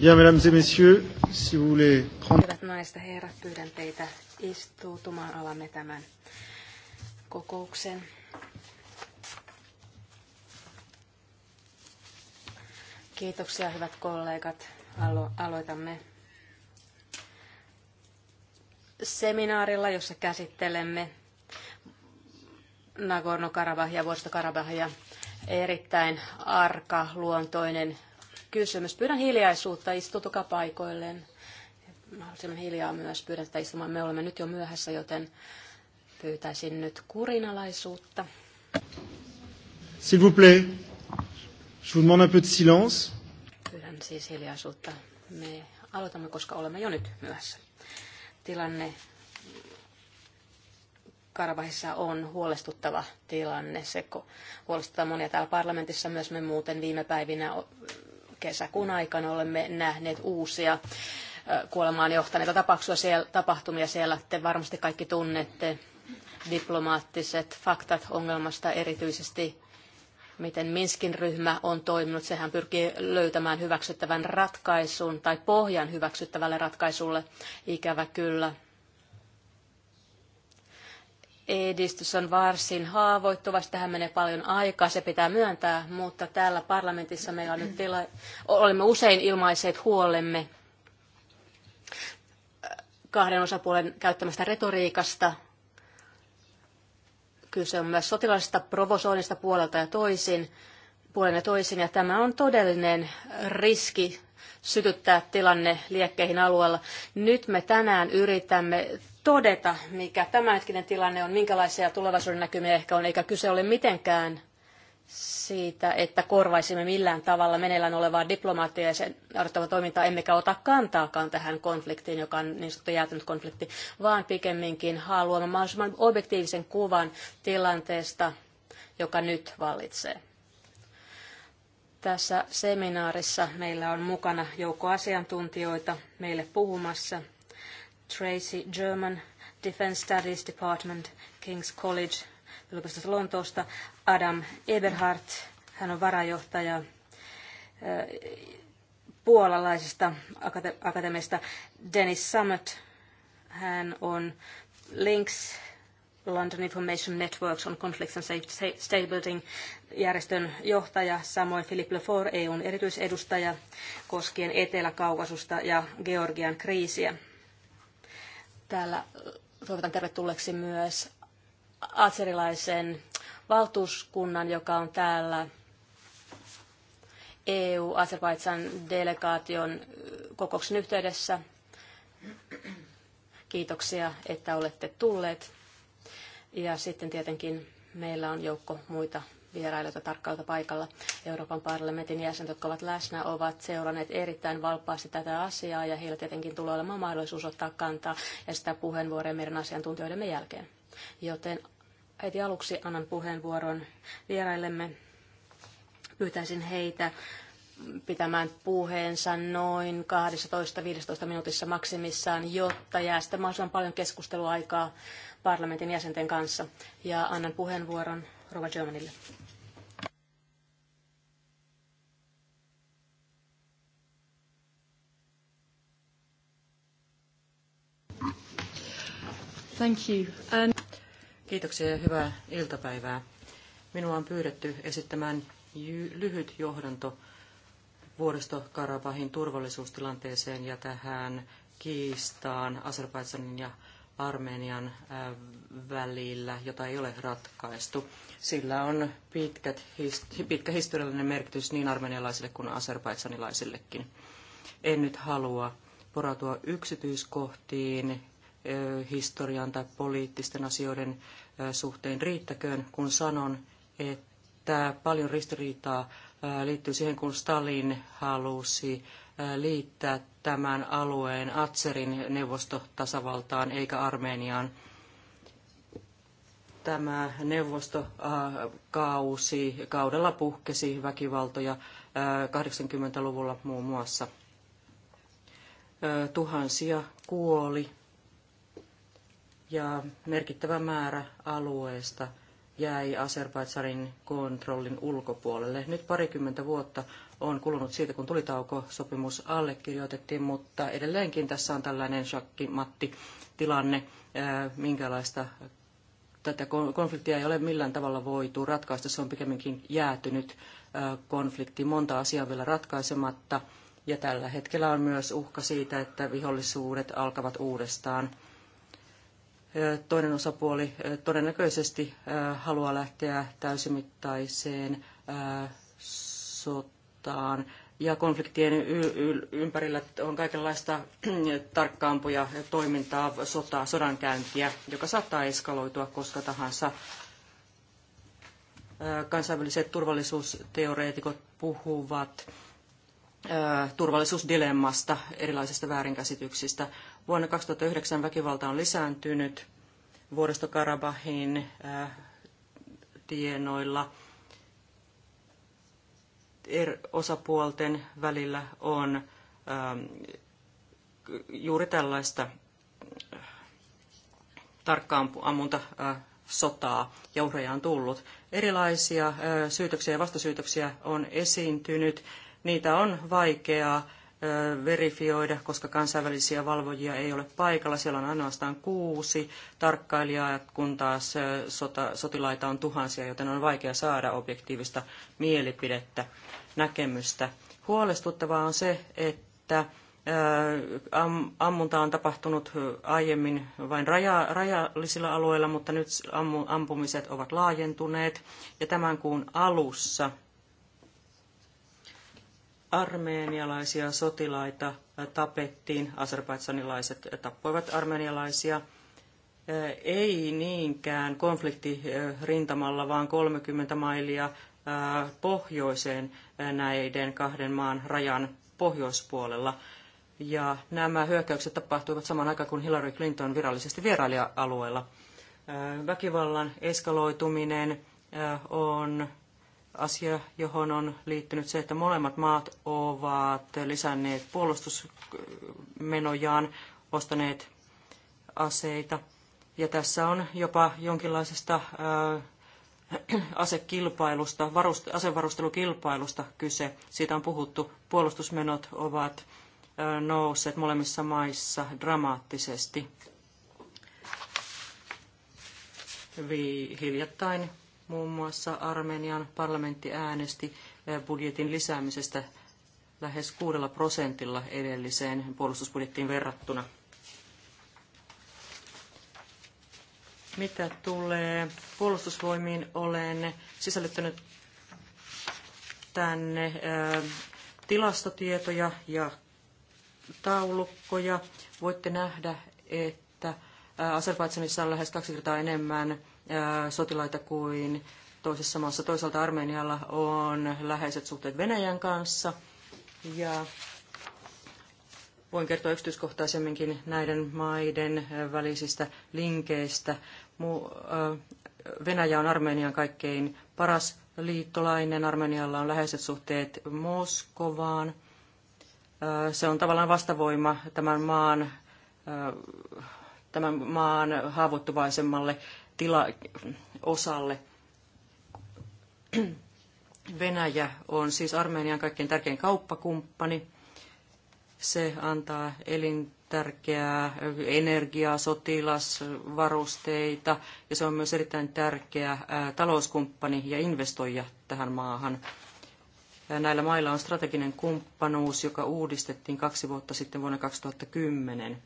Bien, mesdames et messieurs, si vous voulez prendre... Hyvät naiset ja herrat, pyydän teitä istuutumaan. Alamme tämän kokouksen. Kiitoksia, hyvät kollegat. Alo- aloitamme seminaarilla, jossa käsittelemme Nagorno-Karabahia, Vuosta-Karabahia. erittäin arka luontoinen kysymys. Pyydän hiljaisuutta, istutukaa paikoilleen. Mahdollisimman hiljaa myös pyydän sitä istumaan. Me olemme nyt jo myöhässä, joten pyytäisin nyt kurinalaisuutta. S'il vous plaît, je vous demande un peu de silence. Pyydän siis hiljaisuutta. Me aloitamme, koska olemme jo nyt myöhässä. Tilanne Karabahissa on huolestuttava tilanne. Se huolestuttaa monia täällä parlamentissa myös me muuten viime päivinä kesäkuun aikana olemme nähneet uusia kuolemaan johtaneita tapauksia siellä, tapahtumia siellä. Te varmasti kaikki tunnette diplomaattiset faktat ongelmasta erityisesti miten Minskin ryhmä on toiminut. Sehän pyrkii löytämään hyväksyttävän ratkaisun tai pohjan hyväksyttävälle ratkaisulle. Ikävä kyllä edistys on varsin haavoittuvasti, tähän menee paljon aikaa, se pitää myöntää, mutta täällä parlamentissa meillä on nyt tila, olemme usein ilmaiseet huolemme kahden osapuolen käyttämästä retoriikasta. Kyse on myös sotilaallisesta provosoinnista puolelta ja toisin, puolen ja toisin, ja tämä on todellinen riski sytyttää tilanne liekkeihin alueella. Nyt me tänään yritämme todeta, mikä tämänhetkinen tilanne on, minkälaisia tulevaisuuden näkymiä ehkä on, eikä kyse ole mitenkään siitä, että korvaisimme millään tavalla meneillään olevaa diplomaattia ja sen arvittavaa toimintaa, emmekä ota kantaakaan tähän konfliktiin, joka on niin sanottu jäätynyt konflikti, vaan pikemminkin haluamme mahdollisimman objektiivisen kuvan tilanteesta, joka nyt vallitsee. Tässä seminaarissa meillä on mukana joukko asiantuntijoita meille puhumassa. Tracy German, Defense Studies Department, King's College yliopistosta Lontoosta, Adam Eberhardt, hän on varajohtaja puolalaisesta akate- Dennis Summit, hän on Links London Information Networks on Conflicts and Building järjestön johtaja, samoin Philippe Lefort, EUn erityisedustaja koskien Etelä-Kaukasusta ja Georgian kriisiä. Täällä toivotan tervetulleeksi myös atserilaisen valtuuskunnan, joka on täällä EU-Azerbaidsan delegaation kokouksen yhteydessä. Kiitoksia, että olette tulleet. Ja sitten tietenkin meillä on joukko muita vierailijoita tarkkailta paikalla. Euroopan parlamentin jäsenet, jotka ovat läsnä, ovat seuranneet erittäin valppaasti tätä asiaa ja heillä tietenkin tulee olemaan mahdollisuus ottaa kantaa ja sitä puheenvuoroja meidän asiantuntijoidemme jälkeen. Joten heti aluksi annan puheenvuoron vieraillemme. Pyytäisin heitä pitämään puheensa noin 12-15 minuutissa maksimissaan, jotta jää sitten mahdollisimman paljon keskusteluaikaa parlamentin jäsenten kanssa. Ja annan puheenvuoron Rova Germanille. Thank you. And... Kiitoksia ja hyvää iltapäivää. Minua on pyydetty esittämään lyhyt johdanto vuoristokarabahin turvallisuustilanteeseen ja tähän kiistaan Azerbaidsanin ja Armenian äh, välillä, jota ei ole ratkaistu. Sillä on pitkät, pitkä historiallinen merkitys niin armenialaisille kuin aserbaidsanilaisillekin. En nyt halua poratua yksityiskohtiin äh, historian tai poliittisten asioiden äh, suhteen riittäköön, kun sanon, että paljon ristiriitaa liittyy siihen, kun Stalin halusi liittää tämän alueen Atserin neuvostotasavaltaan eikä Armeniaan. Tämä neuvostokausi kaudella puhkesi väkivaltoja 80-luvulla muun muassa. Tuhansia kuoli ja merkittävä määrä alueesta – jäi Azerbaidsarin kontrollin ulkopuolelle. Nyt parikymmentä vuotta on kulunut siitä, kun tulitaukosopimus allekirjoitettiin, mutta edelleenkin tässä on tällainen shakki-matti-tilanne, minkälaista tätä konfliktia ei ole millään tavalla voitu ratkaista. Se on pikemminkin jäätynyt konflikti, monta asiaa vielä ratkaisematta. Ja tällä hetkellä on myös uhka siitä, että vihollisuudet alkavat uudestaan toinen osapuoli todennäköisesti haluaa lähteä täysimittaiseen sotaan. Ja konfliktien ympärillä on kaikenlaista tarkkaampuja toimintaa, sotaa, sodankäyntiä, joka saattaa eskaloitua koska tahansa. Kansainväliset turvallisuusteoreetikot puhuvat turvallisuusdilemmasta, erilaisista väärinkäsityksistä. Vuonna 2009 väkivalta on lisääntynyt vuoristokarabahin tienoilla. Er, osapuolten välillä on juuri tällaista tarkkaan ammunta sotaa ja uhreja on tullut. Erilaisia syytöksiä ja vastasyytöksiä on esiintynyt Niitä on vaikeaa verifioida, koska kansainvälisiä valvojia ei ole paikalla. Siellä on ainoastaan kuusi tarkkailijaa, kun taas sota, sotilaita on tuhansia, joten on vaikea saada objektiivista mielipidettä, näkemystä. Huolestuttavaa on se, että ammunta on tapahtunut aiemmin vain raja, rajallisilla alueilla, mutta nyt ampumiset ovat laajentuneet. Ja tämän kuun alussa – armeenialaisia sotilaita tapettiin, azerbaidsanilaiset tappoivat armeenialaisia. Ei niinkään konfliktirintamalla, vaan 30 mailia pohjoiseen näiden kahden maan rajan pohjoispuolella. Ja nämä hyökkäykset tapahtuivat samaan aikaan, kun Hillary Clinton virallisesti vieraili alueella. Väkivallan eskaloituminen on asia, johon on liittynyt se, että molemmat maat ovat lisänneet puolustusmenojaan, ostaneet aseita. Ja tässä on jopa jonkinlaisesta äh, asekilpailusta, varust, asevarustelukilpailusta kyse. Siitä on puhuttu. Puolustusmenot ovat äh, nousseet molemmissa maissa dramaattisesti. Vi, hiljattain Muun muassa Armenian parlamentti äänesti eh, budjetin lisäämisestä lähes kuudella prosentilla edelliseen puolustusbudjettiin verrattuna. Mitä tulee puolustusvoimiin, olen sisällyttänyt tänne eh, tilastotietoja ja taulukkoja. Voitte nähdä, että eh, Azerbaidsanissa on lähes kaksi kertaa enemmän sotilaita kuin toisessa maassa. Toisaalta Armenialla on läheiset suhteet Venäjän kanssa. Ja voin kertoa yksityiskohtaisemminkin näiden maiden välisistä linkeistä. Venäjä on Armenian kaikkein paras liittolainen. Armenialla on läheiset suhteet Moskovaan. Se on tavallaan vastavoima tämän maan, tämän maan haavoittuvaisemmalle tila, osalle. Venäjä on siis Armenian kaikkein tärkein kauppakumppani. Se antaa elintärkeää energiaa, sotilasvarusteita ja se on myös erittäin tärkeä talouskumppani ja investoija tähän maahan. Näillä mailla on strateginen kumppanuus, joka uudistettiin kaksi vuotta sitten vuonna 2010.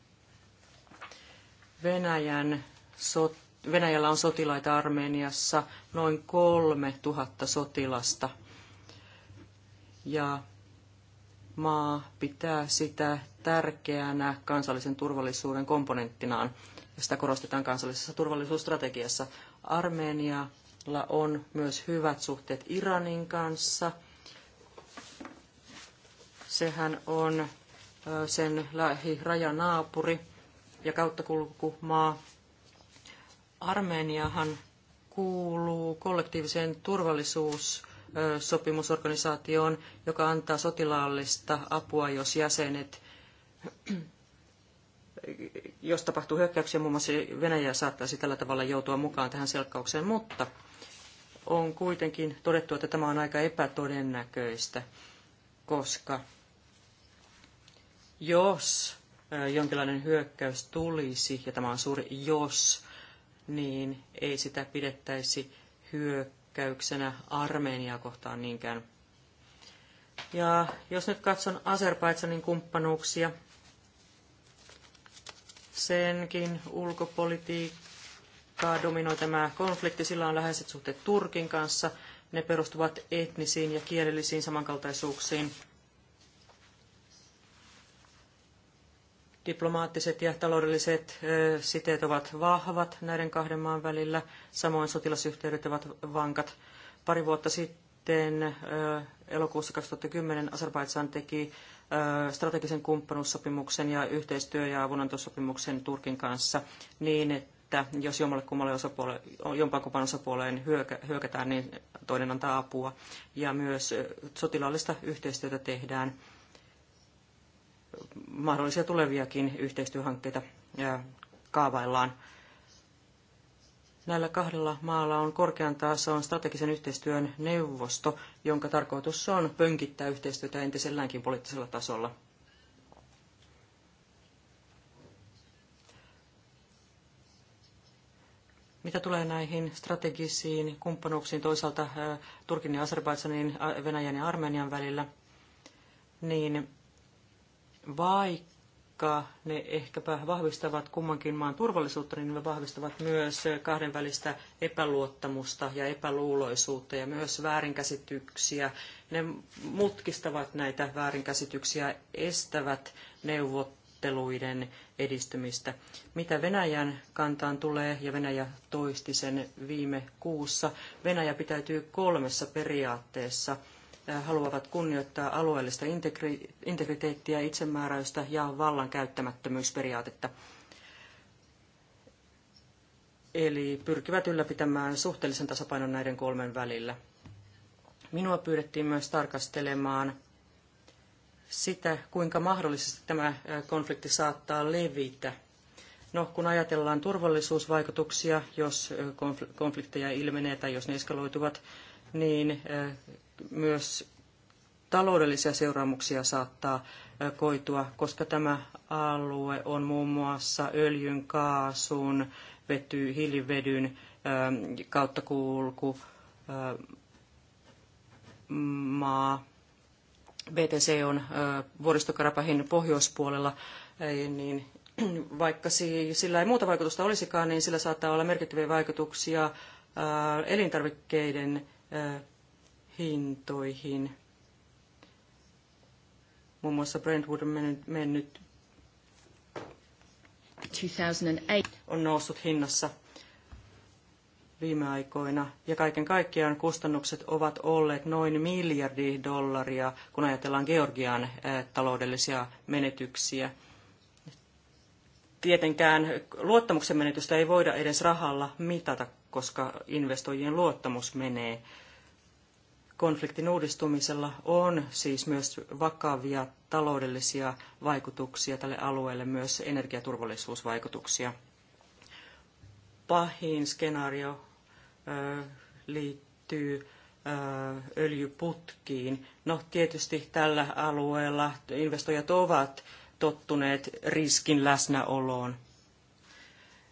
Venäjän sot Venäjällä on sotilaita Armeniassa noin kolme tuhatta sotilasta. Ja maa pitää sitä tärkeänä kansallisen turvallisuuden komponenttinaan. Ja sitä korostetaan kansallisessa turvallisuusstrategiassa. Armenialla on myös hyvät suhteet Iranin kanssa. Sehän on sen lähirajanaapuri ja kauttakulkumaa. Armeniahan kuuluu kollektiiviseen turvallisuussopimusorganisaatioon, joka antaa sotilaallista apua, jos jäsenet, jos tapahtuu hyökkäyksiä, muun muassa Venäjä saattaisi tällä tavalla joutua mukaan tähän selkkaukseen, mutta on kuitenkin todettu, että tämä on aika epätodennäköistä, koska jos jonkinlainen hyökkäys tulisi, ja tämä on suuri jos, niin ei sitä pidettäisi hyökkäyksenä Armeniaa kohtaan niinkään. Ja jos nyt katson Azerbaidsanin kumppanuuksia, senkin ulkopolitiikkaa dominoi tämä konflikti. Sillä on läheiset suhteet Turkin kanssa. Ne perustuvat etnisiin ja kielellisiin samankaltaisuuksiin. Diplomaattiset ja taloudelliset siteet ovat vahvat näiden kahden maan välillä, samoin sotilasyhteydet ovat vankat. Pari vuotta sitten elokuussa 2010 Azerbaidsan teki strategisen kumppanuussopimuksen ja yhteistyö- ja avunantosopimuksen Turkin kanssa niin, että jos jommalle kummalle osapuole, jompaankumpan osapuoleen hyökätään, niin toinen antaa apua. Ja myös sotilaallista yhteistyötä tehdään mahdollisia tuleviakin yhteistyöhankkeita kaavaillaan. Näillä kahdella maalla on korkean tason strategisen yhteistyön neuvosto, jonka tarkoitus on pönkittää yhteistyötä entiselläänkin poliittisella tasolla. Mitä tulee näihin strategisiin kumppanuuksiin toisaalta Turkin ja Azerbaidsanin, Venäjän ja Armenian välillä, niin vaikka ne ehkäpä vahvistavat kummankin maan turvallisuutta, niin ne vahvistavat myös kahdenvälistä epäluottamusta ja epäluuloisuutta ja myös väärinkäsityksiä. Ne mutkistavat näitä väärinkäsityksiä, estävät neuvotteluiden edistymistä. Mitä Venäjän kantaan tulee, ja Venäjä toisti sen viime kuussa, Venäjä pitäytyy kolmessa periaatteessa – haluavat kunnioittaa alueellista integriteettiä, itsemääräystä ja vallan käyttämättömyysperiaatetta. Eli pyrkivät ylläpitämään suhteellisen tasapainon näiden kolmen välillä. Minua pyydettiin myös tarkastelemaan sitä, kuinka mahdollisesti tämä konflikti saattaa levitä. No, kun ajatellaan turvallisuusvaikutuksia, jos konflikteja ilmenee tai jos ne eskaloituvat, niin myös taloudellisia seuraamuksia saattaa koitua, koska tämä alue on muun muassa öljyn, kaasun, vety, hiilivedyn kauttakulku maa. BTC on vuoristokarapahin pohjoispuolella, niin vaikka sillä ei muuta vaikutusta olisikaan, niin sillä saattaa olla merkittäviä vaikutuksia elintarvikkeiden hintoihin. Muun muassa Brentwood on mennyt, mennyt 2008. on noussut hinnassa viime aikoina. Ja kaiken kaikkiaan kustannukset ovat olleet noin miljardi dollaria, kun ajatellaan Georgian taloudellisia menetyksiä. Tietenkään luottamuksen menetystä ei voida edes rahalla mitata, koska investoijien luottamus menee konfliktin uudistumisella on siis myös vakavia taloudellisia vaikutuksia tälle alueelle, myös energiaturvallisuusvaikutuksia. Pahin skenaario liittyy öljyputkiin. No tietysti tällä alueella investoijat ovat tottuneet riskin läsnäoloon.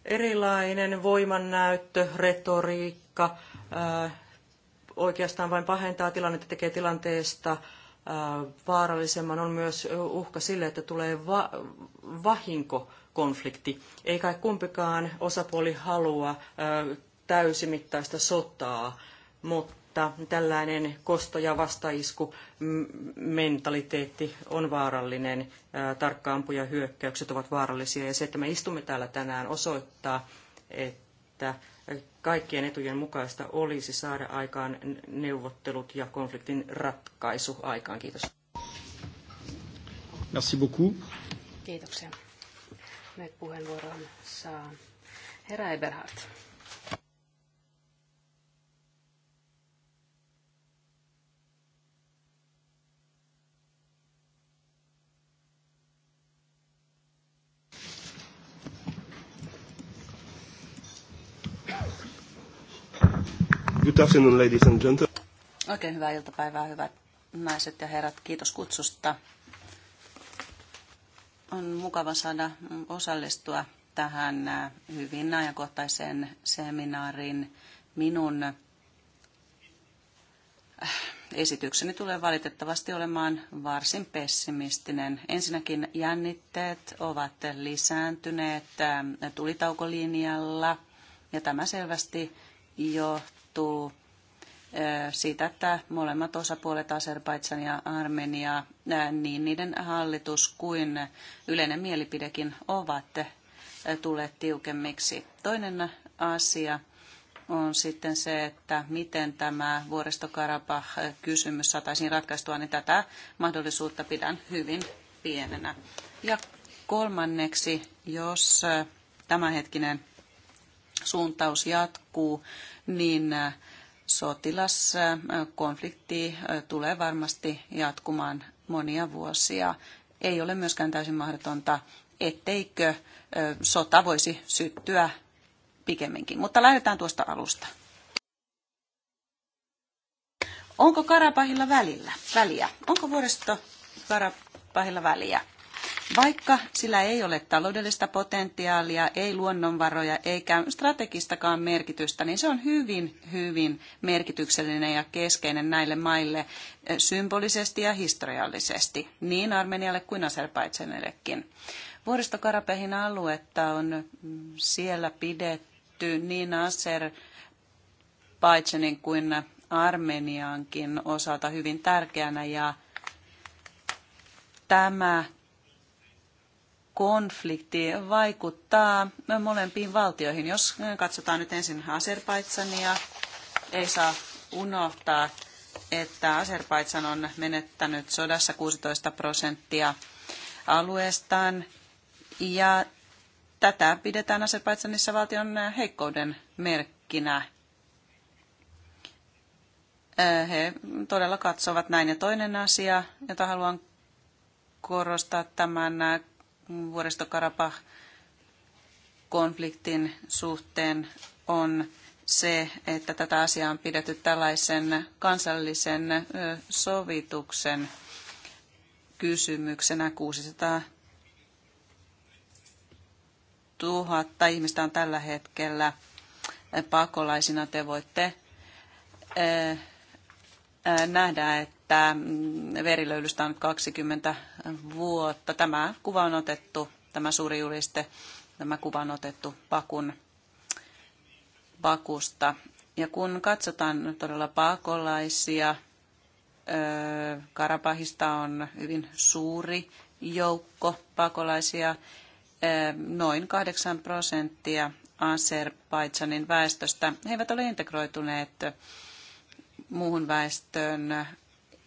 Erilainen voimannäyttö, retoriikka, oikeastaan vain pahentaa tilannetta, tekee tilanteesta vaarallisemman, on myös uhka sille, että tulee va- vahinkokonflikti. Ei kai kumpikaan osapuoli halua täysimittaista sotaa, mutta tällainen kosto- ja vastaisku mentaliteetti on vaarallinen. Tarkkaampuja hyökkäykset ovat vaarallisia ja se, että me istumme täällä tänään osoittaa, että kaikkien etujen mukaista olisi saada aikaan neuvottelut ja konfliktin ratkaisu aikaan. Kiitos. Merci beaucoup. Kiitoksia. Nyt puheenvuoron saa herra Eberhardt. Good afternoon, ladies and gentlemen. Oikein hyvää iltapäivää, hyvät naiset ja herrat. Kiitos kutsusta. On mukava saada osallistua tähän äh, hyvin ajankohtaiseen seminaariin. Minun äh, esitykseni tulee valitettavasti olemaan varsin pessimistinen. Ensinnäkin jännitteet ovat lisääntyneet äh, tulitaukolinjalla ja tämä selvästi johtaa johtuu siitä, että molemmat osapuolet, Azerbaidsan ja Armenia, niin niiden hallitus kuin yleinen mielipidekin ovat tulleet tiukemmiksi. Toinen asia on sitten se, että miten tämä vuoristokarabah-kysymys saataisiin ratkaistua, niin tätä mahdollisuutta pidän hyvin pienenä. Ja kolmanneksi, jos tämänhetkinen suuntaus jatkuu, niin äh, sotilaskonflikti äh, tulee varmasti jatkumaan monia vuosia. Ei ole myöskään täysin mahdotonta, etteikö äh, sota voisi syttyä pikemminkin. Mutta lähdetään tuosta alusta. Onko Karapahilla välillä, väliä? Onko vuoristo Karapahilla väliä? Vaikka sillä ei ole taloudellista potentiaalia, ei luonnonvaroja eikä strategistakaan merkitystä, niin se on hyvin, hyvin merkityksellinen ja keskeinen näille maille eh, symbolisesti ja historiallisesti, niin Armenialle kuin Azerbaidsanillekin. Vuoristokarapehin aluetta on mm, siellä pidetty niin Azerbaidsanin kuin Armeniankin osalta hyvin tärkeänä ja tämä konflikti vaikuttaa molempiin valtioihin. Jos katsotaan nyt ensin Azerbaitsania, ei saa unohtaa, että Azerbaidsan on menettänyt sodassa 16 prosenttia alueestaan ja tätä pidetään Azerbaidsanissa valtion heikkouden merkkinä. He todella katsovat näin. Ja toinen asia, jota haluan korostaa tämän vuoristokarapah konfliktin suhteen on se, että tätä asiaa on pidetty tällaisen kansallisen sovituksen kysymyksenä. 600 000 ihmistä on tällä hetkellä pakolaisina. Te voitte Äh, nähdä, että mm, verilöylystä on 20 vuotta. Tämä kuva on otettu, tämä suuri juliste, tämä kuva on otettu pakun pakusta. Ja kun katsotaan todella pakolaisia, äh, Karapahista on hyvin suuri joukko pakolaisia, äh, noin 8 prosenttia Azerbaidsanin väestöstä. He eivät ole integroituneet muuhun väestöön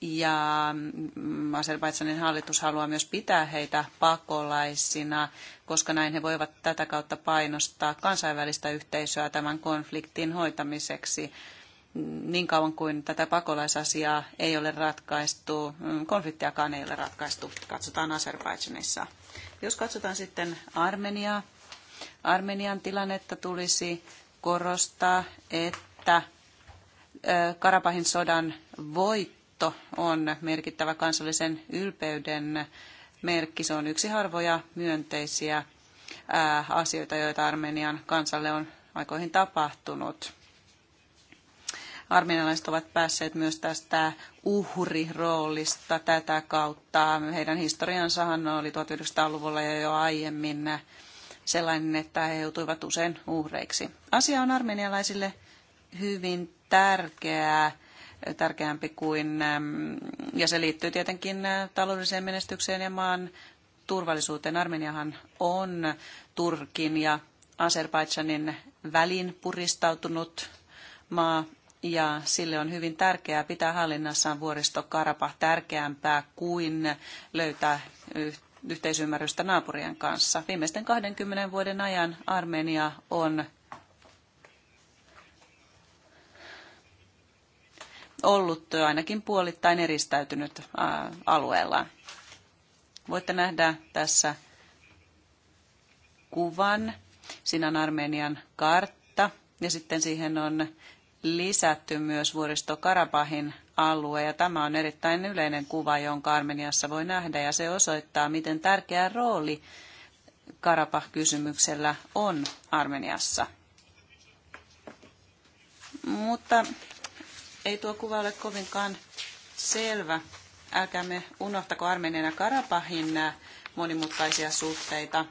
ja mm, Azerbaidsanin hallitus haluaa myös pitää heitä pakolaisina, koska näin he voivat tätä kautta painostaa kansainvälistä yhteisöä tämän konfliktin hoitamiseksi. Niin kauan kuin tätä pakolaisasiaa ei ole ratkaistu, mm, konfliktiakaan ei ole ratkaistu, katsotaan Azerbaidsanissa. Jos katsotaan sitten Armeniaa, Armenian tilannetta tulisi korostaa, että Karapahin sodan voitto on merkittävä kansallisen ylpeyden merkki. Se on yksi harvoja myönteisiä asioita, joita Armenian kansalle on aikoihin tapahtunut. Armenialaiset ovat päässeet myös tästä uhriroolista tätä kautta. Heidän historiansahan oli 1900-luvulla ja jo aiemmin sellainen, että he joutuivat usein uhreiksi. Asia on armenialaisille hyvin tärkeää, tärkeämpi kuin, ja se liittyy tietenkin taloudelliseen menestykseen ja maan turvallisuuteen. Armeniahan on Turkin ja Azerbaidžanin välin puristautunut maa ja sille on hyvin tärkeää pitää hallinnassaan Karapa. tärkeämpää kuin löytää yhteisymmärrystä naapurien kanssa. Viimeisten 20 vuoden ajan Armenia on ollut ainakin puolittain eristäytynyt alueella. Voitte nähdä tässä kuvan. Siinä on Armenian kartta ja sitten siihen on lisätty myös vuoristo Karabahin alue ja tämä on erittäin yleinen kuva, jonka Armeniassa voi nähdä ja se osoittaa, miten tärkeä rooli Karabah-kysymyksellä on Armeniassa. Mutta ei tuo kuva ole kovinkaan selvä. Älkäämme unohtako Armenian ja Karapahin äh, monimutkaisia suhteita.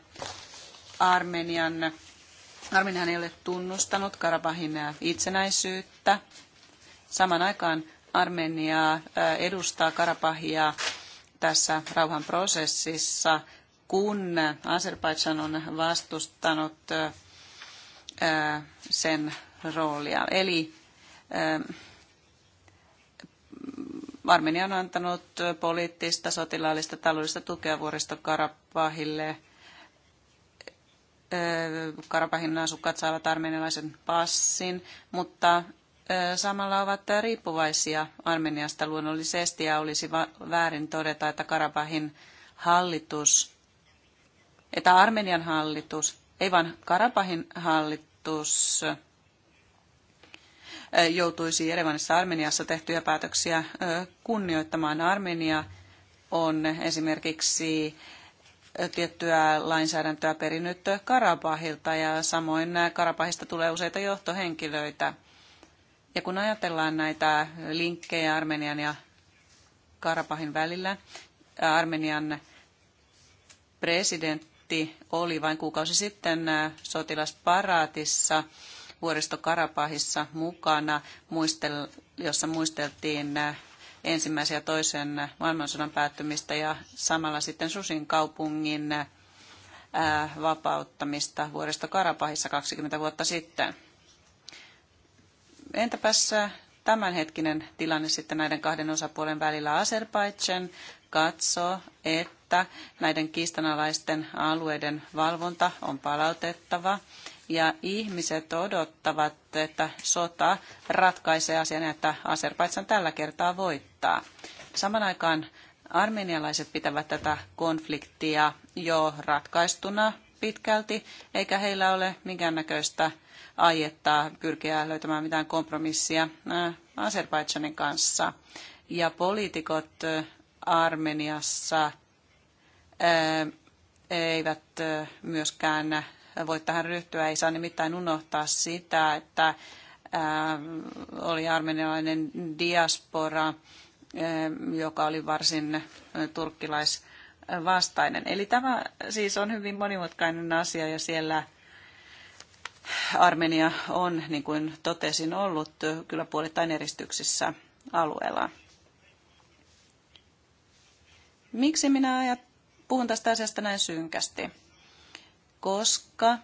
Armenian, Armenian ei ole tunnustanut Karabahin äh, itsenäisyyttä. Saman aikaan Armenia äh, edustaa Karapahia tässä rauhanprosessissa, kun Azerbaidžan on vastustanut sen roolia. Eli Armenia on antanut poliittista, sotilaallista, taloudellista tukea vuoristo Karabahille. Karabahin asukkaat saavat armenialaisen passin, mutta samalla ovat riippuvaisia Armeniasta luonnollisesti ja olisi väärin todeta, että Karabahin hallitus, että Armenian hallitus, ei vaan Karabahin hallitus, joutuisi Jerevanissa Armeniassa tehtyjä päätöksiä kunnioittamaan. Armenia on esimerkiksi tiettyä lainsäädäntöä perinnyt Karabahilta ja samoin Karabahista tulee useita johtohenkilöitä. Ja kun ajatellaan näitä linkkejä Armenian ja Karabahin välillä, Armenian presidentti oli vain kuukausi sitten sotilasparaatissa vuoristo Karapahissa mukana, jossa muisteltiin äh, ensimmäisen ja toisen maailmansodan päättymistä ja samalla sitten Susin kaupungin äh, vapauttamista vuodesta Karapahissa 20 vuotta sitten. Entäpäs äh, tämänhetkinen tilanne sitten näiden kahden osapuolen välillä? Azerbaidžan katsoo, että näiden kiistanalaisten alueiden valvonta on palautettava ja ihmiset odottavat, että sota ratkaisee asian, että Azerbaidsan tällä kertaa voittaa. Saman aikaan armenialaiset pitävät tätä konfliktia jo ratkaistuna pitkälti, eikä heillä ole minkäännäköistä aiettaa pyrkiä löytämään mitään kompromissia äh, Azerbaidžanin kanssa. Ja poliitikot äh, Armeniassa äh, eivät myöskään voi tähän ryhtyä. Ei saa nimittäin unohtaa sitä, että äh, oli armenialainen diaspora, äh, joka oli varsin äh, turkkilaisvastainen. Eli tämä siis on hyvin monimutkainen asia ja siellä Armenia on, niin kuin totesin, ollut kyllä puolittain eristyksissä alueella. Miksi minä puhun tästä asiasta näin synkästi? koska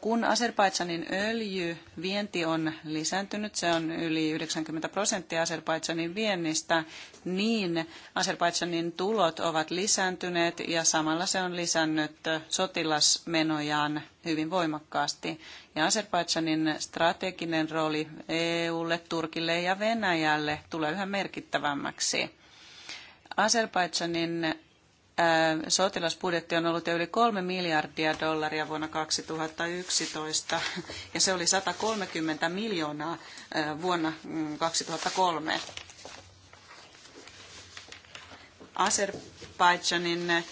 kun Azerbaidsanin öljyvienti on lisääntynyt, se on yli 90 prosenttia Azerbaidsanin viennistä, niin Azerbaidsanin tulot ovat lisääntyneet ja samalla se on lisännyt sotilasmenojaan hyvin voimakkaasti. Ja Azerbaidsanin strateginen rooli EUlle, Turkille ja Venäjälle tulee yhä merkittävämmäksi. Azerbaidsanin sotilasbudjetti on ollut jo yli kolme miljardia dollaria vuonna 2011 ja se oli 130 miljoonaa vuonna 2003. Mm, Azerbaidžanin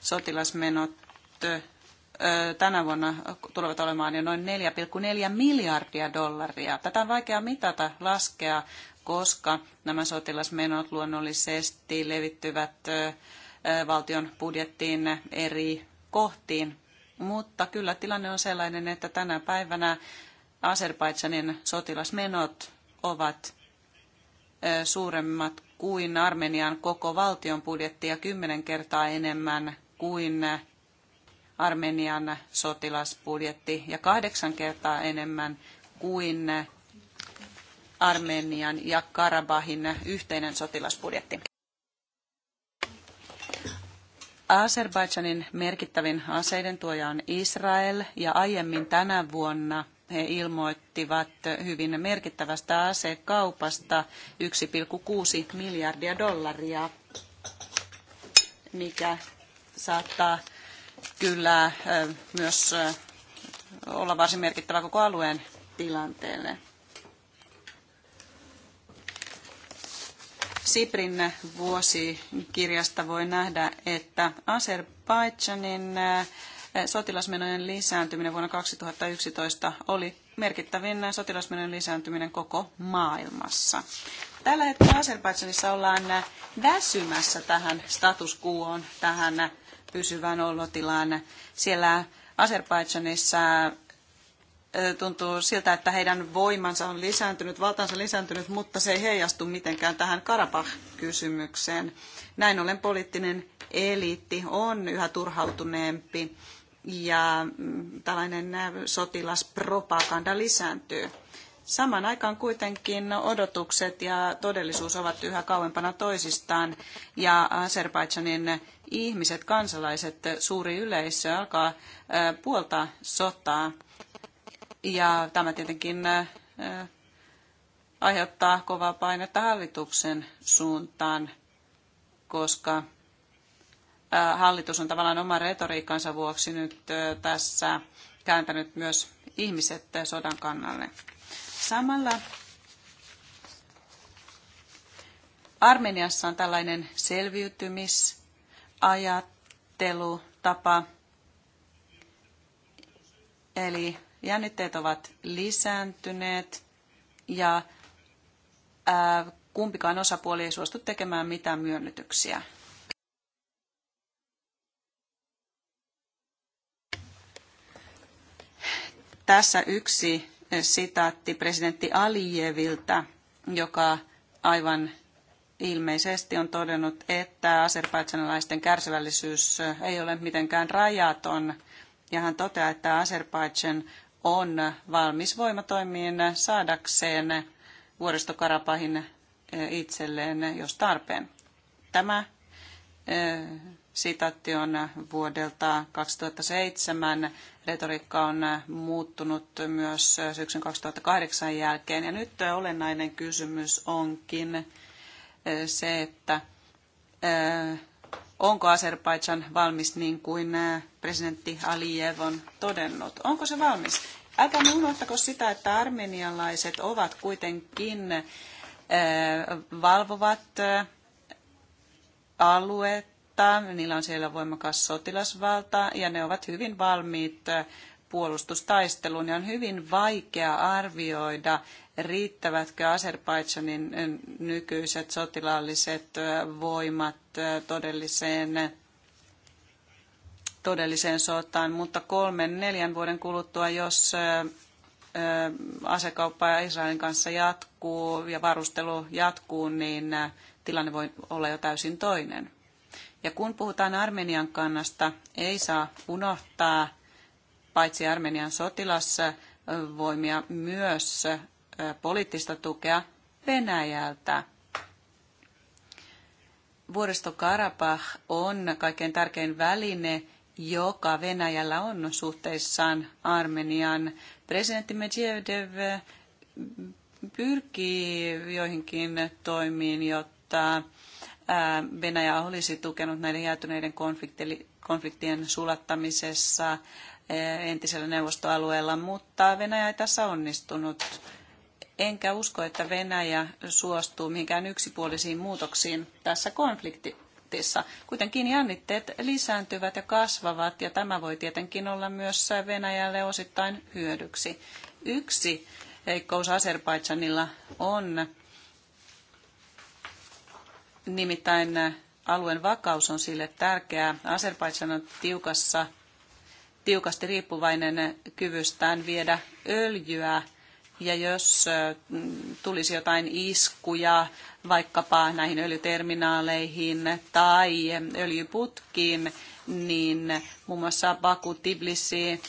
sotilasmenot tänä vuonna tulevat olemaan jo noin 4,4 miljardia dollaria. Tätä on vaikea mitata, laskea, koska nämä sotilasmenot luonnollisesti levittyvät valtion budjettiin eri kohtiin. Mutta kyllä tilanne on sellainen, että tänä päivänä Azerbaidsanin sotilasmenot ovat suuremmat kuin Armenian koko valtion budjetti ja kymmenen kertaa enemmän kuin Armenian sotilasbudjetti ja kahdeksan kertaa enemmän kuin Armenian ja Karabahin yhteinen sotilasbudjetti. Azerbaidžanin merkittävin aseiden tuoja on Israel ja aiemmin tänä vuonna he ilmoittivat hyvin merkittävästä asekaupasta 1,6 miljardia dollaria, mikä saattaa kyllä myös olla varsin merkittävä koko alueen tilanteelle. Siprin vuosikirjasta voi nähdä, että Azerbaidžanin eh, sotilasmenojen lisääntyminen vuonna 2011 oli merkittävin sotilasmenojen lisääntyminen koko maailmassa. Tällä hetkellä Azerbaidžanissa ollaan väsymässä tähän status quoon, tähän pysyvään olotilaan. Siellä Azerbaidžanissa tuntuu siltä, että heidän voimansa on lisääntynyt, valtansa lisääntynyt, mutta se ei heijastu mitenkään tähän Karabakh-kysymykseen. Näin ollen poliittinen eliitti on yhä turhautuneempi ja mm, tällainen sotilaspropaganda lisääntyy. Saman aikaan kuitenkin odotukset ja todellisuus ovat yhä kauempana toisistaan ja Azerbaidžanin ihmiset, kansalaiset, suuri yleisö alkaa puolta sotaa. Ja tämä tietenkin äh, äh, aiheuttaa kovaa painetta hallituksen suuntaan, koska äh, hallitus on tavallaan oman retoriikkansa vuoksi nyt tässä kääntänyt myös ihmiset sodan kannalle. Samalla Armeniassa on tällainen selviytymisajattelutapa, eli Jännitteet ovat lisääntyneet ja ää, kumpikaan osapuoli ei suostu tekemään mitään myönnytyksiä. Tässä yksi sitaatti presidentti Alijeviltä, joka aivan ilmeisesti on todennut, että aserbaidsanalaisten kärsivällisyys ei ole mitenkään rajaton. Ja hän toteaa, että Aserbaidsan on valmis voimatoimiin saadakseen vuoristokarapahin eh, itselleen, jos tarpeen. Tämä eh, sitaatti on vuodelta 2007. Retoriikka on muuttunut myös syksyn 2008 jälkeen. Ja nyt olennainen kysymys onkin eh, se, että onko Azerbaidžan valmis niin kuin presidentti Aliyev on todennut. Onko se valmis? Älkää unohtako sitä, että armenialaiset ovat kuitenkin valvovat aluetta, niillä on siellä voimakas sotilasvalta ja ne ovat hyvin valmiit puolustustaisteluun ja on hyvin vaikea arvioida, riittävätkö Azerbaidžanin nykyiset sotilaalliset voimat todelliseen, todelliseen sotaan, mutta kolmen, neljän vuoden kuluttua, jos asekauppa Israelin kanssa jatkuu ja varustelu jatkuu, niin tilanne voi olla jo täysin toinen. Ja kun puhutaan Armenian kannasta, ei saa unohtaa paitsi Armenian sotilasvoimia myös poliittista tukea Venäjältä. Vuoristo Karabah on kaikkein tärkein väline, joka Venäjällä on suhteissaan Armenian. Presidentti Medvedev pyrkii joihinkin toimiin, jotta Venäjä olisi tukenut näiden jäätyneiden konfliktien sulattamisessa entisellä neuvostoalueella, mutta Venäjä ei tässä onnistunut enkä usko, että Venäjä suostuu mihinkään yksipuolisiin muutoksiin tässä konfliktissa. Kuitenkin jännitteet lisääntyvät ja kasvavat, ja tämä voi tietenkin olla myös Venäjälle osittain hyödyksi. Yksi heikkous Azerbaidsanilla on nimittäin alueen vakaus on sille tärkeää. Azerbaidsan on tiukassa, tiukasti riippuvainen kyvystään viedä öljyä ja jos tulisi jotain iskuja vaikkapa näihin öljyterminaaleihin tai öljyputkiin, niin muun muassa Baku Tiblisi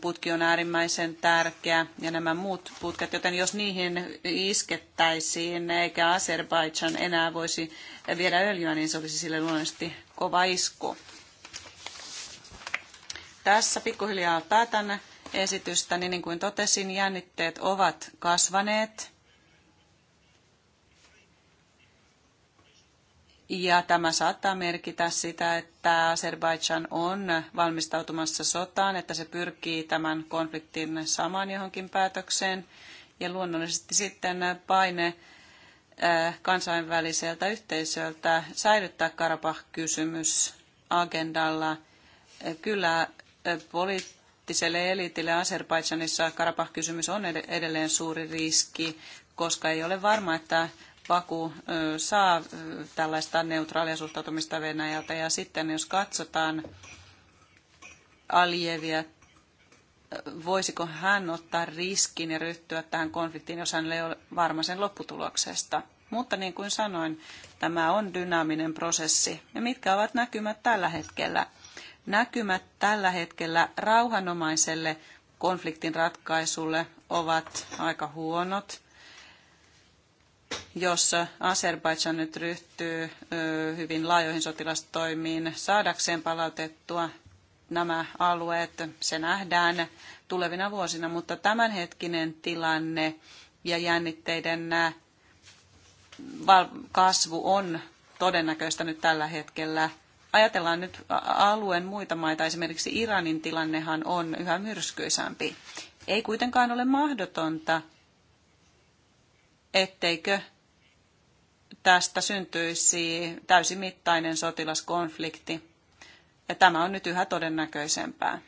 putki on äärimmäisen tärkeä ja nämä muut putket, joten jos niihin iskettäisiin eikä Azerbaidžan enää voisi viedä öljyä, niin se olisi sille luonnollisesti kova isku. Tässä pikkuhiljaa päätän esitystä, niin, niin kuin totesin, jännitteet ovat kasvaneet. Ja tämä saattaa merkitä sitä, että Azerbaidžan on valmistautumassa sotaan, että se pyrkii tämän konfliktin samaan johonkin päätökseen. Ja luonnollisesti sitten paine äh, kansainväliseltä yhteisöltä säilyttää Karabah-kysymys agendalla. Äh, kyllä äh, poliittisesti poliittiselle eliitille Azerbaidsanissa Karabah-kysymys on edelleen suuri riski, koska ei ole varma, että Baku saa tällaista neutraalia suhtautumista Venäjältä. Ja sitten jos katsotaan Alievia, voisiko hän ottaa riskin ja ryhtyä tähän konfliktiin, jos hän ei ole varma sen lopputuloksesta. Mutta niin kuin sanoin, tämä on dynaaminen prosessi. Ja mitkä ovat näkymät tällä hetkellä? Näkymät tällä hetkellä rauhanomaiselle konfliktin ratkaisulle ovat aika huonot. Jos Azerbaidžan nyt ryhtyy hyvin laajoihin sotilastoimiin saadakseen palautettua nämä alueet, se nähdään tulevina vuosina, mutta tämänhetkinen tilanne ja jännitteiden kasvu on todennäköistä nyt tällä hetkellä ajatellaan nyt alueen muita maita, esimerkiksi Iranin tilannehan on yhä myrskyisämpi. Ei kuitenkaan ole mahdotonta, etteikö tästä syntyisi täysimittainen sotilaskonflikti. Ja tämä on nyt yhä todennäköisempää.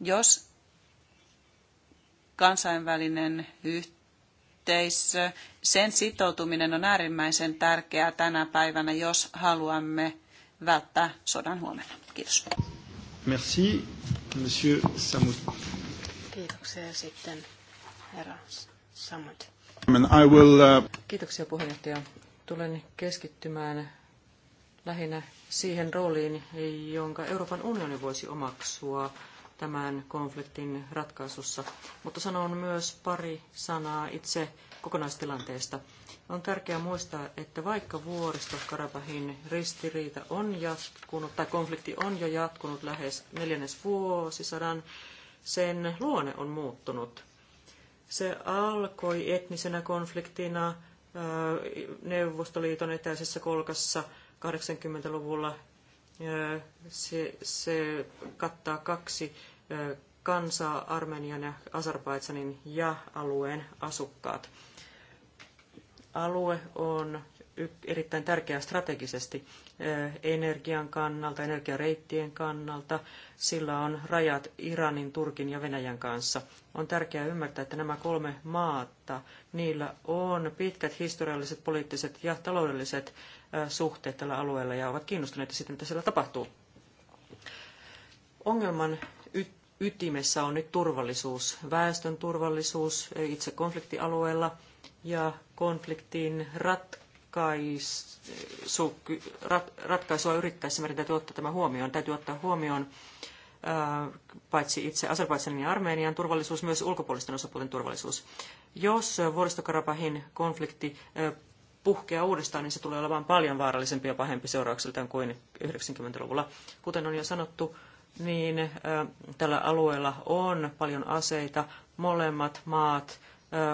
Jos kansainvälinen yhteisö, sen sitoutuminen on äärimmäisen tärkeää tänä päivänä, jos haluamme välttää sodan huomenna. Kiitos. Merci, monsieur Samut. Kiitoksia ja sitten, herra Samut. I will, uh... Kiitoksia puheenjohtaja. Tulen keskittymään lähinnä siihen rooliin, jonka Euroopan unioni voisi omaksua tämän konfliktin ratkaisussa, mutta sanon myös pari sanaa itse kokonaistilanteesta. On tärkeää muistaa, että vaikka vuoristokarabahin ristiriita on jatkunut, tai konflikti on jo jatkunut lähes neljännes vuosisadan, sen luonne on muuttunut. Se alkoi etnisenä konfliktina äh, Neuvostoliiton etäisessä kolkassa 80-luvulla. Äh, se, se kattaa kaksi äh, kansaa, Armenian ja Azerbaidsanin ja alueen asukkaat alue on erittäin tärkeä strategisesti eh, energian kannalta, energiareittien kannalta. Sillä on rajat Iranin, Turkin ja Venäjän kanssa. On tärkeää ymmärtää, että nämä kolme maata, niillä on pitkät historialliset, poliittiset ja taloudelliset eh, suhteet tällä alueella ja ovat kiinnostuneita siitä, mitä siellä tapahtuu. Ongelman ytimessä on nyt turvallisuus, väestön turvallisuus eh, itse konfliktialueella – ja konfliktin ratkaisu, rat, ratkaisua yrittäessä meidän täytyy ottaa tämä huomioon. Täytyy ottaa huomioon paitsi itse Azerbaidsanin ja Armenian turvallisuus, myös ulkopuolisten osapuolten turvallisuus. Jos vuoristokarapahin konflikti puhkeaa uudestaan, niin se tulee olemaan paljon vaarallisempi ja pahempi seurauksiltaan kuin 90-luvulla. Kuten on jo sanottu, niin tällä alueella on paljon aseita. Molemmat maat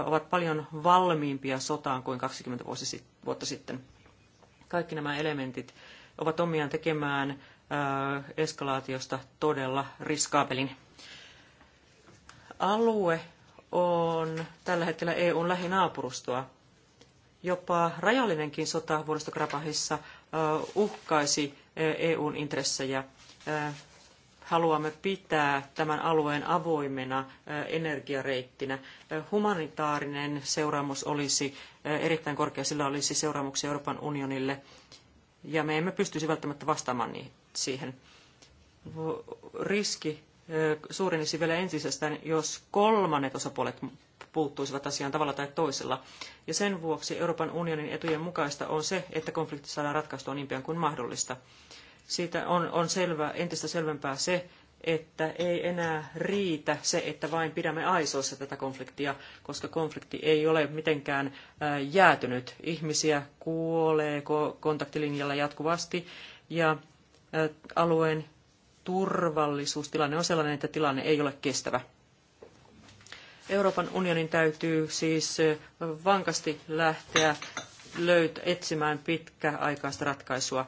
ovat paljon valmiimpia sotaan kuin 20 vuotta sitten. Kaikki nämä elementit ovat omiaan tekemään eskalaatiosta todella riskaapelin. Alue on tällä hetkellä EUn lähinaapurustoa. Jopa rajallinenkin sota vuodesta Karabahissa uhkaisi EUn intressejä haluamme pitää tämän alueen avoimena energiareittinä. Humanitaarinen seuraamus olisi erittäin korkea, sillä olisi seuraamuksia Euroopan unionille, ja me emme pystyisi välttämättä vastaamaan siihen. Riski suurenisi vielä entisestään, jos kolmannet osapuolet puuttuisivat asiaan tavalla tai toisella. Ja sen vuoksi Euroopan unionin etujen mukaista on se, että konflikti saadaan ratkaistua niin pian kuin mahdollista siitä on, on selvä, entistä selvempää se, että ei enää riitä se, että vain pidämme aisoissa tätä konfliktia, koska konflikti ei ole mitenkään jäätynyt. Ihmisiä kuolee kontaktilinjalla jatkuvasti ja alueen turvallisuustilanne on sellainen, että tilanne ei ole kestävä. Euroopan unionin täytyy siis vankasti lähteä löyt- etsimään pitkäaikaista ratkaisua.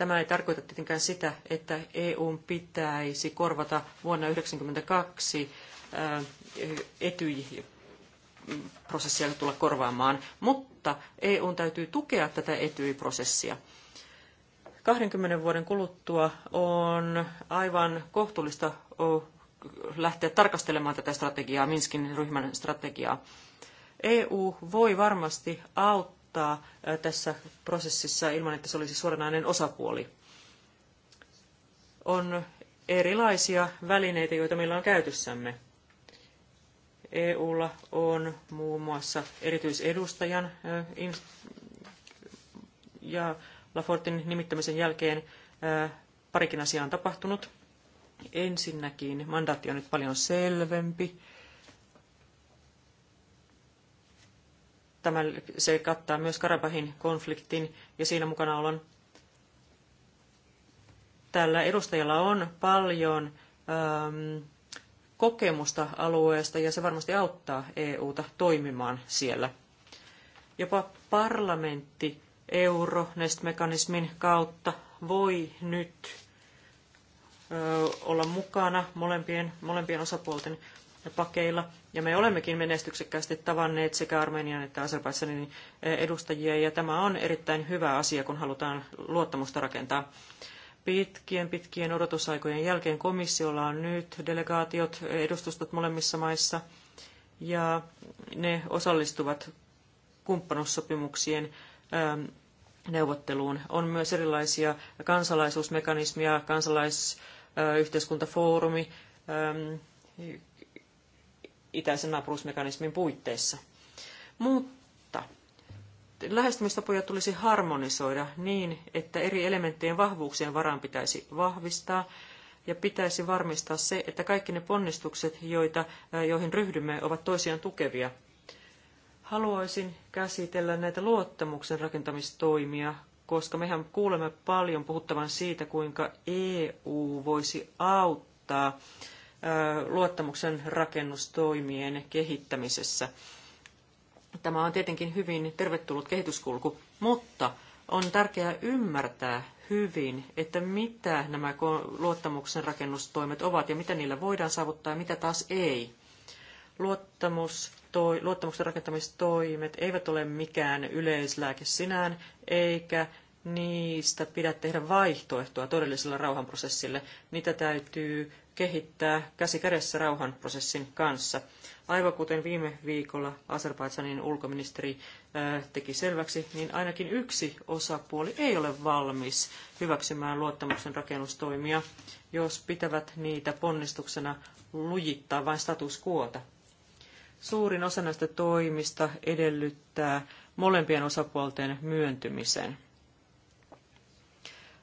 Tämä ei tarkoita tietenkään sitä, että EUn pitäisi korvata vuonna 1992 äh, etyj-prosessia tulla korvaamaan, mutta EUn täytyy tukea tätä etyj-prosessia. 20 vuoden kuluttua on aivan kohtuullista lähteä tarkastelemaan tätä strategiaa, Minskin ryhmän strategiaa. EU voi varmasti auttaa vaikuttaa tässä prosessissa ilman, että se olisi suoranainen osapuoli. On erilaisia välineitä, joita meillä on käytössämme. EUlla on muun muassa erityisedustajan ja Lafortin nimittämisen jälkeen parikin asiaa on tapahtunut. Ensinnäkin mandaatti on nyt paljon selvempi Tämä, se kattaa myös Karabahin konfliktin ja siinä mukana olon. Tällä edustajalla on paljon ähm, kokemusta alueesta ja se varmasti auttaa EUta toimimaan siellä. Jopa parlamentti Euronest-mekanismin kautta voi nyt ö, olla mukana molempien, molempien osapuolten pakeilla. Ja me olemmekin menestyksekkäästi tavanneet sekä Armenian että Azerbaidsanin edustajia, ja tämä on erittäin hyvä asia, kun halutaan luottamusta rakentaa. Pitkien, pitkien odotusaikojen jälkeen komissiolla on nyt delegaatiot, edustustot molemmissa maissa, ja ne osallistuvat kumppanussopimuksien ähm, neuvotteluun. On myös erilaisia kansalaisuusmekanismia, kansalaisyhteiskuntafoorumi, äh, ähm, itäisen naapuruusmekanismin puitteissa. Mutta lähestymistapoja tulisi harmonisoida niin, että eri elementtien vahvuuksien varaan pitäisi vahvistaa ja pitäisi varmistaa se, että kaikki ne ponnistukset, joita, joihin ryhdymme, ovat toisiaan tukevia. Haluaisin käsitellä näitä luottamuksen rakentamistoimia, koska mehän kuulemme paljon puhuttavan siitä, kuinka EU voisi auttaa luottamuksen rakennustoimien kehittämisessä. Tämä on tietenkin hyvin tervetullut kehityskulku, mutta on tärkeää ymmärtää hyvin, että mitä nämä luottamuksen rakennustoimet ovat ja mitä niillä voidaan saavuttaa ja mitä taas ei. Luottamus, toi, luottamuksen rakentamistoimet eivät ole mikään yleislääke sinään, eikä niistä pidä tehdä vaihtoehtoa todelliselle rauhanprosessille. Niitä täytyy kehittää käsi kädessä rauhanprosessin kanssa. Aivan kuten viime viikolla Azerbaidsanin ulkoministeri äh, teki selväksi, niin ainakin yksi osapuoli ei ole valmis hyväksymään luottamuksen rakennustoimia, jos pitävät niitä ponnistuksena lujittaa vain status quota. Suurin osa näistä toimista edellyttää molempien osapuolten myöntymisen.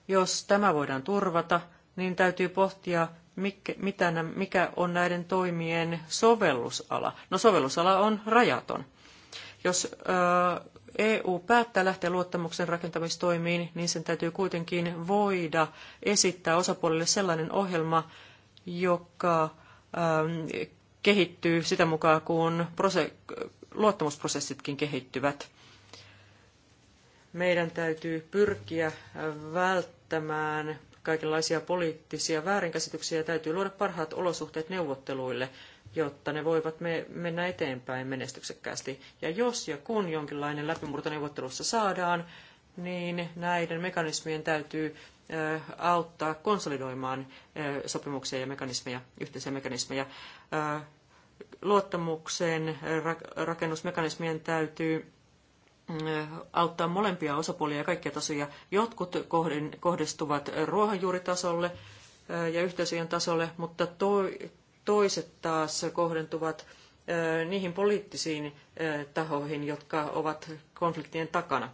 Jos tämä voidaan turvata, niin täytyy pohtia mikä, mikä on näiden toimien sovellusala. No sovellusala on rajaton. Jos EU päättää lähteä luottamuksen rakentamistoimiin, niin sen täytyy kuitenkin voida esittää osapuolille sellainen ohjelma, joka kehittyy sitä mukaan, kun luottamusprosessitkin kehittyvät. Meidän täytyy pyrkiä välttämään kaikenlaisia poliittisia väärinkäsityksiä ja täytyy luoda parhaat olosuhteet neuvotteluille, jotta ne voivat me, mennä eteenpäin menestyksekkäästi. Ja jos ja kun jonkinlainen läpimurto neuvottelussa saadaan, niin näiden mekanismien täytyy äh, auttaa konsolidoimaan äh, sopimuksia ja mekanismeja, yhteisiä mekanismeja. Äh, luottamuksen rakennusmekanismien täytyy Äh, auttaa molempia osapuolia ja kaikkia tasoja. Jotkut kohdistuvat ruohonjuuritasolle äh, ja yhteisöjen tasolle, mutta toiset taas kohdentuvat äh, niihin poliittisiin tahoihin, jotka ovat konfliktien takana.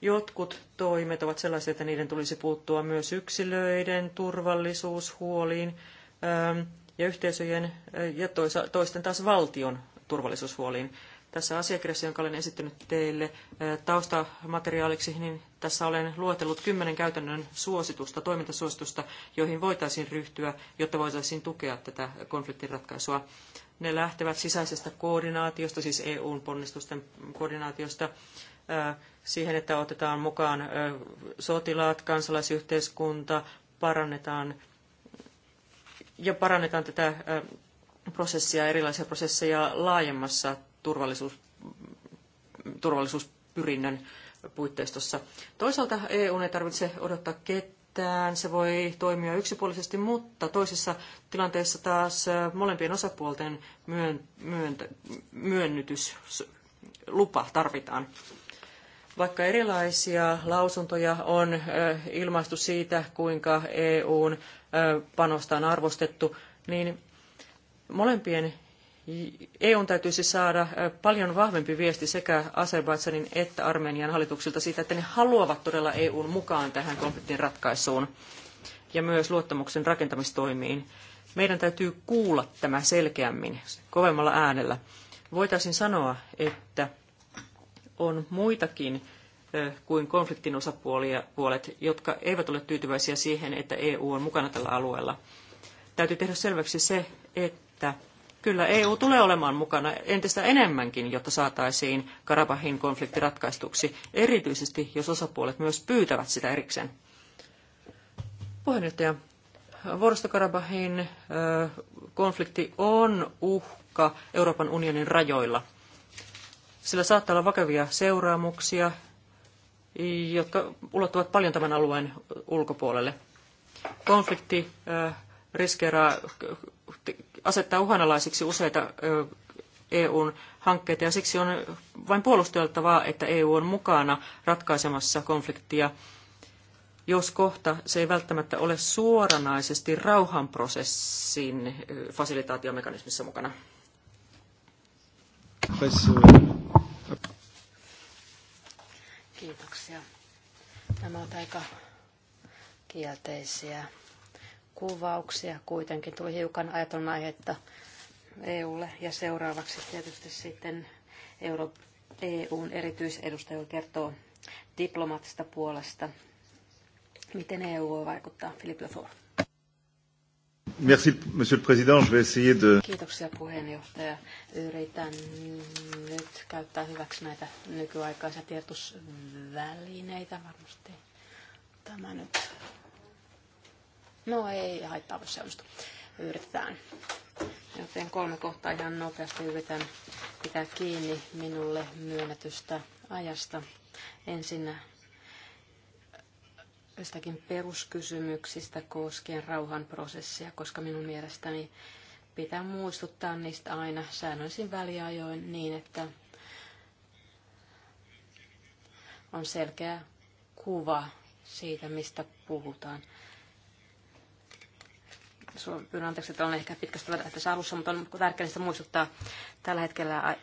Jotkut toimet ovat sellaisia, että niiden tulisi puuttua myös yksilöiden turvallisuushuoliin ähm, ja yhteisöjen ja toisten taas valtion turvallisuushuoliin tässä asiakirjassa, jonka olen esittänyt teille taustamateriaaliksi, niin tässä olen luotellut kymmenen käytännön suositusta, toimintasuositusta, joihin voitaisiin ryhtyä, jotta voitaisiin tukea tätä konfliktinratkaisua. Ne lähtevät sisäisestä koordinaatiosta, siis EUn ponnistusten koordinaatiosta, siihen, että otetaan mukaan sotilaat, kansalaisyhteiskunta, parannetaan ja parannetaan tätä prosessia erilaisia prosesseja laajemmassa turvallisuus, turvallisuuspyrinnön puitteistossa. Toisaalta EU ei tarvitse odottaa ketään, se voi toimia yksipuolisesti, mutta toisissa tilanteissa taas molempien osapuolten myön, myöntä, myönnytyslupa tarvitaan. Vaikka erilaisia lausuntoja on ilmaistu siitä, kuinka EUn panosta on arvostettu, niin molempien EUn täytyisi saada paljon vahvempi viesti sekä Azerbaidsanin että Armenian hallituksilta siitä, että ne haluavat todella EUn mukaan tähän konfliktin ratkaisuun ja myös luottamuksen rakentamistoimiin. Meidän täytyy kuulla tämä selkeämmin, kovemmalla äänellä. Voitaisiin sanoa, että on muitakin kuin konfliktin osapuolet, jotka eivät ole tyytyväisiä siihen, että EU on mukana tällä alueella. Täytyy tehdä selväksi se, että että kyllä EU tulee olemaan mukana entistä enemmänkin, jotta saataisiin Karabahin konflikti ratkaistuksi, erityisesti jos osapuolet myös pyytävät sitä erikseen. Puheenjohtaja, Vuoristokarabahin konflikti on uhka Euroopan unionin rajoilla. Sillä saattaa olla vakavia seuraamuksia, jotka ulottuvat paljon tämän alueen ulkopuolelle. Konflikti riskeeraa asettaa uhanalaisiksi useita EUn hankkeita, ja siksi on vain puolusteltavaa, että EU on mukana ratkaisemassa konfliktia, jos kohta se ei välttämättä ole suoranaisesti rauhanprosessin fasilitaatiomekanismissa mukana. Kiitoksia. Nämä ovat aika kielteisiä kuvauksia kuitenkin tuli hiukan ajaton aihetta EUlle ja seuraavaksi tietysti sitten Euro, EUn erityisedustaja kertoo diplomaattista puolesta. Miten EU voi vaikuttaa? Philippe Lefort. Merci, Monsieur le Président. Je vais essayer de... Kiitoksia puheenjohtaja. Yritän nyt käyttää hyväksi näitä nykyaikaisia tiedotusvälineitä varmasti. Tämä nyt No ei haittaa, jos se onnistuu. Yritetään. Joten kolme kohtaa ihan nopeasti yritän pitää kiinni minulle myönnetystä ajasta. Ensin äh, jostakin peruskysymyksistä koskien rauhanprosessia, koska minun mielestäni pitää muistuttaa niistä aina säännöllisin väliajoin niin, että on selkeä kuva siitä, mistä puhutaan pyydän anteeksi, että olen ehkä pitkästä tässä alussa, mutta on tärkeää muistuttaa tällä hetkellä äh,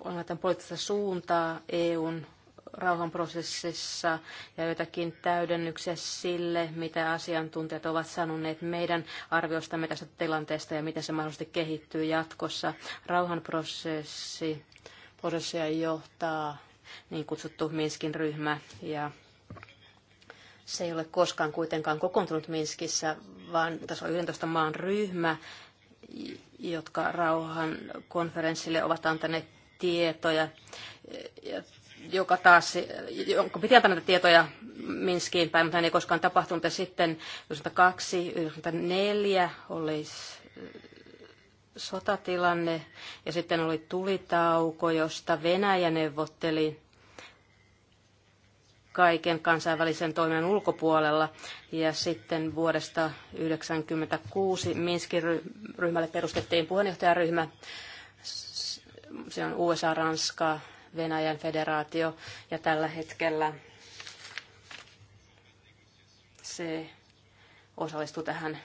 on poliittista suuntaa EUn rauhanprosessissa ja joitakin täydennyksiä sille, mitä asiantuntijat ovat sanoneet meidän arvioistamme tästä tilanteesta ja miten se mahdollisesti kehittyy jatkossa. Rauhanprosessi prosessia johtaa niin kutsuttu Minskin ryhmä ja se ei ole koskaan kuitenkaan kokoontunut Minskissä, vaan tässä on 11 maan ryhmä, jotka rauhan konferenssille ovat antaneet tietoja, joka taas, jonka piti antaa näitä tietoja Minskiin päin, mutta ei koskaan tapahtunut. Ja sitten 92, 94 oli sotatilanne ja sitten oli tulitauko, josta Venäjä neuvotteli kaiken kansainvälisen toimen ulkopuolella. Ja sitten vuodesta 1996 Minskin ryhmälle perustettiin puheenjohtajaryhmä. Se on USA, Ranska, Venäjän federaatio ja tällä hetkellä se osallistuu tähän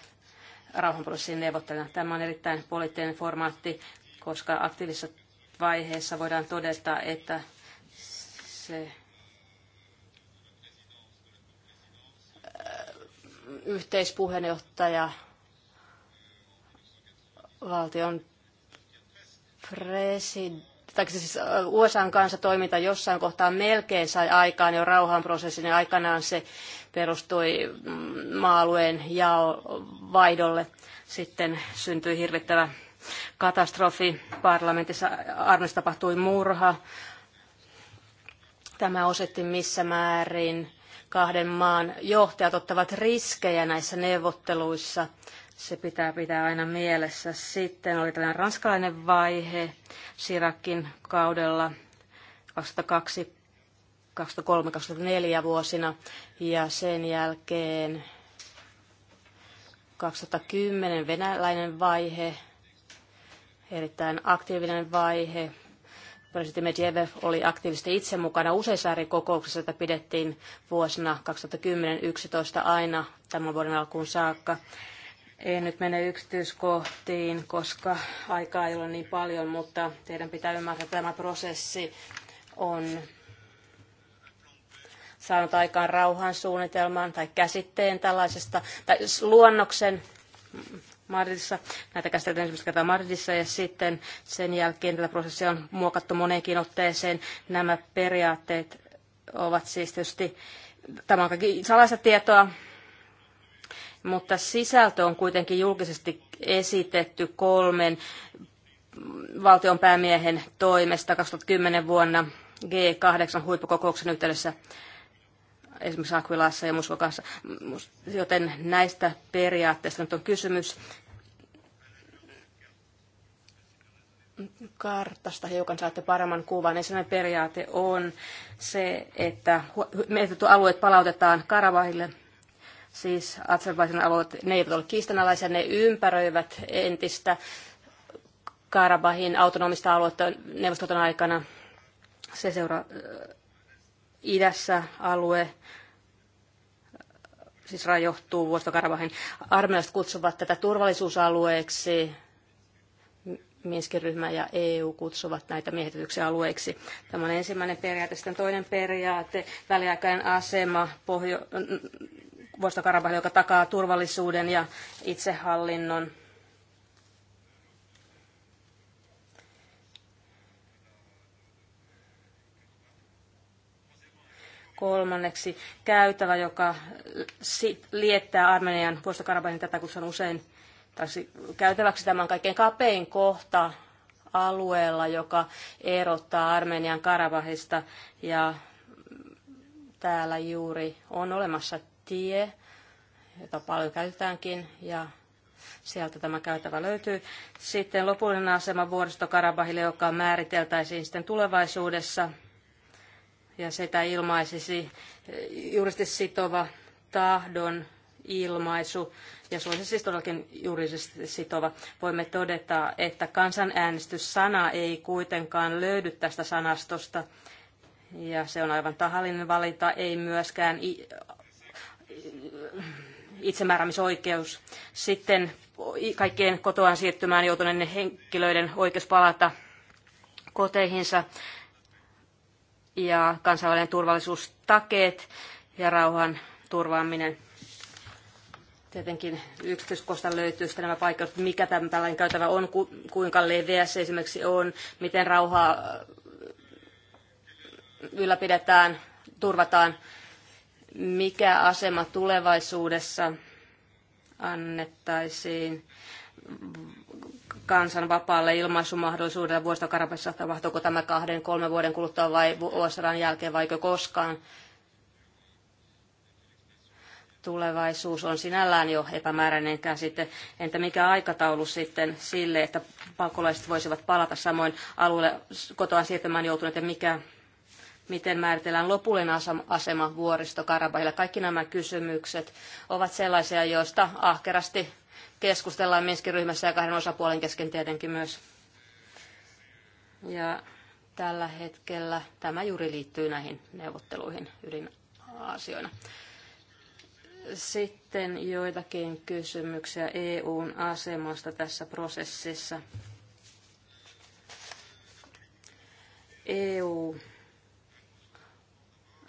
rauhanprosessin neuvottelijana. Tämä on erittäin poliittinen formaatti, koska aktiivisessa vaiheessa voidaan todeta, että se yhteispuheenjohtaja valtion presidentti tai siis äh, USAn kanssa toiminta jossain kohtaa melkein sai aikaan jo rauhanprosessin ja aikanaan se perustui mm, maa-alueen jao vaihdolle. Sitten syntyi hirvittävä katastrofi. Parlamentissa armeissa tapahtui murha. Tämä osoitti missä määrin kahden maan johtajat ottavat riskejä näissä neuvotteluissa. Se pitää pitää aina mielessä. Sitten oli tällainen ranskalainen vaihe Sirakin kaudella 2002 2003-2004 vuosina ja sen jälkeen 2010 venäläinen vaihe, erittäin aktiivinen vaihe presidentti Medvedev oli aktiivisesti itse mukana useissa eri kokouksissa, joita pidettiin vuosina 2010-2011 aina tämän vuoden alkuun saakka. En nyt mene yksityiskohtiin, koska aikaa ei ole niin paljon, mutta teidän pitää ymmärtää, että tämä prosessi on saanut aikaan rauhansuunnitelman tai käsitteen tällaisesta, tai luonnoksen Madridissa. Näitä käsitellään ensimmäistä kertaa Madridissa ja sitten sen jälkeen tätä prosessia on muokattu moneenkin otteeseen. Nämä periaatteet ovat siis tietysti, tämä on kaikki salaista tietoa, mutta sisältö on kuitenkin julkisesti esitetty kolmen valtionpäämiehen toimesta toimesta 2010 vuonna G8 huippukokouksen yhteydessä esimerkiksi Aquilassa ja Musvokassa, joten näistä periaatteista nyt on kysymys. Kartasta hiukan saatte paremman kuvan. Ensimmäinen periaate on se, että menetetyt alueet palautetaan Karavahille, siis Azerbaijan alueet, ne eivät ole kiistanalaisia, ne ympäröivät entistä Karabahin autonomista aluetta neuvostoton aikana. Se seuraa idässä alue, siis rajoittuu Vuostokarabahin. Armeijat kutsuvat tätä turvallisuusalueeksi, Minskin ryhmä ja EU kutsuvat näitä miehityksen alueiksi. Tämä on ensimmäinen periaate. Sitten toinen periaate, väliaikainen asema, pohjo, Vuostokarabahin, joka takaa turvallisuuden ja itsehallinnon Kolmanneksi käytävä, joka liettää Armenian puolustokarabanin tätä, kun se on usein käytäväksi tämän kaikkein kapein kohta alueella, joka erottaa Armenian Karabahista. Ja täällä juuri on olemassa tie, jota paljon käytetäänkin, ja sieltä tämä käytävä löytyy. Sitten lopullinen asema Karabahille, joka määriteltäisiin sitten tulevaisuudessa – ja sitä ilmaisisi eh, juuristi sitova tahdon ilmaisu, ja se olisi siis todellakin juridisesti sitova. Voimme todeta, että kansanäänestyssana ei kuitenkaan löydy tästä sanastosta, ja se on aivan tahallinen valinta, ei myöskään itsemääräämisoikeus. Sitten kaikkien kotoaan siirtymään joutuneiden henkilöiden oikeus palata koteihinsa ja kansainvälinen turvallisuustakeet ja rauhan turvaaminen. Tietenkin yksityiskohta löytyy sitten nämä paikat, mikä tämä tällainen käytävä on, kuinka leveä se esimerkiksi on, miten rauhaa äh, ylläpidetään, turvataan, mikä asema tulevaisuudessa annettaisiin kansan vapaalle ilmaisumahdollisuudelle vuosistokarapessa, tapahtuuko tämä kahden, kolmen vuoden kuluttua vai vuosisadan jälkeen vaiko koskaan. Tulevaisuus on sinällään jo epämääräinen käsite. Entä mikä aikataulu sitten sille, että pakolaiset voisivat palata samoin alueelle kotoa siirtymään joutuneet ja mikä miten määritellään lopullinen asema vuoristo Karabahilla. Kaikki nämä kysymykset ovat sellaisia, joista ahkerasti keskustellaan Minskin ryhmässä ja kahden osapuolen kesken tietenkin myös. Ja tällä hetkellä tämä juuri liittyy näihin neuvotteluihin ydinasioina. Sitten joitakin kysymyksiä EUn asemasta tässä prosessissa. EU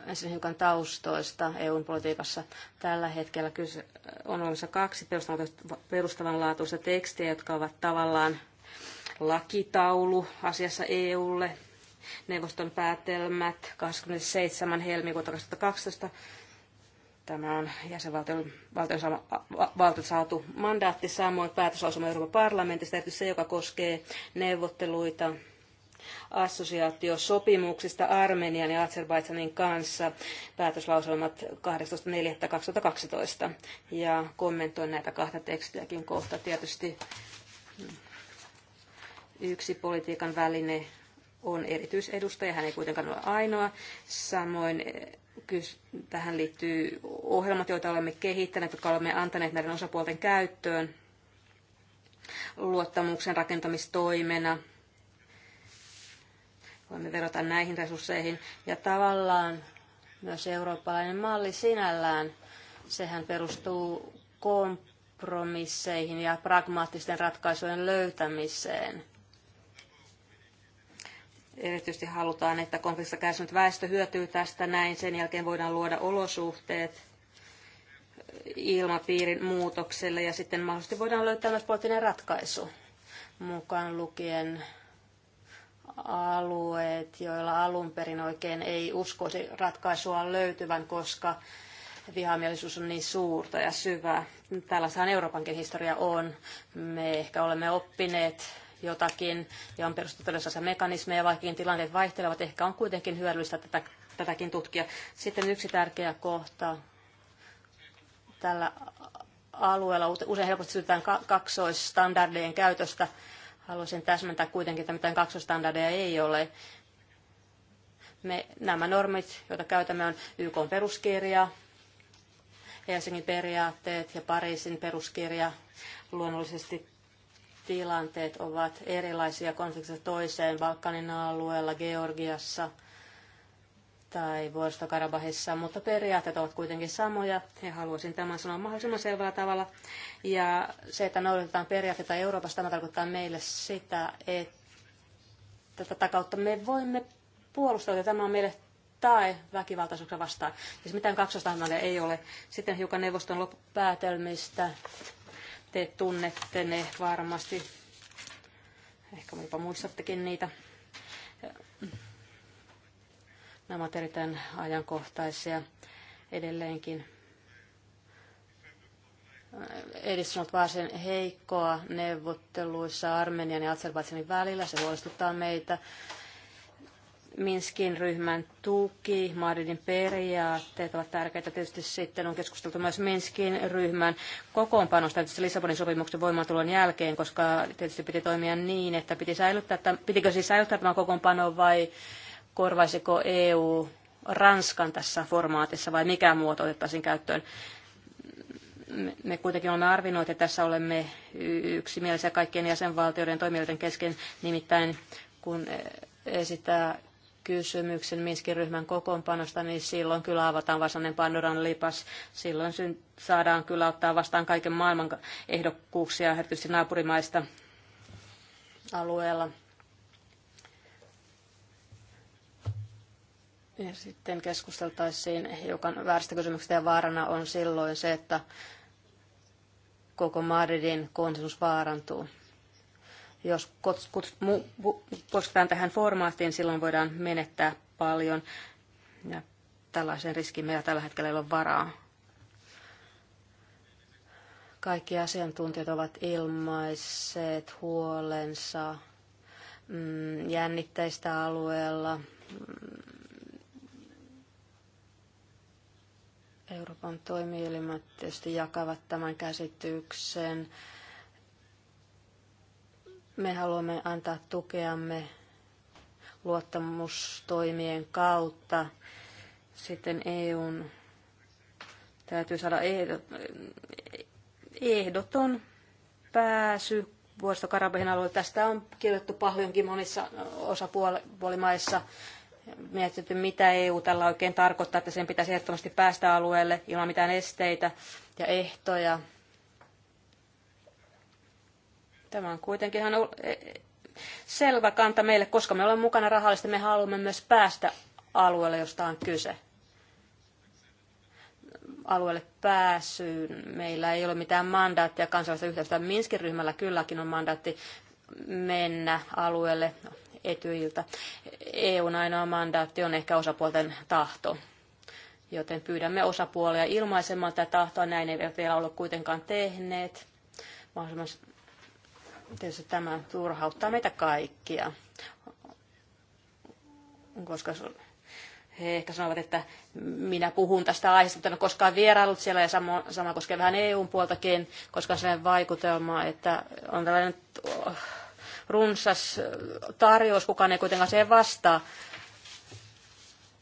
ensin hiukan taustoista EUn politiikassa. Tällä hetkellä kyse on olemassa kaksi perustavanlaatuista tekstiä, jotka ovat tavallaan lakitaulu asiassa EUlle. Neuvoston päätelmät 27. helmikuuta 2012. Tämä on jäsenvaltion valtion saatu mandaatti, samoin päätöslausuma Euroopan parlamentista, erityisesti se, joka koskee neuvotteluita assosiaatiosopimuksista Armenian ja Azerbaidsanin kanssa päätöslauselmat 18.4.2012. Ja kommentoin näitä kahta tekstiäkin kohta. Tietysti mm, yksi politiikan väline on erityisedustaja, hän ei kuitenkaan ole ainoa. Samoin eh, tähän liittyy ohjelmat, joita olemme kehittäneet, jotka olemme antaneet näiden osapuolten käyttöön luottamuksen rakentamistoimena – voimme verrata näihin resursseihin. Ja tavallaan myös eurooppalainen malli sinällään, sehän perustuu kompromisseihin ja pragmaattisten ratkaisujen löytämiseen. Erityisesti halutaan, että konfliktista kärsinyt väestö hyötyy tästä näin. Sen jälkeen voidaan luoda olosuhteet ilmapiirin muutokselle ja sitten mahdollisesti voidaan löytää myös poliittinen ratkaisu mukaan lukien alueet, joilla alun perin oikein ei uskoisi ratkaisua löytyvän, koska vihamielisyys on niin suurta ja syvää. Tällaisahan Euroopankin historia on. Me ehkä olemme oppineet jotakin ja on perustettu tällaisia mekanismeja, vaikkakin tilanteet vaihtelevat. Ehkä on kuitenkin hyödyllistä tätä, tätäkin tutkia. Sitten yksi tärkeä kohta tällä alueella usein helposti syytetään kaksoisstandardien käytöstä Haluaisin täsmentää kuitenkin, että mitään kaksostandardeja ei ole. Me, nämä normit, joita käytämme, on YK peruskirja, Helsingin periaatteet ja Pariisin peruskirja. Luonnollisesti tilanteet ovat erilaisia konfliktista toiseen Balkanin alueella, Georgiassa – tai Vuoristokarabahissa, mutta periaatteet ovat kuitenkin samoja. Ja haluaisin tämän sanoa mahdollisimman selvällä tavalla. Ja se, että noudatetaan periaatteita Euroopassa, tämä tarkoittaa meille sitä, että tätä kautta me voimme puolustaa, että tämä on meille tai väkivaltaisuuksia vastaan. Siis mitään kaksoistandalia ei ole. Sitten hiukan neuvoston loppupäätelmistä. Te tunnette ne varmasti. Ehkä jopa muistattekin niitä. Nämä ovat erittäin ajankohtaisia edelleenkin. Edistys on varsin heikkoa neuvotteluissa Armenian ja Azerbaidžanin välillä. Se huolestuttaa meitä. Minskin ryhmän tuki, Madridin periaatteet ovat tärkeitä. Tietysti sitten on keskusteltu myös Minskin ryhmän kokoonpanosta tietysti Lissabonin sopimuksen voimaantulon jälkeen, koska tietysti piti toimia niin, että piti säilyttää, pitikö siis säilyttää tämä kokoonpano vai korvaisiko EU Ranskan tässä formaatissa vai mikä muoto otettaisiin käyttöön. Me kuitenkin olemme arvioineet, että tässä olemme yksimielisiä kaikkien jäsenvaltioiden toimijoiden kesken, nimittäin kun e, esittää kysymyksen Minskin ryhmän kokoonpanosta, niin silloin kyllä avataan varsinainen Pandoran lipas. Silloin saadaan kyllä ottaa vastaan kaiken maailman ehdokkuuksia, erityisesti naapurimaista alueella. Ja sitten keskusteltaisiin hiukan väärästä kysymyksestä ja vaarana on silloin se, että koko Madridin konsensus vaarantuu. Jos kosketaan tähän formaattiin, silloin voidaan menettää paljon ja tällaisen riskin meillä tällä hetkellä ei ole varaa. Kaikki asiantuntijat ovat ilmaisseet huolensa mm, jännitteistä alueella, mm, Euroopan toimielimet tietysti jakavat tämän käsityksen. Me haluamme antaa tukeamme luottamustoimien kautta. Sitten EUn täytyy saada ehdoton pääsy vuoristo Karabahin alueelle. Tästä on kirjoittu paljonkin monissa osapuolimaissa mietitty, mitä EU tällä oikein tarkoittaa, että sen pitäisi ehdottomasti päästä alueelle ilman mitään esteitä ja ehtoja. Tämä on kuitenkin ihan e- e- selvä kanta meille, koska me olemme mukana rahallisesti, me haluamme myös päästä alueelle, josta on kyse. Alueelle pääsyyn meillä ei ole mitään mandaattia kansainvälistä yhteistyötä. Minskin ryhmällä kylläkin on mandaatti mennä alueelle etyiltä. EUn ainoa mandaatti on ehkä osapuolten tahto. Joten pyydämme osapuolia ilmaisemaan tätä tahtoa. Näin ei vielä ole kuitenkaan tehneet. tietysti tämä turhauttaa meitä kaikkia. Koska he ehkä sanovat, että minä puhun tästä aiheesta, mutta en ole koskaan vieraillut siellä ja sama, sama koskee vähän EUn puoltakin, koska se vaikutelma, että on tällainen runsas tarjous, kukaan ei kuitenkaan siihen vastaa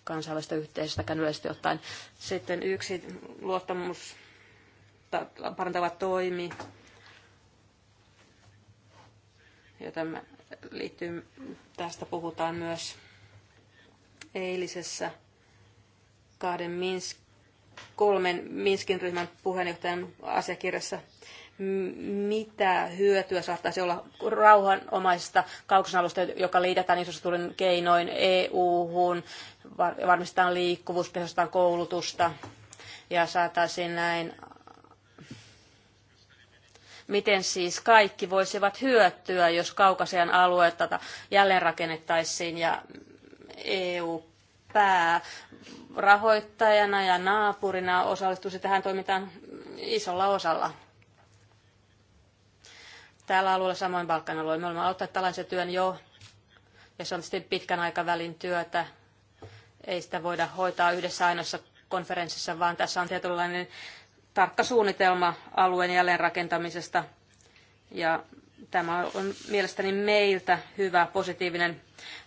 kansainvälistä yhteisöstä yleisesti ottaen. Sitten yksi luottamus parantava toimi, jota liittyy, tästä puhutaan myös eilisessä kahden Minsk, kolmen Minskin ryhmän puheenjohtajan asiakirjassa mitä hyötyä saattaisi olla rauhanomaisesta kaukonalusta, joka liitetään isostulen niin keinoin EU-hun, varmistetaan liikkuvuus, tehostetaan koulutusta ja saataisiin näin miten siis kaikki voisivat hyötyä, jos kaukasean aluetta jälleenrakennettaisiin ja EU päärahoittajana ja naapurina osallistuisi tähän toimintaan isolla osalla tällä alueella, samoin Balkan alueella. Me olemme aloittaneet tällaisen työn jo, ja se on tietysti pitkän aikavälin työtä. Ei sitä voida hoitaa yhdessä ainoassa konferenssissa, vaan tässä on tietynlainen tarkka suunnitelma alueen jälleenrakentamisesta. Ja tämä on mielestäni meiltä hyvä positiivinen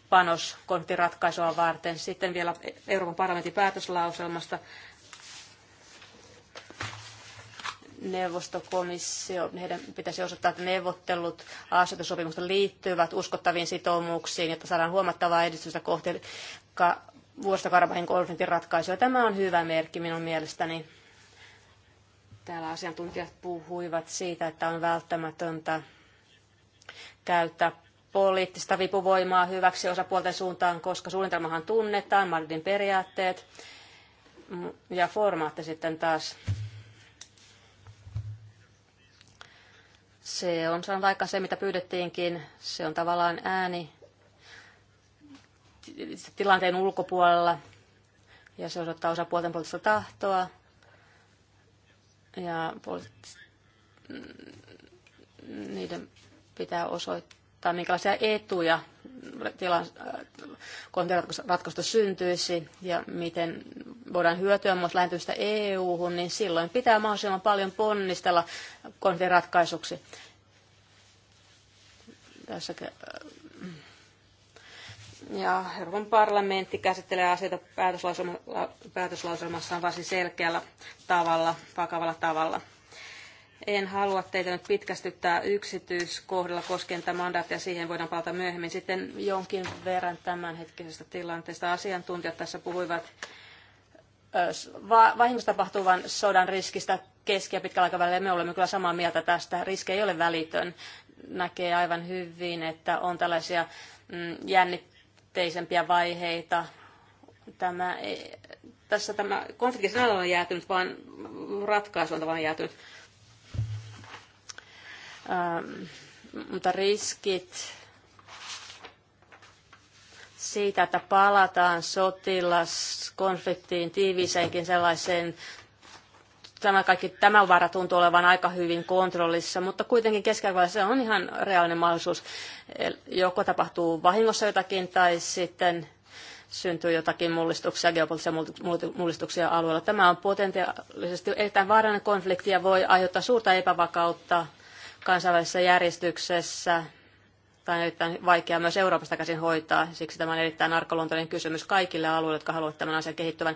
panos konfliktiratkaisua varten. Sitten vielä Euroopan parlamentin päätöslauselmasta. neuvostokomissio, heidän pitäisi osoittaa, että neuvottelut asetusopimusta liittyvät uskottaviin sitoumuksiin, jotta saadaan huomattavaa edistystä kohti ka- vuostokarabahin konfliktin ratkaisua. Tämä on hyvä merkki minun mielestäni. Täällä asiantuntijat puhuivat siitä, että on välttämätöntä käyttää poliittista vipuvoimaa hyväksi osapuolten suuntaan, koska suunnitelmahan tunnetaan, Madridin periaatteet ja formaatti sitten taas Se on saanut aikaan se, mitä pyydettiinkin. Se on tavallaan ääni tilanteen ulkopuolella ja se osoittaa puolten poliittista tahtoa ja niiden pitää osoittaa, minkälaisia etuja tilan, äh, konfliktin syntyisi ja miten voidaan hyötyä myös lähentyistä EU-hun, niin silloin pitää mahdollisimman paljon ponnistella konfliktin ratkaisuksi. Tässä äh, ja Euroopan parlamentti käsittelee asioita päätöslauselmassaan varsin selkeällä tavalla, vakavalla tavalla. En halua teitä nyt pitkästyttää yksityiskohdalla koskien tätä mandaattia, siihen voidaan palata myöhemmin. Sitten jonkin verran tämänhetkisestä tilanteesta asiantuntijat tässä puhuivat vahingossa tapahtuvan sodan riskistä keski- ja pitkällä aikavälillä me olemme kyllä samaa mieltä tästä. Riski ei ole välitön. Näkee aivan hyvin, että on tällaisia mm, jännitteisempiä vaiheita. Tämä, ei, tässä tämä konflikti sinällään on jäätynyt, vaan ratkaisu on vaan jäätynyt. Ähm, mutta riskit siitä, että palataan sotilaskonfliktiin tiiviiseenkin sellaiseen tämä, kaikki, tämä vaara tuntuu olevan aika hyvin kontrollissa, mutta kuitenkin se on ihan reaalinen mahdollisuus. Joko tapahtuu vahingossa jotakin tai sitten syntyy jotakin mullistuksia, geopoliittisia mullistuksia alueella. Tämä on potentiaalisesti erittäin vaarallinen konflikti ja voi aiheuttaa suurta epävakautta kansainvälisessä järjestyksessä, tai on erittäin vaikeaa myös Euroopasta käsin hoitaa, siksi tämä on erittäin arkaluontoinen kysymys kaikille alueille, jotka haluavat tämän asian kehittyvän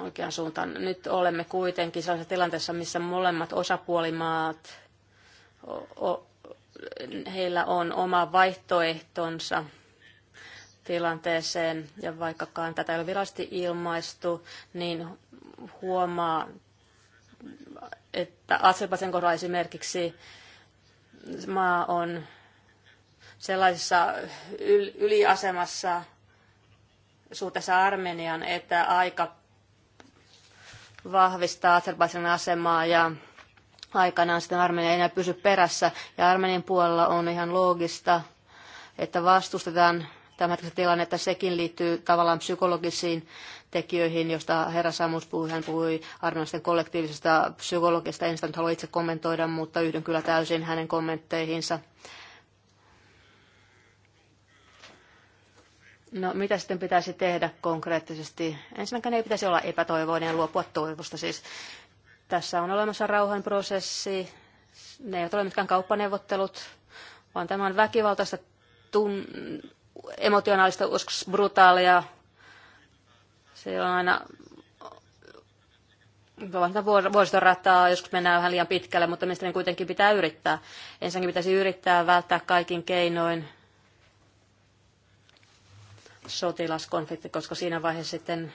oikeaan suuntaan. Nyt olemme kuitenkin sellaisessa tilanteessa, missä molemmat osapuolimaat, heillä on oma vaihtoehtonsa tilanteeseen, ja vaikkakaan tätä ei ole virallisesti ilmaistu, niin huomaa, että Azerbaidžan kohdalla esimerkiksi maa on sellaisessa yliasemassa suhteessa Armenian, että aika vahvistaa Azerbaidžanin asemaa ja aikanaan sitten Armenia ei enää pysy perässä. Ja Armenian puolella on ihan loogista, että vastustetaan tilanne, tilannetta. Sekin liittyy tavallaan psykologisiin tekijöihin, josta herra Samus puhui. Hän puhui armenialaisten kollektiivisesta psykologista. En sitä nyt halua itse kommentoida, mutta yhdyn kyllä täysin hänen kommentteihinsa No mitä sitten pitäisi tehdä konkreettisesti? Ensinnäkin ei pitäisi olla epätoivoinen ja luopua toivosta. Siis tässä on olemassa rauhanprosessi, ne eivät ole mitkään kauppaneuvottelut, vaan tämä on väkivaltaista, tun, emotionaalista, joskus brutaalia. Se on aina vuosistorataa, joskus mennään vähän liian pitkälle, mutta mielestäni kuitenkin pitää yrittää. Ensinnäkin pitäisi yrittää välttää kaikin keinoin sotilaskonflikti, koska siinä vaiheessa sitten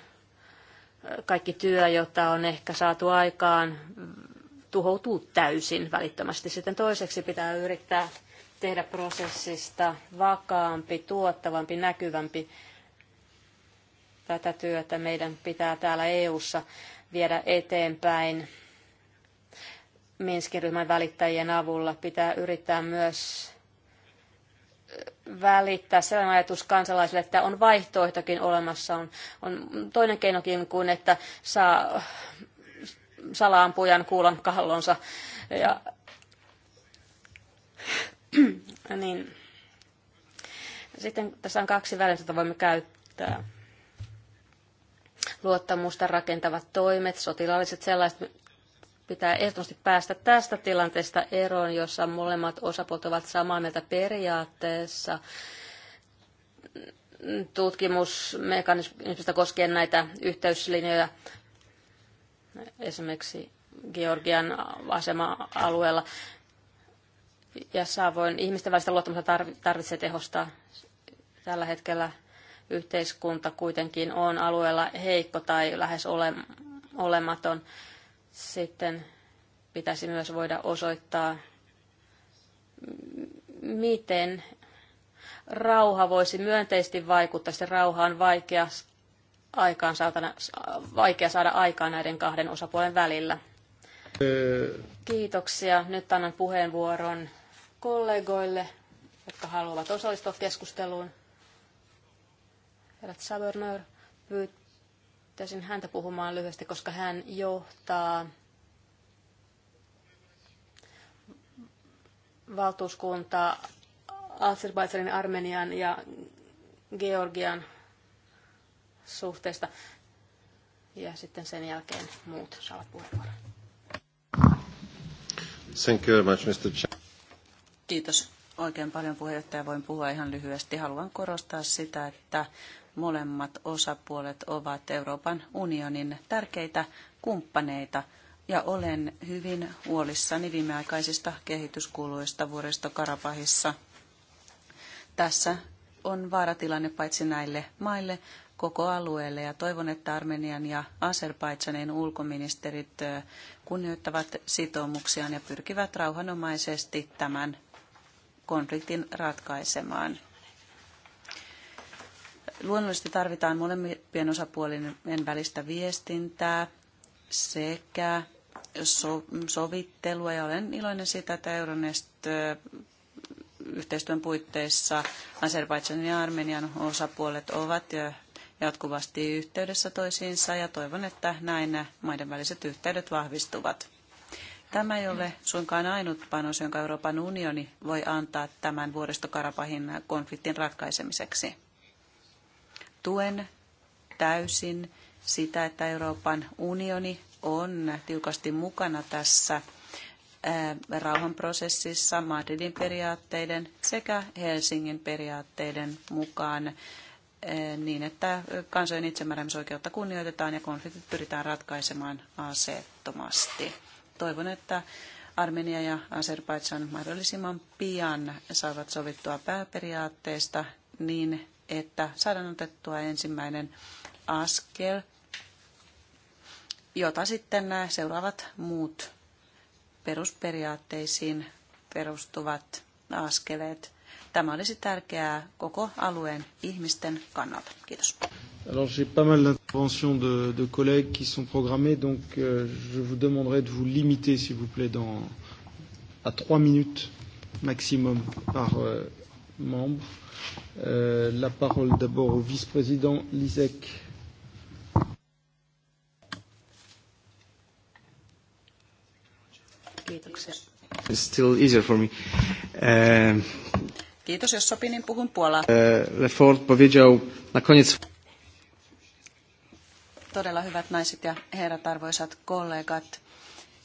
kaikki työ, jota on ehkä saatu aikaan, tuhoutuu täysin välittömästi. Sitten toiseksi pitää yrittää tehdä prosessista vakaampi, tuottavampi, näkyvämpi. Tätä työtä meidän pitää täällä EU:ssa viedä eteenpäin. Minskin ryhmän välittäjien avulla pitää yrittää myös välittää sellainen ajatus kansalaisille, että on vaihtoehtokin olemassa. On, on toinen keinokin kuin, että saa salaampujan kuulan kallonsa. Ja, niin. Sitten tässä on kaksi välinettä, jota voimme käyttää. Luottamusta rakentavat toimet, sotilaalliset sellaiset, Pitää ehdottomasti päästä tästä tilanteesta eroon, jossa molemmat osapuolet ovat samaa mieltä periaatteessa tutkimusmekanismista koskien näitä yhteyslinjoja esimerkiksi Georgian asema-alueella. Ja saavoin ihmisten välistä luottamusta tarvitsee tehostaa. Tällä hetkellä yhteiskunta kuitenkin on alueella heikko tai lähes olematon. Sitten pitäisi myös voida osoittaa, miten rauha voisi myönteisesti vaikuttaa. Se rauha on vaikea, aikaan saatana, vaikea saada aikaan näiden kahden osapuolen välillä. Kiitoksia. Nyt annan puheenvuoron kollegoille, jotka haluavat osallistua keskusteluun. Herrat Sabernör pyytäisin häntä puhumaan lyhyesti, koska hän johtaa valtuuskuntaa Azerbaidsanin, Armenian ja Georgian suhteesta. Ja sitten sen jälkeen muut saavat puheenvuoron. Thank you very much, Mr. Kiitos oikein paljon puheenjohtaja. Voin puhua ihan lyhyesti. Haluan korostaa sitä, että molemmat osapuolet ovat Euroopan unionin tärkeitä kumppaneita ja olen hyvin huolissani viimeaikaisista kehityskuluista vuoristo Karapahissa. Tässä on vaaratilanne paitsi näille maille, koko alueelle ja toivon, että Armenian ja Azerbaidsanin ulkoministerit kunnioittavat sitoumuksiaan ja pyrkivät rauhanomaisesti tämän konfliktin ratkaisemaan. Luonnollisesti tarvitaan molempien osapuolien välistä viestintää sekä so- sovittelua ja olen iloinen siitä, että Euronest yhteistyön puitteissa Azerbaidžanin ja Armenian osapuolet ovat jo jatkuvasti yhteydessä toisiinsa ja toivon, että näin maiden väliset yhteydet vahvistuvat. Tämä ei ole suinkaan ainut panos, jonka Euroopan unioni voi antaa tämän vuoristokarapahin konfliktin ratkaisemiseksi. Tuen täysin sitä, että Euroopan unioni on tiukasti mukana tässä rauhanprosessissa Madridin periaatteiden sekä Helsingin periaatteiden mukaan niin, että kansojen itsemääräämisoikeutta kunnioitetaan ja konfliktit pyritään ratkaisemaan aseettomasti toivon, että Armenia ja Azerbaidžan mahdollisimman pian saavat sovittua pääperiaatteesta, niin, että saadaan otettua ensimmäinen askel, jota sitten nämä seuraavat muut perusperiaatteisiin perustuvat askeleet. Tämä olisi tärkeää koko alueen ihmisten kannalta. Kiitos. Alors j'ai pas mal d'interventions de, de collègues qui sont programmées, donc euh, je vous demanderai de vous limiter, s'il vous plaît, dans, à trois minutes maximum par euh, membre. Euh, la parole d'abord au vice-président Lisek. It's still easier for me. Uh, Kiitos, jos sopii, niin puhun puolaa. Uh, Lefort powiedział na koniec... Todella hyvät naiset ja herrat, arvoisat kollegat.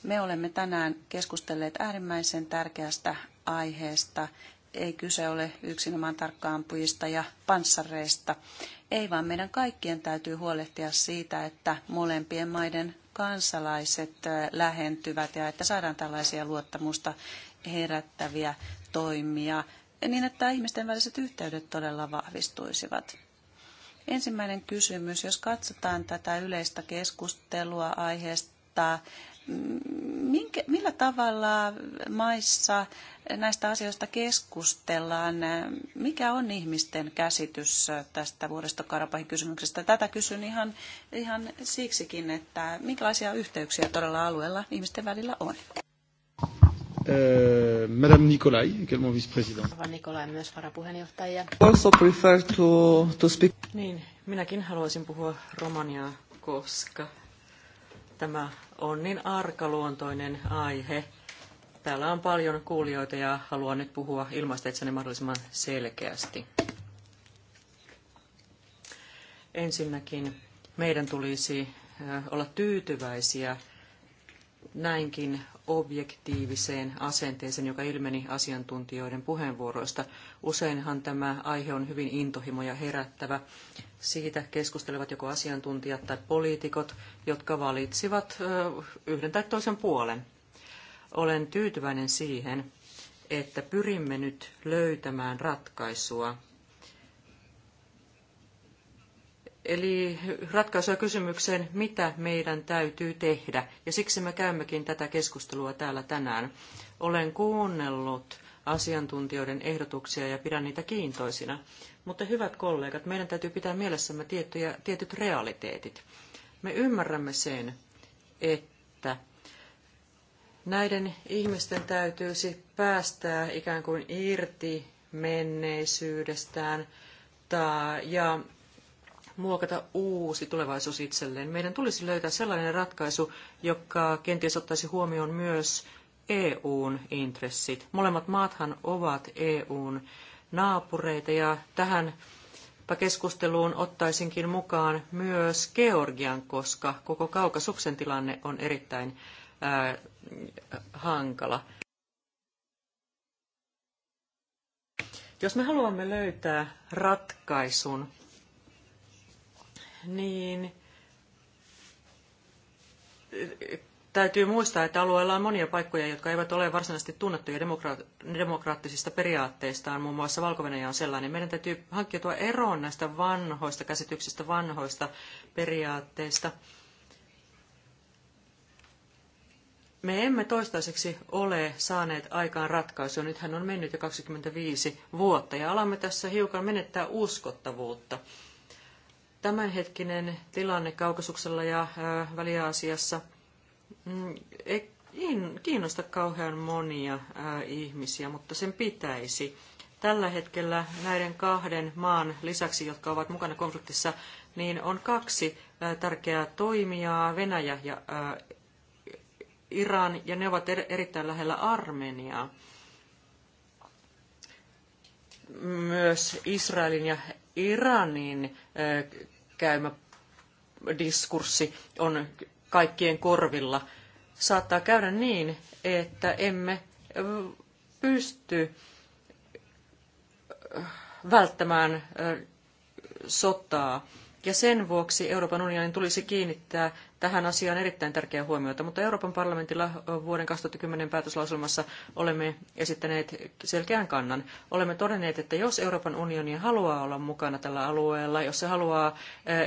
Me olemme tänään keskustelleet äärimmäisen tärkeästä aiheesta. Ei kyse ole yksinomaan tarkkaampujista ja panssareista. Ei vaan meidän kaikkien täytyy huolehtia siitä, että molempien maiden kansalaiset lähentyvät ja että saadaan tällaisia luottamusta herättäviä toimia niin, että ihmisten väliset yhteydet todella vahvistuisivat. Ensimmäinen kysymys, jos katsotaan tätä yleistä keskustelua aiheesta, minkä, millä tavalla maissa näistä asioista keskustellaan? Mikä on ihmisten käsitys tästä vuodestokarapahin kysymyksestä? Tätä kysyn ihan, ihan siksikin, että minkälaisia yhteyksiä todella alueella ihmisten välillä on. Euh, Madame Nicolai, également vice-présidente. Nicolai myös varapuheenjohtaja. Also prefer to, to speak. Niin, minäkin haluaisin puhua romaniaa, koska tämä on niin arkaluontoinen aihe. Täällä on paljon kuulijoita ja haluan nyt puhua ilmaista itseni mahdollisimman selkeästi. Ensinnäkin meidän tulisi olla tyytyväisiä näinkin objektiiviseen asenteeseen, joka ilmeni asiantuntijoiden puheenvuoroista. Useinhan tämä aihe on hyvin intohimoja herättävä. Siitä keskustelevat joko asiantuntijat tai poliitikot, jotka valitsivat yhden tai toisen puolen. Olen tyytyväinen siihen, että pyrimme nyt löytämään ratkaisua Eli ratkaisua kysymykseen, mitä meidän täytyy tehdä. Ja siksi me käymmekin tätä keskustelua täällä tänään. Olen kuunnellut asiantuntijoiden ehdotuksia ja pidän niitä kiintoisina. Mutta hyvät kollegat, meidän täytyy pitää mielessämme tiettyjä, tietyt realiteetit. Me ymmärrämme sen, että näiden ihmisten täytyisi päästää ikään kuin irti menneisyydestään tai, ja muokata uusi tulevaisuus itselleen. Meidän tulisi löytää sellainen ratkaisu, joka kenties ottaisi huomioon myös EUn intressit. Molemmat maathan ovat EUn naapureita ja tähän keskusteluun ottaisinkin mukaan myös Georgian, koska koko Kaukasuksen tilanne on erittäin ää, äh, hankala. Jos me haluamme löytää ratkaisun niin täytyy muistaa, että alueella on monia paikkoja, jotka eivät ole varsinaisesti tunnettuja demokraattisista periaatteistaan. Muun muassa valko on sellainen. Meidän täytyy hankkiutua eroon näistä vanhoista käsityksistä, vanhoista periaatteista. Me emme toistaiseksi ole saaneet aikaan ratkaisua. Nythän on mennyt jo 25 vuotta ja alamme tässä hiukan menettää uskottavuutta tämänhetkinen tilanne Kaukasuksella ja Väli-Aasiassa mm, ei kiinnosta kauhean monia ihmisiä, mutta sen pitäisi. Tällä hetkellä näiden kahden maan lisäksi, jotka ovat mukana konfliktissa, niin on kaksi tärkeää toimijaa, Venäjä ja Iran, ja ne ovat er-, erittäin lähellä Armeniaa. Myös Israelin ja Iranin käymä diskurssi on kaikkien korvilla. Saattaa käydä niin, että emme pysty välttämään sotaa ja sen vuoksi Euroopan unionin tulisi kiinnittää tähän asiaan erittäin tärkeää huomiota. Mutta Euroopan parlamentilla vuoden 2010 päätöslauselmassa olemme esittäneet selkeän kannan. Olemme todenneet, että jos Euroopan unioni haluaa olla mukana tällä alueella, jos se haluaa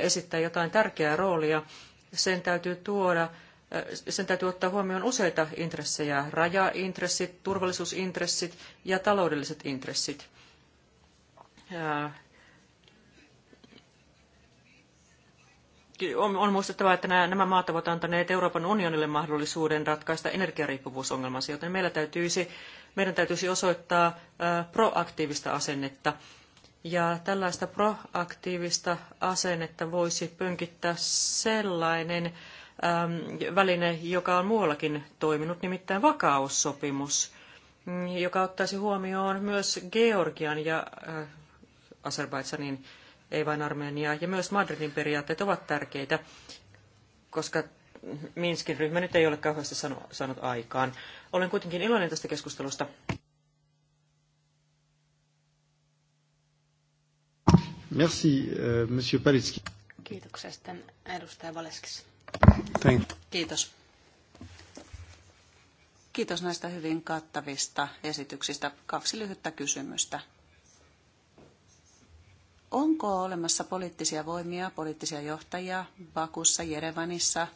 esittää jotain tärkeää roolia, sen täytyy tuoda sen täytyy ottaa huomioon useita intressejä, rajaintressit, turvallisuusintressit ja taloudelliset intressit. on, on muistettava, että nämä, nämä maat ovat antaneet Euroopan unionille mahdollisuuden ratkaista energiariippuvuusongelmansa, joten meillä täytyisi, meidän täytyisi osoittaa proaktiivista asennetta. Ja tällaista proaktiivista asennetta voisi pönkittää sellainen väline, joka on muuallakin toiminut, nimittäin vakaussopimus, mm, joka ottaisi huomioon myös Georgian ja äh, Azerbaidsanin ei vain Armeniaa. Ja myös Madridin periaatteet ovat tärkeitä, koska Minskin ryhmä nyt ei ole kauheasti saanut aikaan. Olen kuitenkin iloinen tästä keskustelusta. Merci, euh, monsieur Palitski. Kiitoksia sitten edustaja Valeskis. Thank. Kiitos. Kiitos näistä hyvin kattavista esityksistä. Kaksi lyhyttä kysymystä. Onko olemassa poliittisia voimia, poliittisia johtajia Bakussa, Jerevanissa?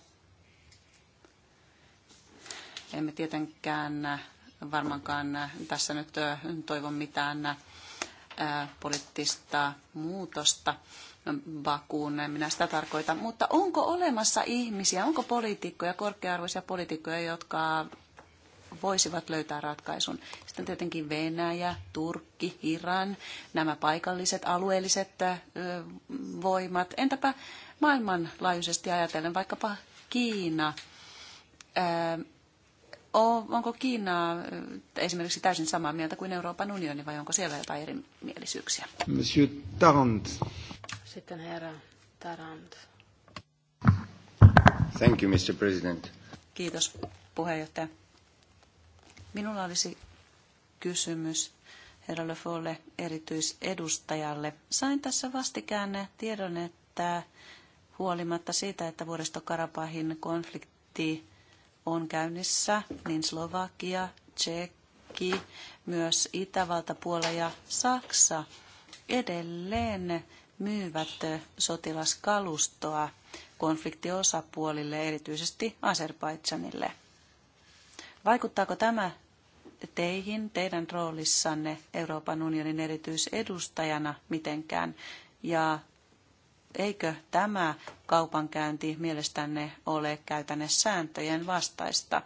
Emme tietenkään varmaankaan tässä nyt äh, toivo mitään äh, poliittista muutosta Bakuun, minä sitä tarkoitan. Mutta onko olemassa ihmisiä, onko poliitikkoja, korkearvoisia poliitikkoja, jotka voisivat löytää ratkaisun. Sitten tietenkin Venäjä, Turkki, Iran, nämä paikalliset, alueelliset voimat. Entäpä maailmanlaajuisesti ajatellen vaikkapa Kiina? Onko Kiina esimerkiksi täysin samaa mieltä kuin Euroopan unioni vai onko siellä jotain erimielisyyksiä? Monsieur Tarant. Sitten herra Tarant. Thank you, Mr. President. Kiitos puheenjohtaja. Minulla olisi kysymys herra Lefolle erityisedustajalle. Sain tässä vastikään tiedon, että huolimatta siitä, että vuodesta Karapahin konflikti on käynnissä, niin Slovakia, Tsekki, myös Itävalta, Puola ja Saksa edelleen myyvät sotilaskalustoa konfliktiosapuolille, erityisesti Azerbaidsanille. Vaikuttaako tämä teihin, teidän roolissanne Euroopan unionin erityisedustajana mitenkään. Ja eikö tämä kaupankäynti mielestänne ole sääntöjen vastaista?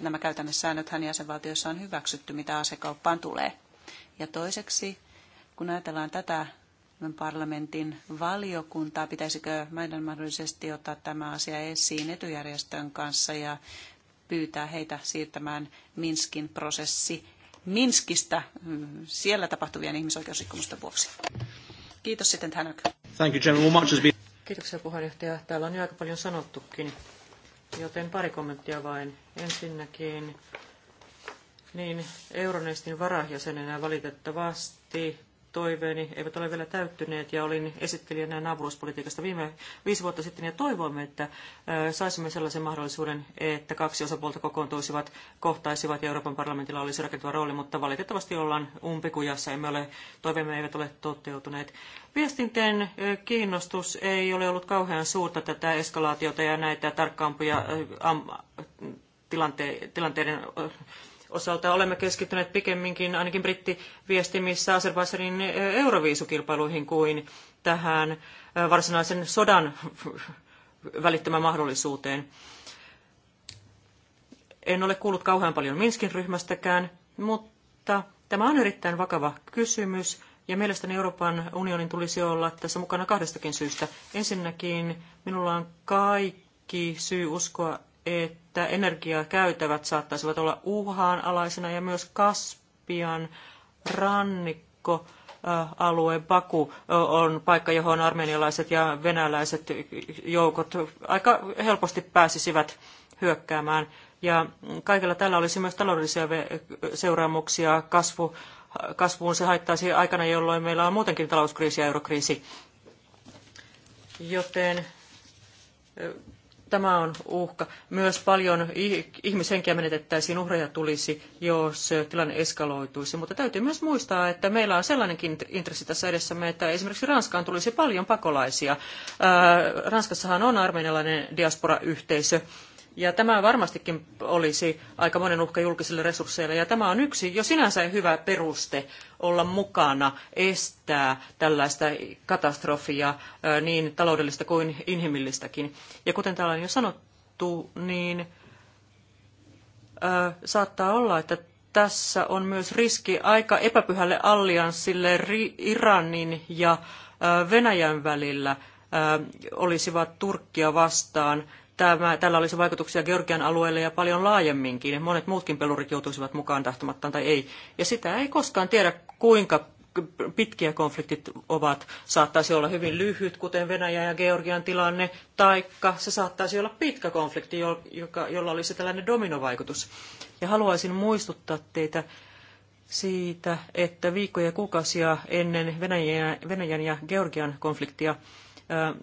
Nämä säännöthän jäsenvaltioissa on hyväksytty, mitä asekauppaan tulee. Ja toiseksi, kun ajatellaan tätä parlamentin valiokuntaa, pitäisikö meidän mahdollisesti ottaa tämä asia esiin etujärjestön kanssa ja pyytää heitä siirtämään Minskin prosessi Minskistä mm, siellä tapahtuvien ihmisoikeusrikkomusten vuoksi. Kiitos sitten Tänök. Thank you, General. Much has been... Kiitoksia puheenjohtaja. Täällä on jo aika paljon sanottukin, joten pari kommenttia vain. Ensinnäkin niin Euronestin varajäsenenä valitettavasti toiveeni eivät ole vielä täyttyneet ja olin esittelijänä naapuruuspolitiikasta viime viisi vuotta sitten ja toivoimme, että saisimme sellaisen mahdollisuuden, että kaksi osapuolta kokoontuisivat, kohtaisivat ja Euroopan parlamentilla olisi rakentava rooli, mutta valitettavasti ollaan umpikujassa, emme ole, toiveemme eivät ole toteutuneet. Viestinten kiinnostus ei ole ollut kauhean suurta tätä eskalaatiota ja näitä tarkkaampuja tilanteiden osalta olemme keskittyneet pikemminkin ainakin brittiviestimissä Azerbaidžanin eh, euroviisukilpailuihin kuin tähän eh, varsinaisen sodan välittämään mahdollisuuteen. En ole kuullut kauhean paljon Minskin ryhmästäkään, mutta tämä on erittäin vakava kysymys. Ja mielestäni Euroopan unionin tulisi olla tässä mukana kahdestakin syystä. Ensinnäkin minulla on kaikki syy uskoa, että että energiakäytävät saattaisivat olla uhaanalaisena ja myös Kaspian rannikko alue Baku on paikka, johon armenialaiset ja venäläiset joukot aika helposti pääsisivät hyökkäämään. Ja kaikella tällä olisi myös taloudellisia seuraamuksia. Kasvu, kasvuun se haittaisi aikana, jolloin meillä on muutenkin talouskriisi ja eurokriisi. Joten Tämä on uhka. Myös paljon ihmishenkiä menetettäisiin, uhreja tulisi, jos tilanne eskaloituisi. Mutta täytyy myös muistaa, että meillä on sellainenkin intressi tässä edessämme, että esimerkiksi Ranskaan tulisi paljon pakolaisia. Ranskassahan on armenialainen diasporayhteisö ja tämä varmastikin olisi aika monen uhka julkisille resursseille. Ja tämä on yksi jo sinänsä hyvä peruste olla mukana, estää tällaista katastrofia niin taloudellista kuin inhimillistäkin. Ja kuten täällä on jo sanottu, niin saattaa olla, että tässä on myös riski aika epäpyhälle allianssille Iranin ja Venäjän välillä olisivat Turkkia vastaan tämä, tällä olisi vaikutuksia Georgian alueelle ja paljon laajemminkin. Monet muutkin pelurit joutuisivat mukaan tahtomattaan tai ei. Ja sitä ei koskaan tiedä, kuinka pitkiä konfliktit ovat. Saattaisi olla hyvin lyhyt, kuten Venäjä ja Georgian tilanne, taikka se saattaisi olla pitkä konflikti, joka, jolla olisi tällainen dominovaikutus. Ja haluaisin muistuttaa teitä siitä, että viikkoja ja kuukausia ennen Venäjän, Venäjän ja Georgian konfliktia äh,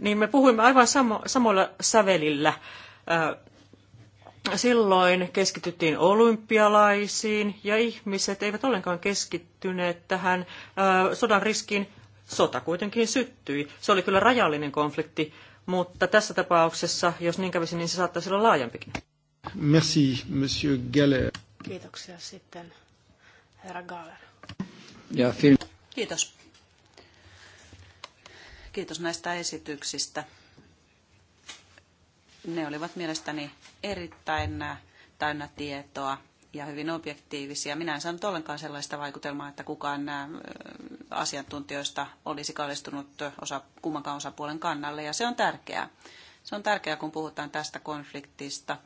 niin me puhuimme aivan samo, samalla sävelillä. Silloin keskityttiin olympialaisiin ja ihmiset eivät ollenkaan keskittyneet tähän sodan riskiin. Sota kuitenkin syttyi. Se oli kyllä rajallinen konflikti, mutta tässä tapauksessa, jos niin kävisi, niin se saattaisi olla laajempikin. Merci, monsieur Galler. Kiitoksia sitten, herra Galler. Ja, Kiitos. Kiitos näistä esityksistä. Ne olivat mielestäni erittäin täynnä tietoa ja hyvin objektiivisia. Minä en saanut ollenkaan sellaista vaikutelmaa, että kukaan nämä asiantuntijoista olisi kallistunut osa, kummankaan osapuolen kannalle, ja se on tärkeää. Se on tärkeää, kun puhutaan tästä konfliktista.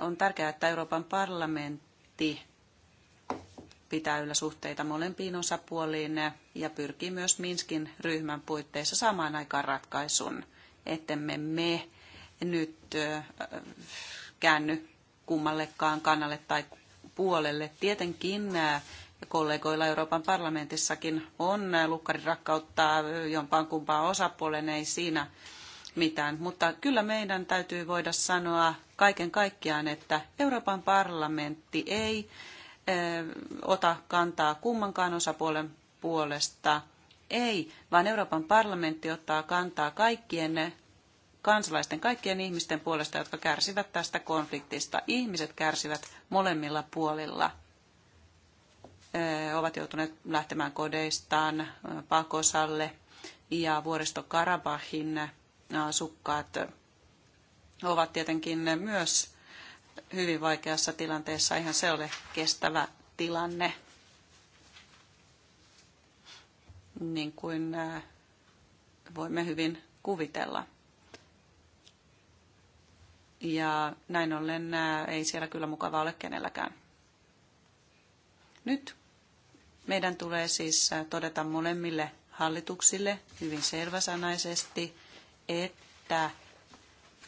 On tärkeää, että Euroopan parlamentti pitää yllä suhteita molempiin osapuoliin ja pyrkii myös Minskin ryhmän puitteissa saamaan aikaan ratkaisun, ettemme me nyt käänny kummallekaan kannalle tai puolelle. Tietenkin kollegoilla Euroopan parlamentissakin on lukkari rakkauttaa jompaan kumpaan osapuolen, ei siinä mitään. Mutta kyllä meidän täytyy voida sanoa kaiken kaikkiaan, että Euroopan parlamentti ei ota kantaa kummankaan osapuolen puolesta. Ei, vaan Euroopan parlamentti ottaa kantaa kaikkien kansalaisten, kaikkien ihmisten puolesta, jotka kärsivät tästä konfliktista. Ihmiset kärsivät molemmilla puolilla. Ovat joutuneet lähtemään kodeistaan pakosalle ja vuoristo Karabahin sukkaat ovat tietenkin myös hyvin vaikeassa tilanteessa. Eihän se ole kestävä tilanne. Niin kuin äh, voimme hyvin kuvitella. Ja näin ollen äh, ei siellä kyllä mukava ole kenelläkään. Nyt meidän tulee siis äh, todeta molemmille hallituksille hyvin selväsanaisesti, että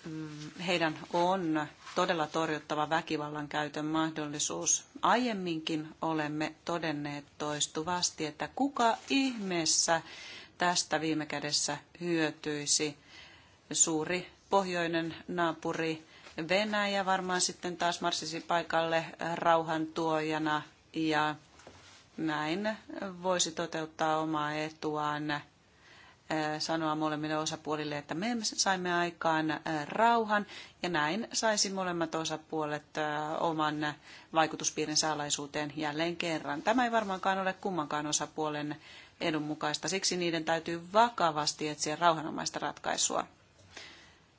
Mm, heidän on todella torjuttava väkivallan käytön mahdollisuus. Aiemminkin olemme todenneet toistuvasti, että kuka ihmeessä tästä viime kädessä hyötyisi suuri pohjoinen naapuri Venäjä varmaan sitten taas marssisi paikalle rauhantuojana ja näin voisi toteuttaa omaa etuaan Äh, sanoa molemmille osapuolille, että me saimme aikaan äh, rauhan ja näin saisi molemmat osapuolet äh, oman vaikutuspiirin salaisuuteen jälleen kerran. Tämä ei varmaankaan ole kummankaan osapuolen edun mukaista, siksi niiden täytyy vakavasti etsiä rauhanomaista ratkaisua.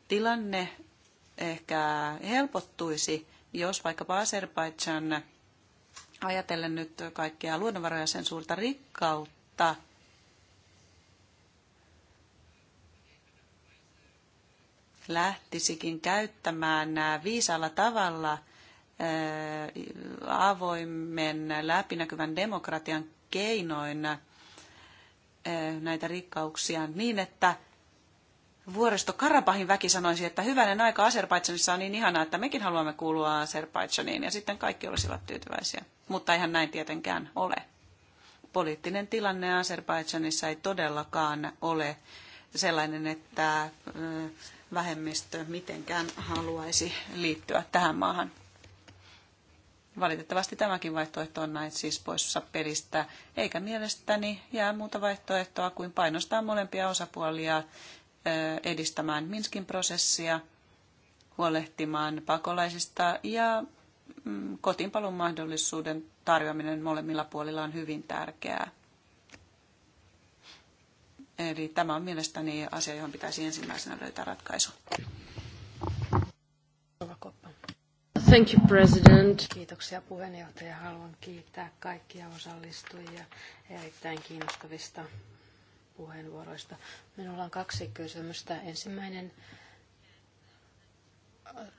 Tilanne ehkä helpottuisi, jos vaikkapa Azerbaidžan ajatellen nyt kaikkia luonnonvaroja sen suurta rikkautta – lähtisikin käyttämään viisaalla tavalla avoimen läpinäkyvän demokratian keinoin näitä rikkauksia niin, että vuoristo Karabahin väki sanoisi, että hyvänen aika Azerbaidsanissa on niin ihanaa, että mekin haluamme kuulua Azerbaidžaniin ja sitten kaikki olisivat tyytyväisiä. Mutta eihän näin tietenkään ole. Poliittinen tilanne Azerbaidžanissa ei todellakaan ole sellainen, että vähemmistö mitenkään haluaisi liittyä tähän maahan. Valitettavasti tämäkin vaihtoehto on näin siis poissa pelistä, eikä mielestäni jää muuta vaihtoehtoa kuin painostaa molempia osapuolia edistämään Minskin prosessia, huolehtimaan pakolaisista ja mm, kotiinpalun mahdollisuuden tarjoaminen molemmilla puolilla on hyvin tärkeää. Eli tämä on mielestäni asia, johon pitäisi ensimmäisenä löytää ratkaisu. Thank you, President. Kiitoksia puheenjohtaja. Haluan kiittää kaikkia osallistujia erittäin kiinnostavista puheenvuoroista. Minulla on kaksi kysymystä. Ensimmäinen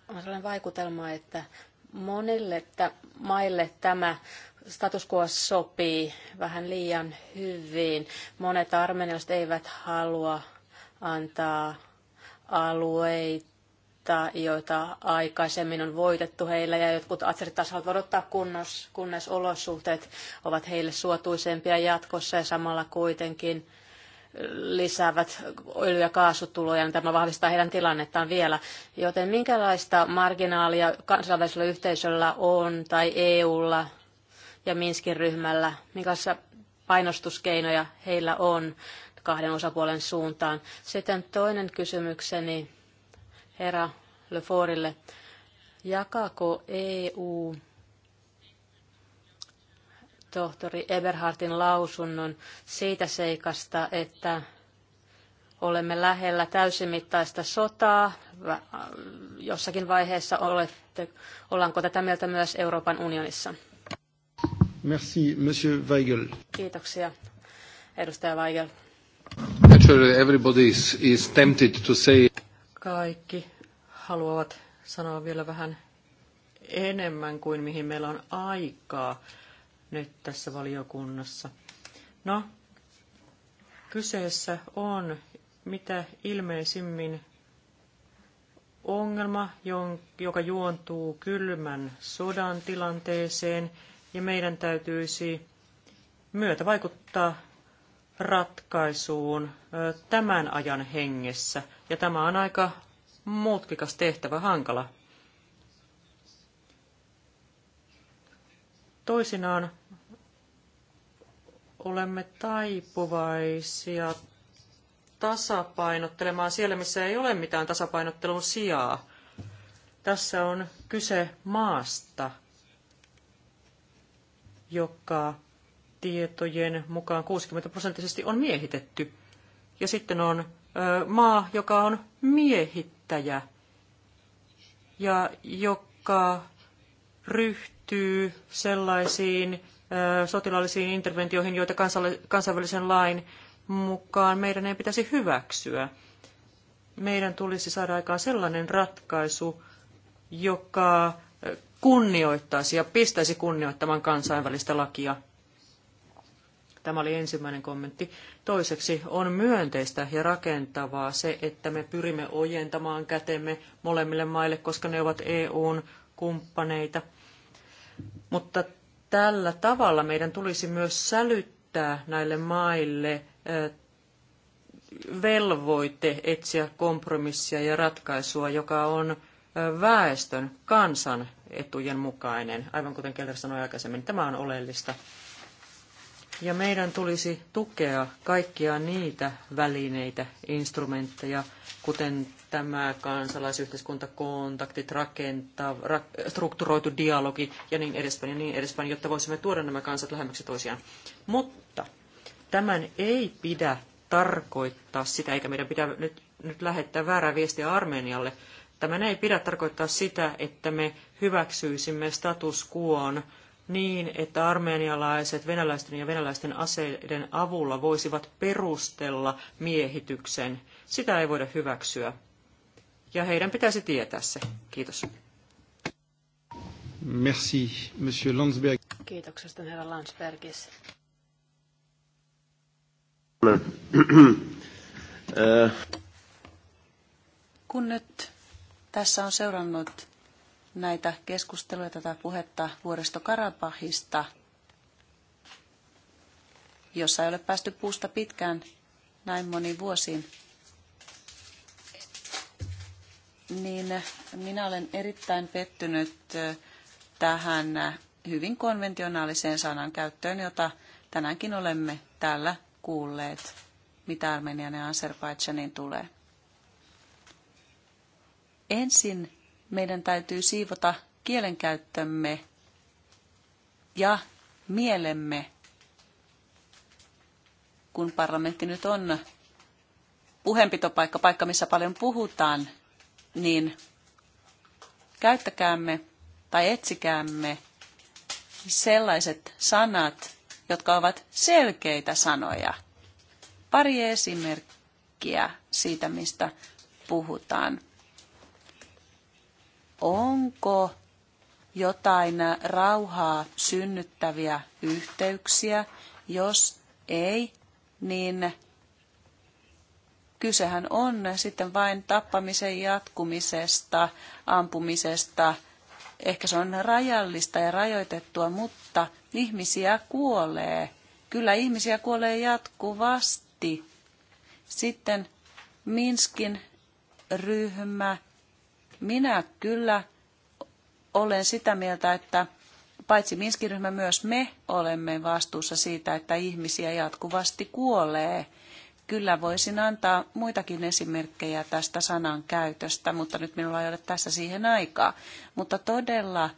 on sellainen vaikutelma, että monille että maille tämä status quo sopii vähän liian hyvin. Monet armenialaiset eivät halua antaa alueita, joita aikaisemmin on voitettu heillä, ja jotkut atserit taas haluavat odottaa, kunnos, kunnes olosuhteet ovat heille suotuisempia jatkossa, ja samalla kuitenkin lisäävät öljy- ja kaasutuloja, niin tämä vahvistaa heidän tilannettaan vielä. Joten minkälaista marginaalia kansainvälisellä yhteisöllä on tai EUlla ja Minskin ryhmällä, minkälaisia painostuskeinoja heillä on kahden osapuolen suuntaan. Sitten toinen kysymykseni herra Leforille. jakako EU tohtori Eberhardin lausunnon siitä seikasta, että olemme lähellä täysimittaista sotaa. Äh, jossakin vaiheessa olette, ollaanko tätä mieltä myös Euroopan unionissa? Merci, Monsieur Weigel. Kiitoksia, edustaja Weigel. Naturally everybody is, is tempted to say... Kaikki haluavat sanoa vielä vähän enemmän kuin mihin meillä on aikaa nyt tässä valiokunnassa. No, kyseessä on mitä ilmeisimmin ongelma, joka juontuu kylmän sodan tilanteeseen – ja meidän täytyisi myötä vaikuttaa ratkaisuun tämän ajan hengessä. Ja tämä on aika mutkikas tehtävä, hankala. Toisinaan olemme taipuvaisia tasapainottelemaan siellä, missä ei ole mitään tasapainottelun sijaa. Tässä on kyse maasta, joka tietojen mukaan 60 prosenttisesti on miehitetty. Ja sitten on ö, maa, joka on miehittäjä ja joka ryhtyy sellaisiin ö, sotilaallisiin interventioihin, joita kansainvälisen lain mukaan meidän ei pitäisi hyväksyä. Meidän tulisi saada aikaan sellainen ratkaisu, joka kunnioittaisi ja pistäisi kunnioittamaan kansainvälistä lakia. Tämä oli ensimmäinen kommentti. Toiseksi on myönteistä ja rakentavaa se, että me pyrimme ojentamaan kätemme molemmille maille, koska ne ovat EUn kumppaneita. Mutta tällä tavalla meidän tulisi myös sälyttää näille maille velvoite etsiä kompromissia ja ratkaisua, joka on väestön, kansan etujen mukainen. Aivan kuten Keller sanoi aikaisemmin, tämä on oleellista. Ja meidän tulisi tukea kaikkia niitä välineitä, instrumentteja, kuten tämä kansalaisyhteiskuntakontaktit, rakentaa, ra, strukturoitu dialogi ja niin edespäin ja niin edespäin, jotta voisimme tuoda nämä kansat lähemmäksi toisiaan. Mutta tämän ei pidä tarkoittaa sitä, eikä meidän pidä nyt, nyt lähettää väärää viestiä Armenialle. Tämän ei pidä tarkoittaa sitä, että me hyväksyisimme status quoon niin, että armenialaiset venäläisten ja venäläisten aseiden avulla voisivat perustella miehityksen. Sitä ei voida hyväksyä. Ja heidän pitäisi tietää se. Kiitos. Merci, Monsieur Landsberg. Kiitoksesta, herra Landsbergis. Kun nyt tässä on seurannut näitä keskusteluja, tätä puhetta vuodesta Karabahista, jossa ei ole päästy puusta pitkään näin moniin vuosiin, niin minä olen erittäin pettynyt tähän hyvin konventionaaliseen sanan käyttöön, jota tänäänkin olemme täällä kuulleet, mitä Armenian ja Azerbaidžanin tulee. Ensin meidän täytyy siivota kielenkäyttömme ja mielemme, kun parlamentti nyt on puheenpitopaikka, paikka missä paljon puhutaan, niin käyttäkäämme tai etsikäämme sellaiset sanat, jotka ovat selkeitä sanoja. Pari esimerkkiä siitä, mistä puhutaan onko jotain rauhaa synnyttäviä yhteyksiä. Jos ei, niin kysehän on sitten vain tappamisen jatkumisesta, ampumisesta. Ehkä se on rajallista ja rajoitettua, mutta ihmisiä kuolee. Kyllä ihmisiä kuolee jatkuvasti. Sitten Minskin ryhmä minä kyllä olen sitä mieltä, että paitsi Minskiryhmä myös me olemme vastuussa siitä, että ihmisiä jatkuvasti kuolee. Kyllä voisin antaa muitakin esimerkkejä tästä sanan käytöstä, mutta nyt minulla ei ole tässä siihen aikaa. Mutta todella,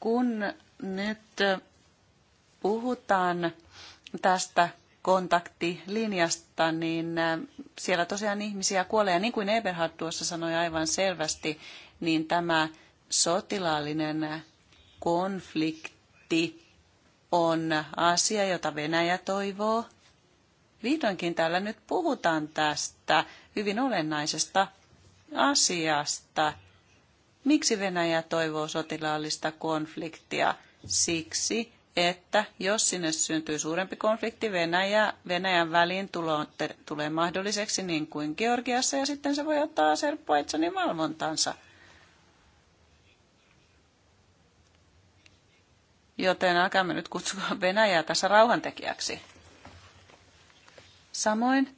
kun nyt puhutaan tästä kontaktilinjasta, niin äh, siellä tosiaan ihmisiä kuolee. Ja niin kuin Eberhard tuossa sanoi aivan selvästi, niin tämä sotilaallinen konflikti on asia, jota Venäjä toivoo. Vihdoinkin täällä nyt puhutaan tästä hyvin olennaisesta asiasta. Miksi Venäjä toivoo sotilaallista konfliktia? Siksi, että jos sinne syntyy suurempi konflikti Venäjä, Venäjän väliin tulo, te, tulee mahdolliseksi niin kuin Georgiassa ja sitten se voi ottaa Azerbaidsanin valvontansa. Joten alkaamme nyt kutsua Venäjää tässä rauhantekijäksi. Samoin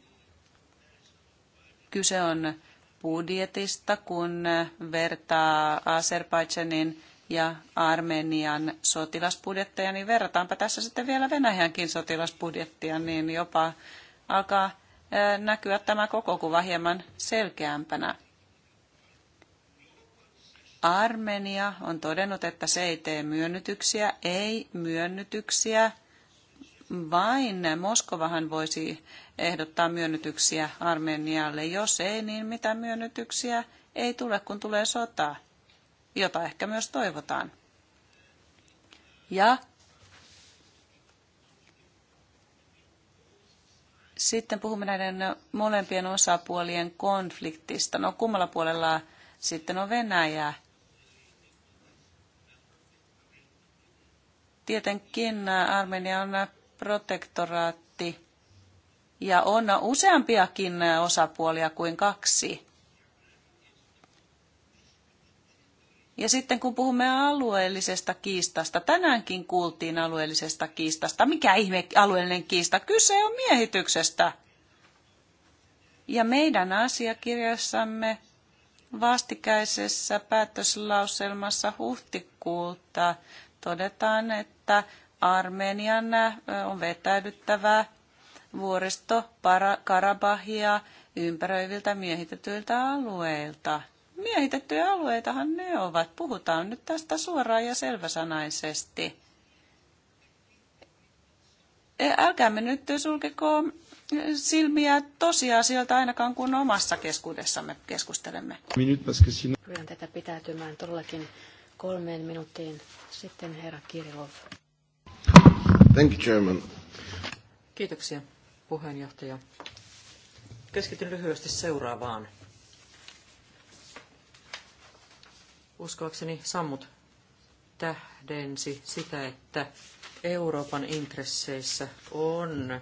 kyse on budjetista, kun vertaa Azerbaidžanin ja Armenian sotilasbudjetteja, niin verrataanpa tässä sitten vielä Venäjänkin sotilasbudjettia, niin jopa alkaa näkyä tämä koko kuva hieman selkeämpänä. Armenia on todennut, että se ei tee myönnytyksiä, ei myönnytyksiä. Vain Moskovahan voisi ehdottaa myönnytyksiä Armenialle. Jos ei, niin mitä myönnytyksiä ei tule, kun tulee sota jota ehkä myös toivotaan. Ja sitten puhumme näiden molempien osapuolien konfliktista. No kummalla puolella sitten on Venäjä. Tietenkin Armenia on protektoraatti ja on useampiakin osapuolia kuin kaksi. Ja sitten kun puhumme alueellisesta kiistasta, tänäänkin kuultiin alueellisesta kiistasta. Mikä ihme alueellinen kiista? Kyse on miehityksestä. Ja meidän asiakirjassamme vastikäisessä päätöslauselmassa huhtikuulta todetaan, että Armenian on vetäydyttävä vuoristo Karabahia ympäröiviltä miehitetyiltä alueilta – miehitettyjä alueitahan ne ovat. Puhutaan nyt tästä suoraan ja selväsanaisesti. E, älkäämme nyt sulkeko silmiä tosiasioilta ainakaan kuin omassa keskuudessamme keskustelemme. Pyydän tätä pitäytymään todellakin kolmeen minuuttiin. Sitten herra Kirilov. Thank you, Chairman. Kiitoksia, puheenjohtaja. Keskityn lyhyesti seuraavaan. uskoakseni Sammut tähdensi sitä, että Euroopan intresseissä on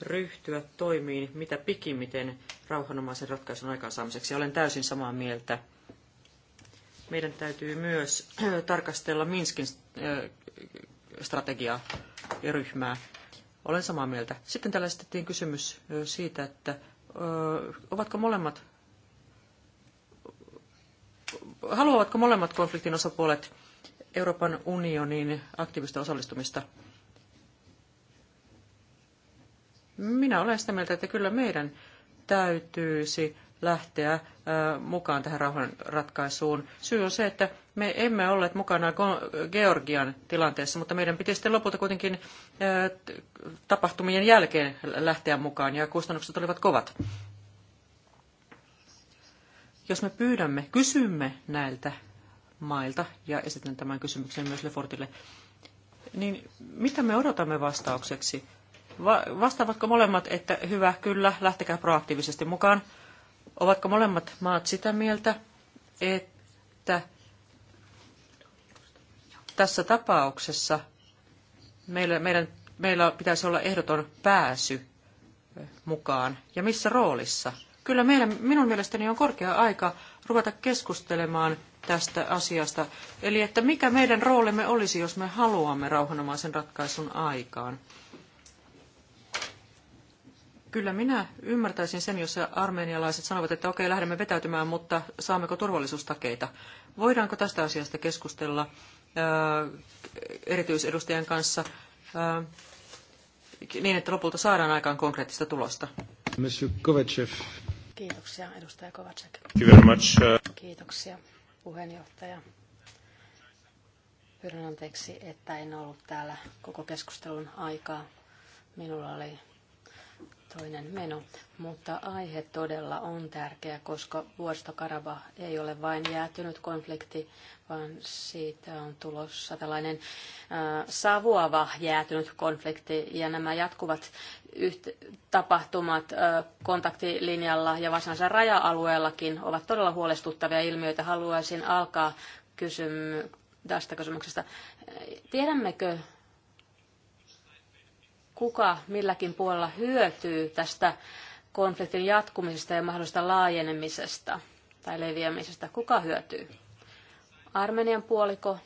ryhtyä toimiin mitä pikimmiten rauhanomaisen ratkaisun aikaansaamiseksi. Olen täysin samaa mieltä. Meidän täytyy myös tarkastella Minskin strategiaa ja ryhmää. Olen samaa mieltä. Sitten täällä esitettiin kysymys siitä, että ovatko molemmat haluavatko molemmat konfliktin osapuolet Euroopan unionin aktiivista osallistumista? Minä olen sitä mieltä, että kyllä meidän täytyisi lähteä mukaan tähän rauhanratkaisuun. Syy on se, että me emme olleet mukana Georgian tilanteessa, mutta meidän piti sitten lopulta kuitenkin tapahtumien jälkeen lähteä mukaan ja kustannukset olivat kovat. Jos me pyydämme, kysymme näiltä mailta, ja esitän tämän kysymyksen myös Lefortille, niin mitä me odotamme vastaukseksi? Va- vastaavatko molemmat, että hyvä, kyllä, lähtekää proaktiivisesti mukaan? Ovatko molemmat maat sitä mieltä, että tässä tapauksessa meillä, meidän, meillä pitäisi olla ehdoton pääsy mukaan ja missä roolissa – Kyllä meillä, minun mielestäni on korkea aika ruveta keskustelemaan tästä asiasta. Eli että mikä meidän roolimme olisi, jos me haluamme rauhanomaisen ratkaisun aikaan. Kyllä minä ymmärtäisin sen, jos armenialaiset sanovat, että okei, lähdemme vetäytymään, mutta saammeko turvallisuustakeita? Voidaanko tästä asiasta keskustella ää, äh, erityisedustajan kanssa ää, äh, niin, että lopulta saadaan aikaan konkreettista tulosta? Monsieur Kovacev, Kiitoksia, edustaja Kovacek. Uh, Kiitoksia, puheenjohtaja. Pyydän anteeksi, että en ollut täällä koko keskustelun aikaa. Minulla oli toinen meno, mutta aihe todella on tärkeä, koska vuoristokaraba ei ole vain jäätynyt konflikti, vaan siitä on tulossa tällainen äh, savuava jäätynyt konflikti, ja nämä jatkuvat tapahtumat kontaktilinjalla ja varsinaisella raja-alueellakin ovat todella huolestuttavia ilmiöitä. Haluaisin alkaa kysymy- tästä kysymyksestä. Tiedämmekö, kuka milläkin puolella hyötyy tästä konfliktin jatkumisesta ja mahdollisesta laajenemisesta tai leviämisestä? Kuka hyötyy? Armenian puoliko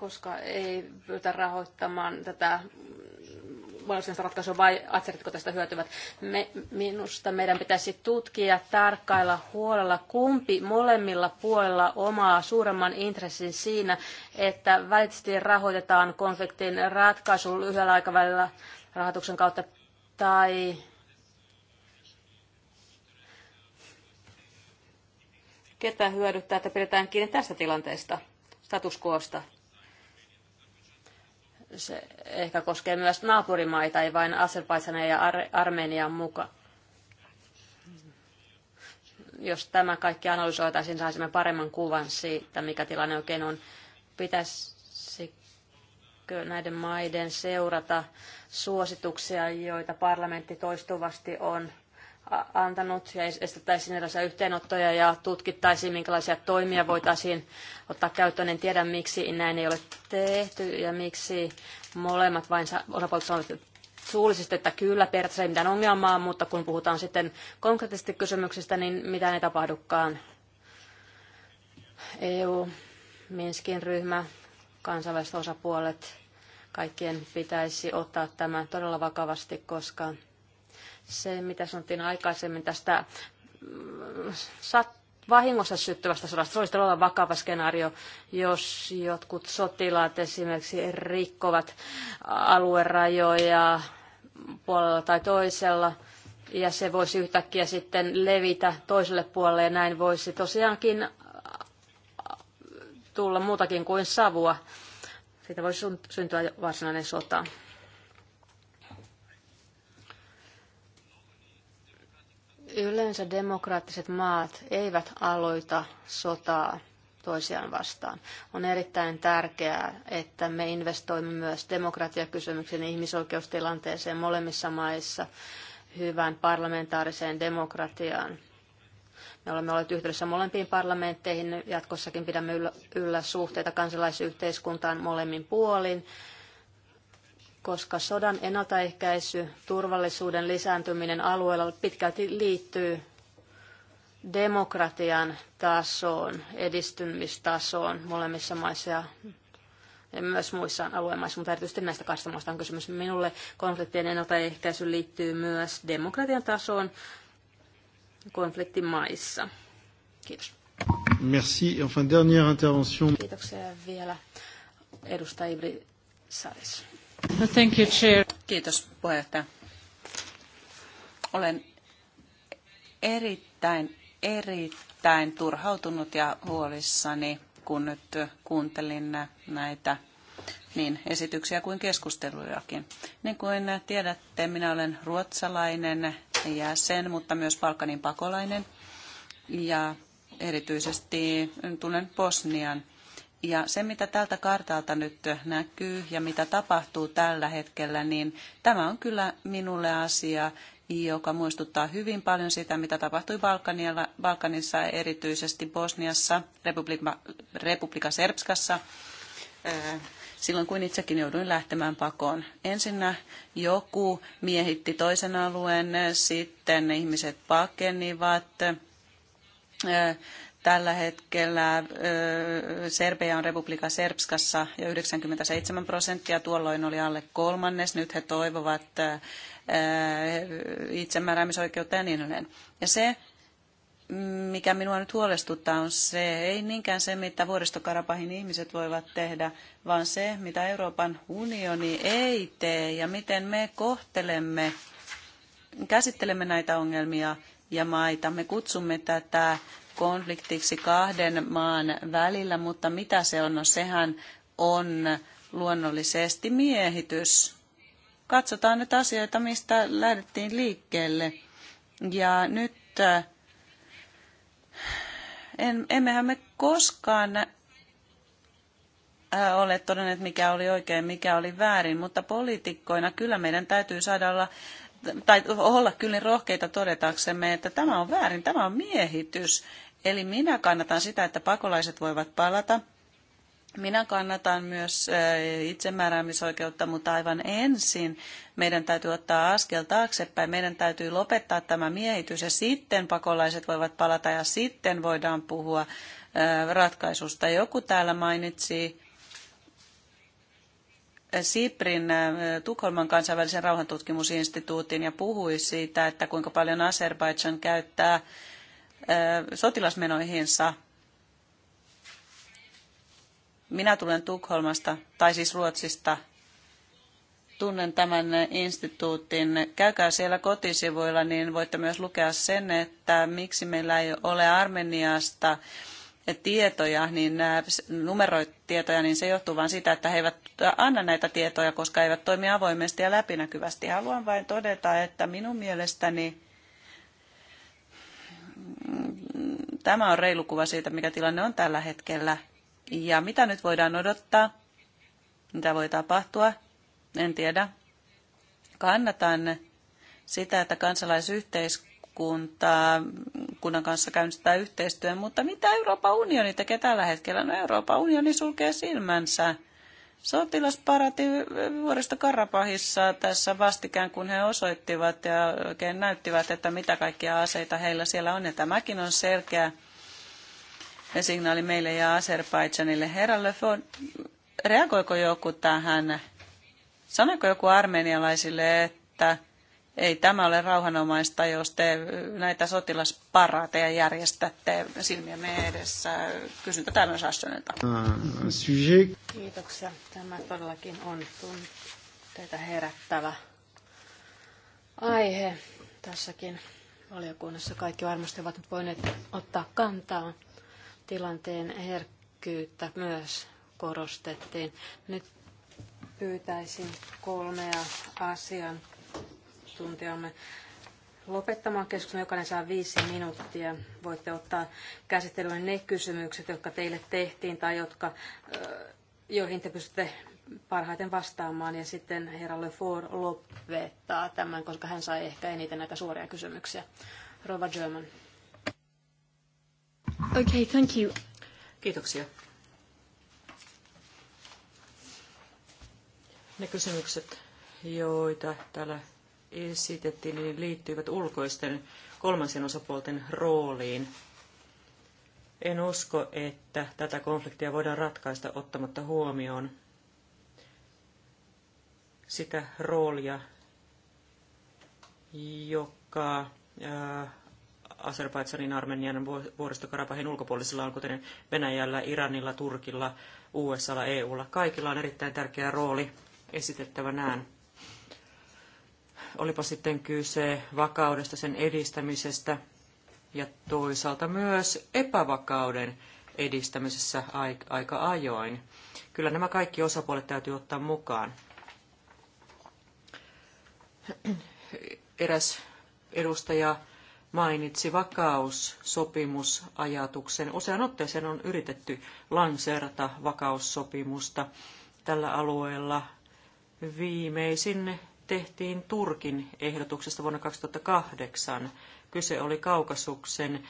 koska ei pyytä rahoittamaan tätä varsinaista ratkaisua vai atseritko tästä hyötyvät. Me, minusta meidän pitäisi tutkia ja tarkkailla huolella, kumpi molemmilla puolella omaa suuremman intressin siinä, että välittömästi rahoitetaan konfliktin ratkaisu lyhyellä aikavälillä rahoituksen kautta tai ketä hyödyttää, että pidetään kiinni tästä tilanteesta, statuskoosta se ehkä koskee myös naapurimaita, ei vain Aserbaidsania ja Ar- Armenian mukaan. Jos tämä kaikki analysoitaisiin, saisimme paremman kuvan siitä, mikä tilanne oikein on. Pitäisikö näiden maiden seurata suosituksia, joita parlamentti toistuvasti on antanut ja estettäisiin erilaisia yhteenottoja ja tutkittaisiin, minkälaisia toimia voitaisiin ottaa käyttöön. En tiedä, miksi näin ei ole tehty ja miksi molemmat vain osapuolet sanovat, suullisesti, että kyllä, periaatteessa ei mitään ongelmaa, mutta kun puhutaan sitten konkreettisesti kysymyksistä, niin mitä ei tapahdukaan. EU, Minskin ryhmä, kansainväliset osapuolet, kaikkien pitäisi ottaa tämä todella vakavasti, koska se, mitä sanottiin aikaisemmin tästä mm, sat- vahingossa syttyvästä sodasta. Se olisi todella vakava skenaario, jos jotkut sotilaat esimerkiksi rikkovat aluerajoja puolella tai toisella ja se voisi yhtäkkiä sitten levitä toiselle puolelle ja näin voisi tosiaankin tulla muutakin kuin savua. Siitä voisi syntyä varsinainen sota. Yleensä demokraattiset maat eivät aloita sotaa toisiaan vastaan. On erittäin tärkeää, että me investoimme myös demokratiakysymyksiin ja ihmisoikeustilanteeseen molemmissa maissa hyvään parlamentaariseen demokratiaan. Me olemme olleet yhteydessä molempiin parlamentteihin. Jatkossakin pidämme yllä, yllä suhteita kansalaisyhteiskuntaan molemmin puolin koska sodan ennaltaehkäisy, turvallisuuden lisääntyminen alueella pitkälti liittyy demokratian tasoon, edistymistasoon molemmissa maissa ja ja myös muissa aluemaissa, mutta erityisesti näistä kahdesta maasta on kysymys. Minulle konfliktien ennaltaehkäisy liittyy myös demokratian tasoon konfliktimaissa. Kiitos. Merci. Enfin, dernière intervention. Kiitoksia vielä edustaja Ibri Saris. No, thank you, chair. Kiitos puheenjohtaja. Olen erittäin, erittäin turhautunut ja huolissani, kun nyt kuuntelin näitä niin esityksiä kuin keskustelujakin. Niin kuin tiedätte, minä olen ruotsalainen jäsen, mutta myös Balkanin pakolainen. Ja erityisesti tunnen Bosnian ja se, mitä tältä kartalta nyt näkyy ja mitä tapahtuu tällä hetkellä, niin tämä on kyllä minulle asia, joka muistuttaa hyvin paljon sitä, mitä tapahtui Balkanilla, Balkanissa, erityisesti Bosniassa, Republika, Republika Serbskassa, äh, silloin kun itsekin jouduin lähtemään pakoon. Ensinnä joku miehitti toisen alueen, sitten ihmiset pakenivat, äh, Tällä hetkellä Serbia on Republika Serbskassa jo 97 prosenttia, tuolloin oli alle kolmannes, nyt he toivovat itsemääräämisoikeutta ja niin edelleen. Ja se, mikä minua nyt huolestuttaa, on se, ei niinkään se, mitä vuoristokarapahin ihmiset voivat tehdä, vaan se, mitä Euroopan unioni ei tee ja miten me kohtelemme, käsittelemme näitä ongelmia ja maita. Me kutsumme tätä konfliktiksi kahden maan välillä, mutta mitä se on? No sehän on luonnollisesti miehitys. Katsotaan nyt asioita, mistä lähdettiin liikkeelle. Ja nyt äh, en, emmehän me koskaan äh, ole todenneet, mikä oli oikein, mikä oli väärin, mutta poliitikkoina kyllä meidän täytyy saada olla, tai olla kyllä niin rohkeita todetaksemme, että tämä on väärin, tämä on miehitys. Eli minä kannatan sitä, että pakolaiset voivat palata. Minä kannatan myös itsemääräämisoikeutta, mutta aivan ensin meidän täytyy ottaa askel taaksepäin. Meidän täytyy lopettaa tämä miehitys ja sitten pakolaiset voivat palata ja sitten voidaan puhua ratkaisusta. Joku täällä mainitsi Siprin Tukholman kansainvälisen rauhantutkimusinstituutin ja puhui siitä, että kuinka paljon Azerbaidžan käyttää sotilasmenoihinsa. Minä tulen Tukholmasta, tai siis Ruotsista. Tunnen tämän instituutin. Käykää siellä kotisivuilla, niin voitte myös lukea sen, että miksi meillä ei ole Armeniasta tietoja, niin numeroitietoja, niin se johtuu vain siitä, että he eivät anna näitä tietoja, koska he eivät toimi avoimesti ja läpinäkyvästi. Haluan vain todeta, että minun mielestäni Tämä on reilu kuva siitä, mikä tilanne on tällä hetkellä. Ja mitä nyt voidaan odottaa? Mitä voi tapahtua? En tiedä. Kannatan sitä, että kansalaisyhteiskunta kunnan kanssa käynnistää yhteistyön, mutta mitä Euroopan unioni tekee tällä hetkellä? No Euroopan unioni sulkee silmänsä sotilasparati vuodesta Karapahissa tässä vastikään, kun he osoittivat ja oikein näyttivät, että mitä kaikkia aseita heillä siellä on. Ja tämäkin on selkeä signaali meille ja Azerbaidžanille. Herra Lefon, reagoiko joku tähän? Sanoiko joku armenialaisille, että ei tämä ole rauhanomaista, jos te näitä sotilasparaateja järjestätte silmiemme edessä. Kysyn tätä myös Assonilta. Kiitoksia. Tämä todellakin on teitä herättävä aihe tässäkin valiokunnassa. Kaikki varmasti ovat voineet ottaa kantaa tilanteen herkkyyttä myös korostettiin. Nyt pyytäisin kolmea asian tuntiamme lopettamaan keskustelun. Jokainen saa viisi minuuttia. Voitte ottaa käsittelyyn ne kysymykset, jotka teille tehtiin tai jotka, joihin te pystytte parhaiten vastaamaan. Ja sitten herra Lefort lopettaa tämän, koska hän sai ehkä eniten näitä suoria kysymyksiä. Rova German. Okay, thank you. Kiitoksia. Ne kysymykset, joita täällä esitettiin, niin liittyivät ulkoisten kolmansien osapuolten rooliin. En usko, että tätä konfliktia voidaan ratkaista ottamatta huomioon sitä roolia, joka äh, Azerbaidsanin, Armenian vuoristokarapahin ulkopuolisilla on, kuten Venäjällä, Iranilla, Turkilla, USAlla, EUlla. Kaikilla on erittäin tärkeä rooli esitettävänään olipa sitten kyse vakaudesta, sen edistämisestä ja toisaalta myös epävakauden edistämisessä aika ajoin. Kyllä nämä kaikki osapuolet täytyy ottaa mukaan. Eräs edustaja mainitsi vakaussopimusajatuksen. Usean otteeseen on yritetty lanseerata vakaussopimusta tällä alueella. Viimeisin tehtiin Turkin ehdotuksesta vuonna 2008. Kyse oli Kaukasuksen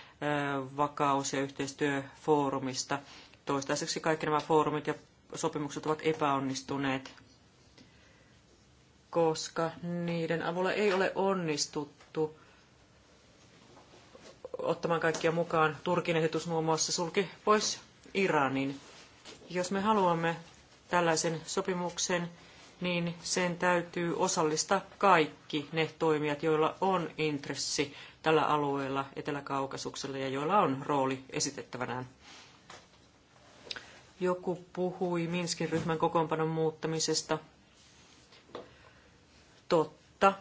vakaus- ja yhteistyöfoorumista. Toistaiseksi kaikki nämä foorumit ja sopimukset ovat epäonnistuneet, koska niiden avulla ei ole onnistuttu ottamaan kaikkia mukaan. Turkin ehdotus muun muassa sulki pois Iranin. Jos me haluamme tällaisen sopimuksen, niin sen täytyy osallistaa kaikki ne toimijat, joilla on intressi tällä alueella Etelä-Kaukasuksella ja joilla on rooli esitettävänään. Joku puhui Minskin ryhmän kokoonpanon muuttamisesta. Totta,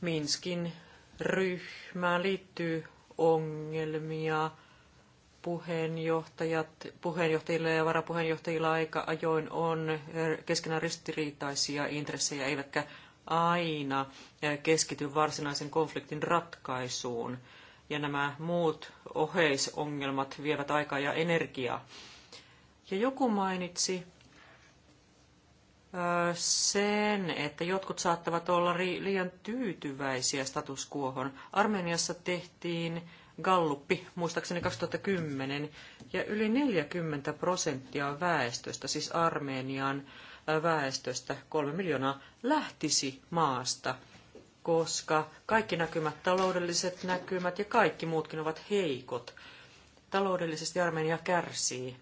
Minskin ryhmään liittyy ongelmia puheenjohtajat, puheenjohtajilla ja varapuheenjohtajilla aika ajoin on keskenään ristiriitaisia intressejä, eivätkä aina keskity varsinaisen konfliktin ratkaisuun. Ja nämä muut oheisongelmat vievät aikaa ja energiaa. Ja joku mainitsi sen, että jotkut saattavat olla liian tyytyväisiä statuskuohon. Armeniassa tehtiin galluppi, muistaakseni 2010, ja yli 40 prosenttia väestöstä, siis Armenian äh, väestöstä, kolme miljoonaa, lähtisi maasta, koska kaikki näkymät, taloudelliset näkymät ja kaikki muutkin ovat heikot. Taloudellisesti Armenia kärsii.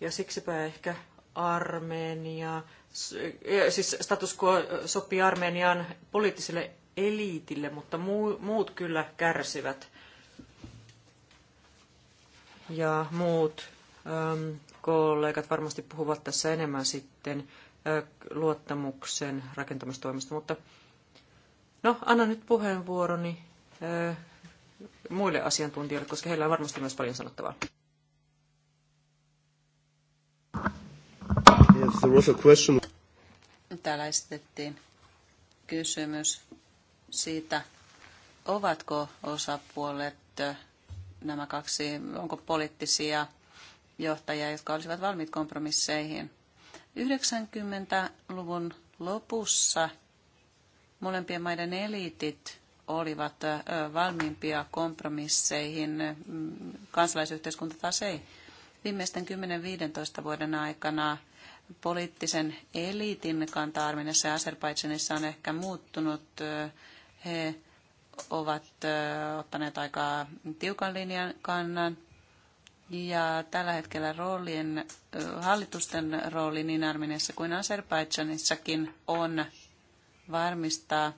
Ja siksipä ehkä Armenia, siis status quo sopii Armenian poliittiselle eliitille, mutta muut kyllä kärsivät. Ja muut ähm, kollegat varmasti puhuvat tässä enemmän sitten äh, luottamuksen rakentamistoimista, mutta no, annan nyt puheenvuoroni äh, muille asiantuntijoille, koska heillä on varmasti myös paljon sanottavaa. Yes, there was a question. Täällä esitettiin kysymys siitä, ovatko osapuolet nämä kaksi, onko poliittisia johtajia, jotka olisivat valmiit kompromisseihin. 90-luvun lopussa molempien maiden eliitit olivat valmiimpia kompromisseihin, kansalaisyhteiskunta taas ei. Viimeisten 10-15 vuoden aikana poliittisen eliitin kanta Armeniassa ja Azerbaidžanissa on ehkä muuttunut he ovat ottaneet aika tiukan linjan kannan. Ja tällä hetkellä roolien, hallitusten rooli niin Armeniassa kuin Azerbaidžanissakin on varmistaa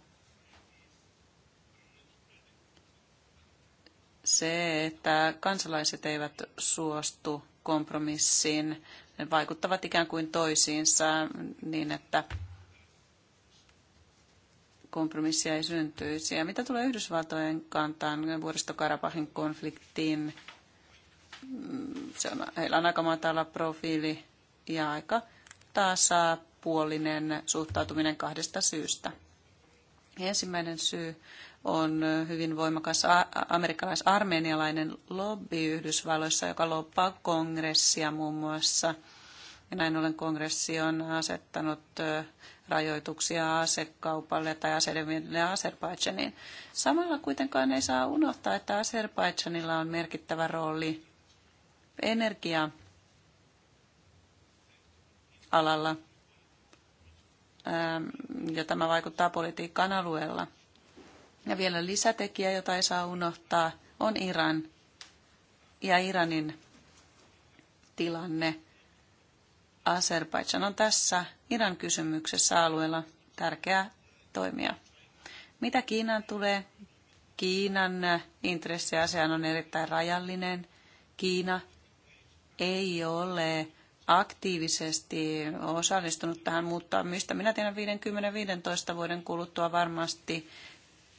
se, että kansalaiset eivät suostu kompromissiin. Ne vaikuttavat ikään kuin toisiinsa niin, että kompromissia ei syntyisi. Ja mitä tulee Yhdysvaltojen kantaan vuoristokarapahin konfliktiin, mm, se on, heillä on aika matala profiili ja aika tasapuolinen suhtautuminen kahdesta syystä. Ensimmäinen syy on hyvin voimakas amerikkalais-armenialainen lobby Yhdysvalloissa, joka loppaa kongressia muun muassa. Ja näin ollen kongressi on asettanut rajoituksia asekaupalle tai aseiden viennille Azerbaidžaniin. Samalla kuitenkaan ei saa unohtaa, että Azerbaidžanilla on merkittävä rooli energia-alalla, ähm, ja tämä vaikuttaa politiikkaan alueella. Ja vielä lisätekijä, jota ei saa unohtaa, on Iran ja Iranin tilanne – Azerbaidžan on tässä Iran kysymyksessä alueella tärkeä toimija. Mitä Kiinan tulee? Kiinan intressi asiaan on erittäin rajallinen. Kiina ei ole aktiivisesti osallistunut tähän, mutta mistä minä tiedän 50-15 vuoden kuluttua varmasti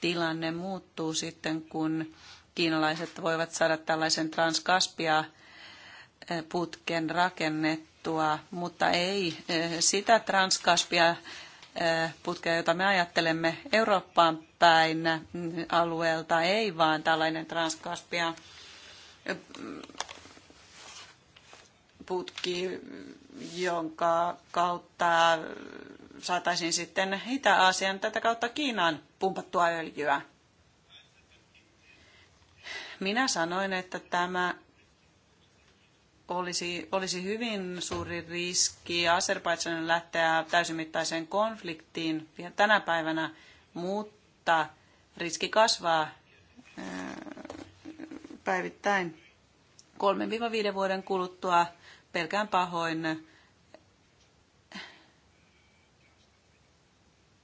tilanne muuttuu sitten, kun kiinalaiset voivat saada tällaisen Transkaspia putken rakennettua etua, mutta ei eh, sitä transkaspia eh, putkea, jota me ajattelemme Eurooppaan päin mm, alueelta, ei vaan tällainen transkaspia eh, putki, jonka kautta saataisiin sitten Itä-Aasian tätä kautta Kiinaan pumpattua öljyä. Minä sanoin, että tämä olisi, olisi hyvin suuri riski Azerbaidsanin lähteä täysimittaiseen konfliktiin vielä tänä päivänä, mutta riski kasvaa äh, päivittäin. 3-5 vuoden kuluttua pelkään pahoin,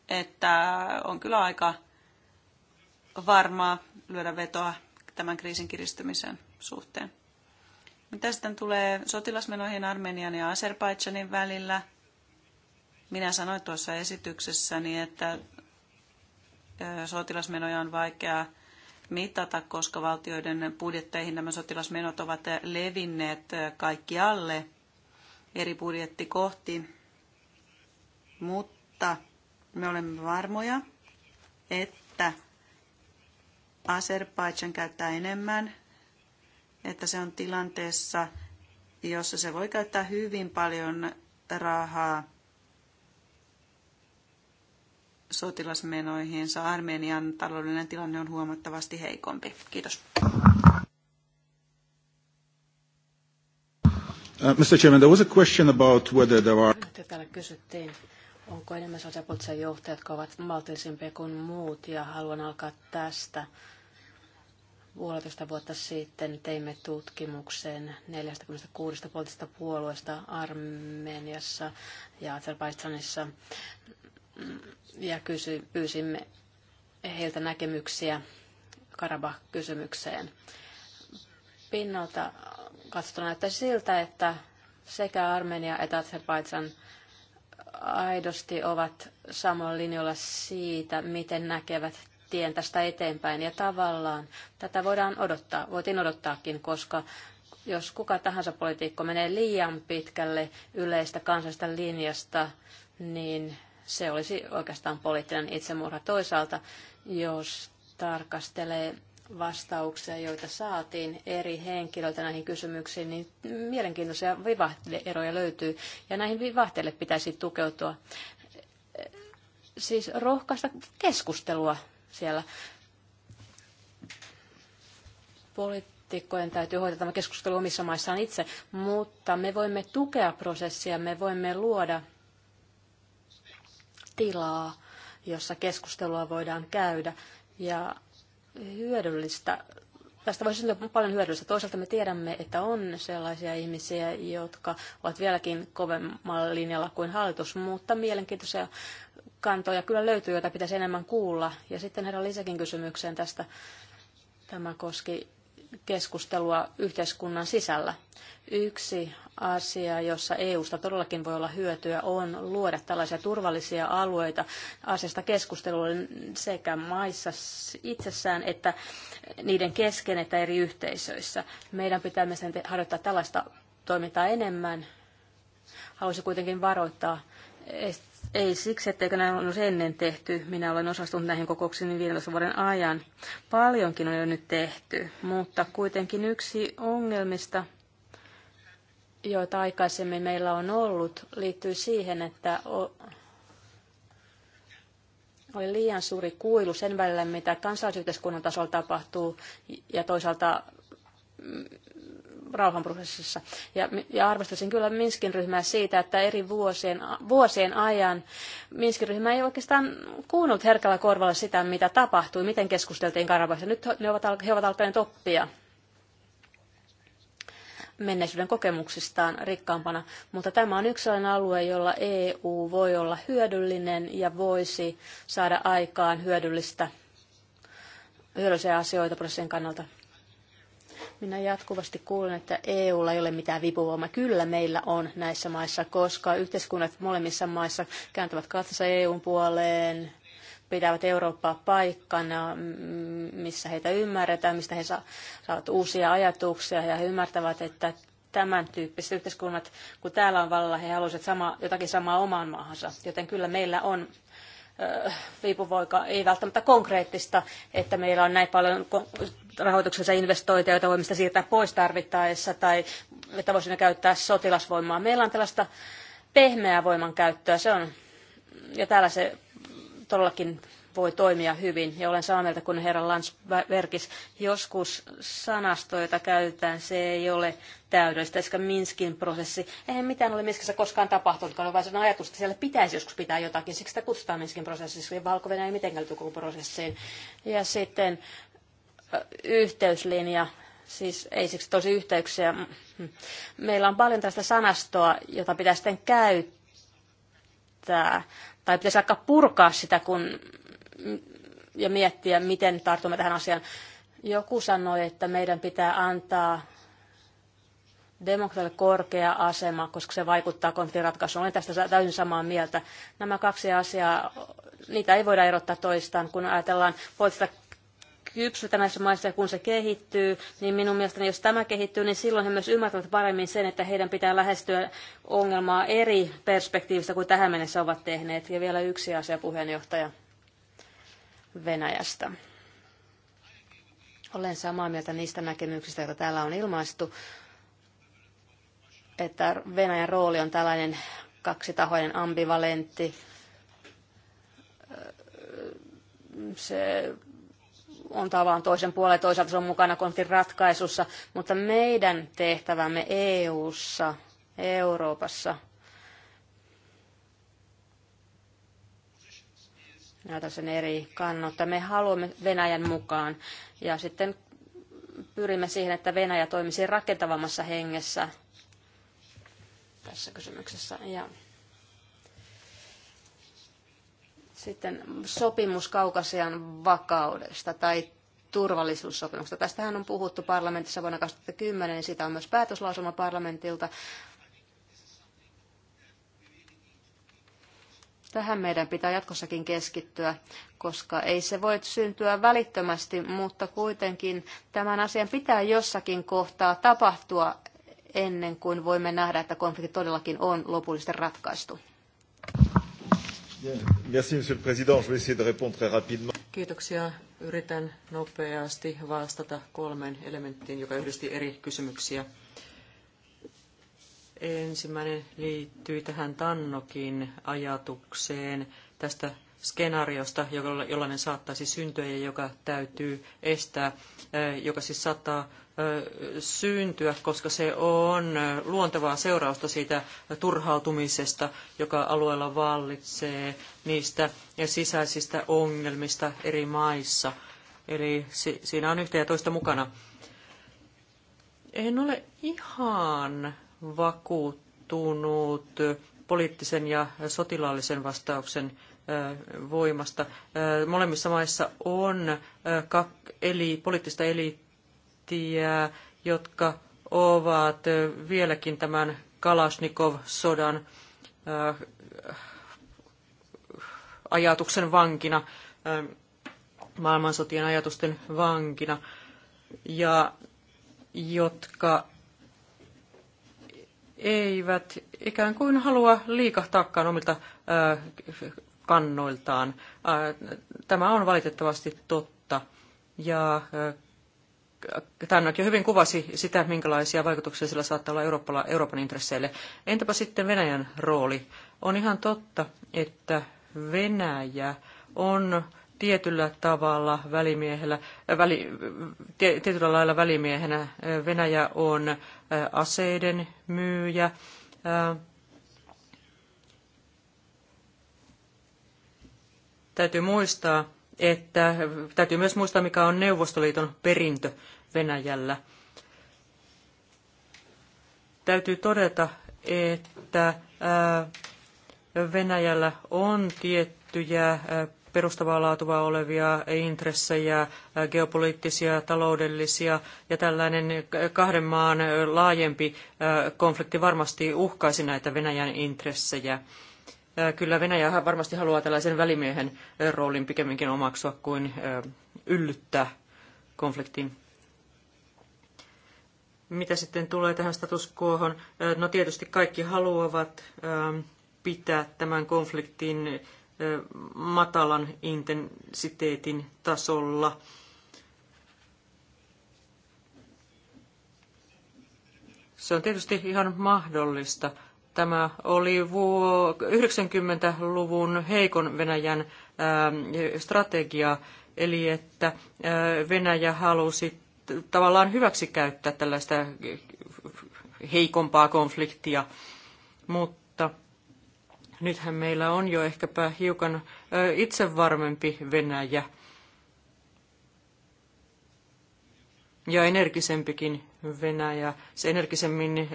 että on kyllä aika varmaa lyödä vetoa tämän kriisin kiristymisen suhteen. Mitä sitten tulee sotilasmenoihin Armenian ja Azerbaidžanin välillä? Minä sanoin tuossa esityksessäni, että sotilasmenoja on vaikea mitata, koska valtioiden budjetteihin nämä sotilasmenot ovat levinneet kaikkialle eri budjettikohtiin. Mutta me olemme varmoja, että Azerbaidžan käyttää enemmän että se on tilanteessa, jossa se voi käyttää hyvin paljon rahaa sotilasmenoihinsa. Armenian taloudellinen tilanne on huomattavasti heikompi. Kiitos. Uh, Mr. Chairman, there was a question about whether there are... Täällä kysyttiin, onko enemmän sotilapoliittisia johtajia, jotka ovat maltillisempia kuin muut, ja haluan alkaa tästä puolitoista vuotta sitten teimme tutkimuksen 46 poliittisesta puolueesta Armeniassa ja Azerbaidžanissa ja kysy, pyysimme heiltä näkemyksiä karabakh kysymykseen Pinnalta katsotaan näyttäisi siltä, että sekä Armenia että Azerbaidžan aidosti ovat samalla linjalla siitä, miten näkevät tien tästä eteenpäin. Ja tavallaan tätä voidaan odottaa, voitiin odottaakin, koska jos kuka tahansa politiikko menee liian pitkälle yleistä kansallista linjasta, niin se olisi oikeastaan poliittinen itsemurha. Toisaalta, jos tarkastelee vastauksia, joita saatiin eri henkilöiltä näihin kysymyksiin, niin mielenkiintoisia vivahteeroja löytyy, ja näihin vivahteille pitäisi tukeutua. Siis rohkaista keskustelua siellä. poliittikkojen täytyy hoitaa tämä keskustelu omissa maissaan itse, mutta me voimme tukea prosessia, me voimme luoda tilaa, jossa keskustelua voidaan käydä. Ja hyödyllistä Tästä voisi syntyä paljon hyödyllistä. Toisaalta me tiedämme, että on sellaisia ihmisiä, jotka ovat vieläkin kovemmalla linjalla kuin hallitus, mutta mielenkiintoisia kantoja kyllä löytyy, joita pitäisi enemmän kuulla. Ja sitten herran lisäkin kysymykseen tästä. Tämä koski keskustelua yhteiskunnan sisällä. Yksi asia, jossa EUsta todellakin voi olla hyötyä, on luoda tällaisia turvallisia alueita asiasta keskustelulle sekä maissa itsessään että niiden kesken että eri yhteisöissä. Meidän pitää myös harjoittaa tällaista toimintaa enemmän. Haluaisin kuitenkin varoittaa ei siksi, etteikö näin olisi ennen tehty. Minä olen osastunut näihin kokouksiin 15 niin vuoden ajan. Paljonkin on jo nyt tehty, mutta kuitenkin yksi ongelmista, joita aikaisemmin meillä on ollut, liittyy siihen, että oli liian suuri kuilu sen välillä, mitä kansalaisyhteiskunnan tasolla tapahtuu ja toisaalta mm, rauhanprosessissa. Ja, ja arvostaisin kyllä Minskin ryhmää siitä, että eri vuosien, vuosien ajan Minskin ryhmä ei oikeastaan kuunnellut herkällä korvalla sitä, mitä tapahtui, miten keskusteltiin Karabahissa. Nyt ne ovat, he ovat alkaneet oppia menneisyyden kokemuksistaan rikkaampana, mutta tämä on yksi sellainen alue, jolla EU voi olla hyödyllinen ja voisi saada aikaan hyödyllistä, hyödyllisiä asioita prosessin kannalta. Minä jatkuvasti kuulen, että EUlla ei ole mitään vipuvoimaa. Kyllä meillä on näissä maissa, koska yhteiskunnat molemmissa maissa kääntävät katsonsa EUn puoleen, pitävät Eurooppaa paikkana, missä heitä ymmärretään, mistä he saavat uusia ajatuksia ja he ymmärtävät, että tämän tyyppiset yhteiskunnat, kun täällä on vallalla, he haluaisivat sama, jotakin samaa omaan maahansa. Joten kyllä meillä on viipuvoika ei välttämättä konkreettista, että meillä on näin paljon rahoituksensa investointeja, joita voimme sitä siirtää pois tarvittaessa, tai että voisimme käyttää sotilasvoimaa. Meillä on tällaista pehmeää voimankäyttöä, se on, ja täällä se todellakin voi toimia hyvin. Ja olen samaa mieltä kuin herra Lansverkis, joskus sanasto, jota käytetään, se ei ole täydellistä, eikä Minskin prosessi. Eihän mitään ole Minskissä koskaan tapahtunutkaan, on vain sellainen ajatus, että siellä pitäisi joskus pitää jotakin. Siksi sitä kutsutaan Minskin prosessiksi, Valko-Venäjä ei mitenkään koko prosessiin. Ja sitten yhteyslinja, siis ei siksi tosi yhteyksiä. Meillä on paljon tästä sanastoa, jota pitää sitten käyttää, tai pitäisi alkaa purkaa sitä kun, ja miettiä, miten tartumme tähän asiaan. Joku sanoi, että meidän pitää antaa demokratialle korkea asema, koska se vaikuttaa konfliktiratkaisuun. Olen tästä täysin samaa mieltä. Nämä kaksi asiaa, niitä ei voida erottaa toistaan, kun ajatellaan poliittista kypsy näissä maissa ja kun se kehittyy, niin minun mielestäni jos tämä kehittyy, niin silloin he myös ymmärtävät paremmin sen, että heidän pitää lähestyä ongelmaa eri perspektiivistä kuin tähän mennessä ovat tehneet. Ja vielä yksi asia puheenjohtaja Venäjästä. Olen samaa mieltä niistä näkemyksistä, joita täällä on ilmaistu, että Venäjän rooli on tällainen kaksitahoinen ambivalentti. Se on tavallaan toisen puolen, toisaalta se on mukana konfliktin ratkaisussa, mutta meidän tehtävämme EU-ssa, Euroopassa, näitä sen eri kannalta. Me haluamme Venäjän mukaan ja sitten pyrimme siihen, että Venäjä toimisi rakentavammassa hengessä tässä kysymyksessä. Ja Sitten sopimus Kaukasian vakaudesta tai turvallisuussopimuksesta. Tästähän on puhuttu parlamentissa vuonna 2010, niin sitä on myös päätöslausuma parlamentilta. Tähän meidän pitää jatkossakin keskittyä, koska ei se voi syntyä välittömästi, mutta kuitenkin tämän asian pitää jossakin kohtaa tapahtua ennen kuin voimme nähdä, että konflikti todellakin on lopullisesti ratkaistu. Merci, monsieur le président. Je vais essayer de répondre très rapidement. Kiitoksia. Yritän nopeasti vastata kolmeen elementtiin, joka yhdisti eri kysymyksiä. Ensimmäinen liittyy tähän Tannokin ajatukseen tästä skenaariosta, jollainen saattaisi syntyä ja joka täytyy estää, joka siis saattaa syntyä, koska se on luontevaa seurausta siitä turhautumisesta, joka alueella vallitsee niistä sisäisistä ongelmista eri maissa. Eli siinä on yhtä ja toista mukana. En ole ihan vakuuttunut poliittisen ja sotilaallisen vastauksen voimasta. Molemmissa maissa on eli poliittista eliittiä viestiä, jotka ovat vieläkin tämän Kalashnikov-sodan ajatuksen vankina, maailmansotien ajatusten vankina, ja jotka eivät ikään kuin halua liikahtaakaan omilta kannoiltaan. Tämä on valitettavasti totta. Ja Tannak jo hyvin kuvasi sitä, minkälaisia vaikutuksia sillä saattaa olla Euroopalla, Euroopan intresseille. Entäpä sitten Venäjän rooli? On ihan totta, että Venäjä on tietyllä tavalla välimiehellä, äh, väli, tietyllä lailla välimiehenä. Venäjä on äh, aseiden myyjä. Äh, täytyy muistaa, että täytyy myös muistaa, mikä on Neuvostoliiton perintö Venäjällä. Täytyy todeta, että Venäjällä on tiettyjä perustavaa laatua olevia intressejä, geopoliittisia, taloudellisia ja tällainen kahden maan laajempi konflikti varmasti uhkaisi näitä Venäjän intressejä. Kyllä Venäjä varmasti haluaa tällaisen välimiehen roolin pikemminkin omaksua kuin yllyttää konfliktiin. Mitä sitten tulee tähän status quohon? No tietysti kaikki haluavat pitää tämän konfliktin matalan intensiteetin tasolla. Se on tietysti ihan mahdollista tämä oli 90-luvun heikon Venäjän ähm, strategia, eli että äh, Venäjä halusi tavallaan hyväksikäyttää tällaista heikompaa konfliktia, mutta nythän meillä on jo ehkäpä hiukan äh, itsevarmempi Venäjä – ja energisempikin Venäjä. Se energisemmin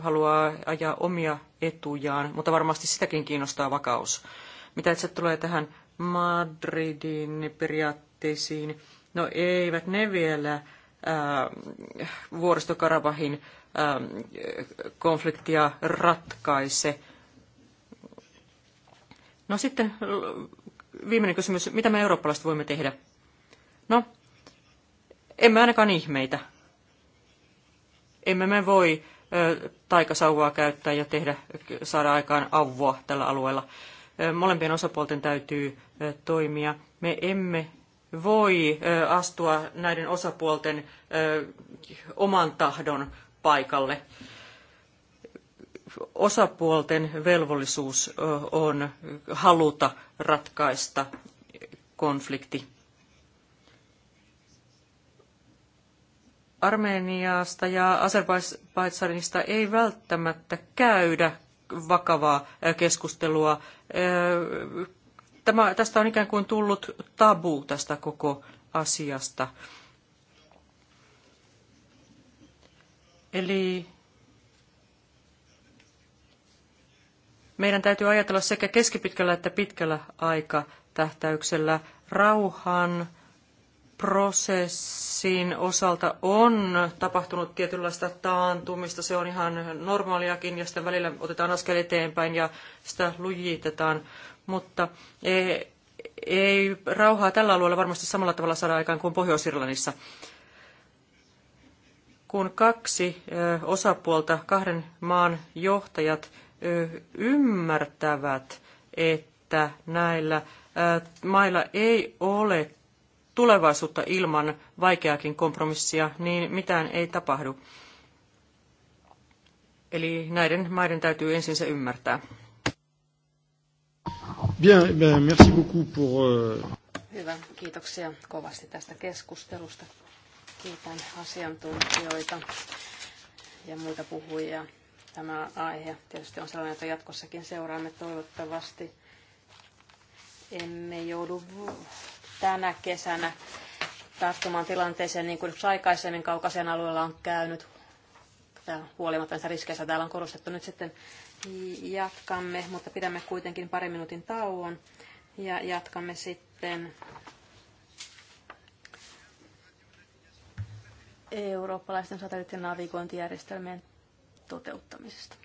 haluaa ajaa omia etujaan, mutta varmasti sitäkin kiinnostaa vakaus. Mitä itse tulee tähän Madridin periaatteisiin? No eivät ne vielä ää, vuoristokarabahin konfliktia ratkaise. No sitten viimeinen kysymys, mitä me eurooppalaiset voimme tehdä? No, emme ainakaan ihmeitä. Emme me voi ö, taikasauvaa käyttää ja tehdä, saada aikaan avua tällä alueella. Molempien osapuolten täytyy toimia. Me emme voi astua näiden osapuolten oman tahdon paikalle. Osapuolten velvollisuus on haluta ratkaista konflikti. Armeniasta ja Azerbaidsanista ei välttämättä käydä vakavaa keskustelua. Tämä, tästä on ikään kuin tullut tabu tästä koko asiasta. Eli meidän täytyy ajatella sekä keskipitkällä että pitkällä aikatähtäyksellä rauhan, prosessin osalta on tapahtunut tietynlaista taantumista. Se on ihan normaaliakin ja sitten välillä otetaan askel eteenpäin ja sitä lujitetaan. Mutta ei, ei rauhaa tällä alueella varmasti samalla tavalla saada aikaan kuin Pohjois-Irlannissa. Kun kaksi e, osapuolta, kahden maan johtajat e, ymmärtävät, että näillä e, mailla ei ole tulevaisuutta ilman vaikeakin kompromissia, niin mitään ei tapahdu. Eli näiden maiden täytyy ensin se ymmärtää. Bien, bien, merci beaucoup pour... Euh, Hyvä, kiitoksia kovasti tästä keskustelusta. Kiitän asiantuntijoita ja muita puhujia. Tämä aihe tietysti on sellainen, että jatkossakin seuraamme toivottavasti. Emme joudu tänä kesänä tarttumaan tilanteeseen, niin kuin aikaisemmin kaukaisen alueella on käynyt. Täällä, huolimatta näistä riskeistä täällä on korostettu. Nyt sitten jatkamme, mutta pidämme kuitenkin pari minuutin tauon ja jatkamme sitten eurooppalaisten satelliittinavigointijärjestelmien toteuttamisesta.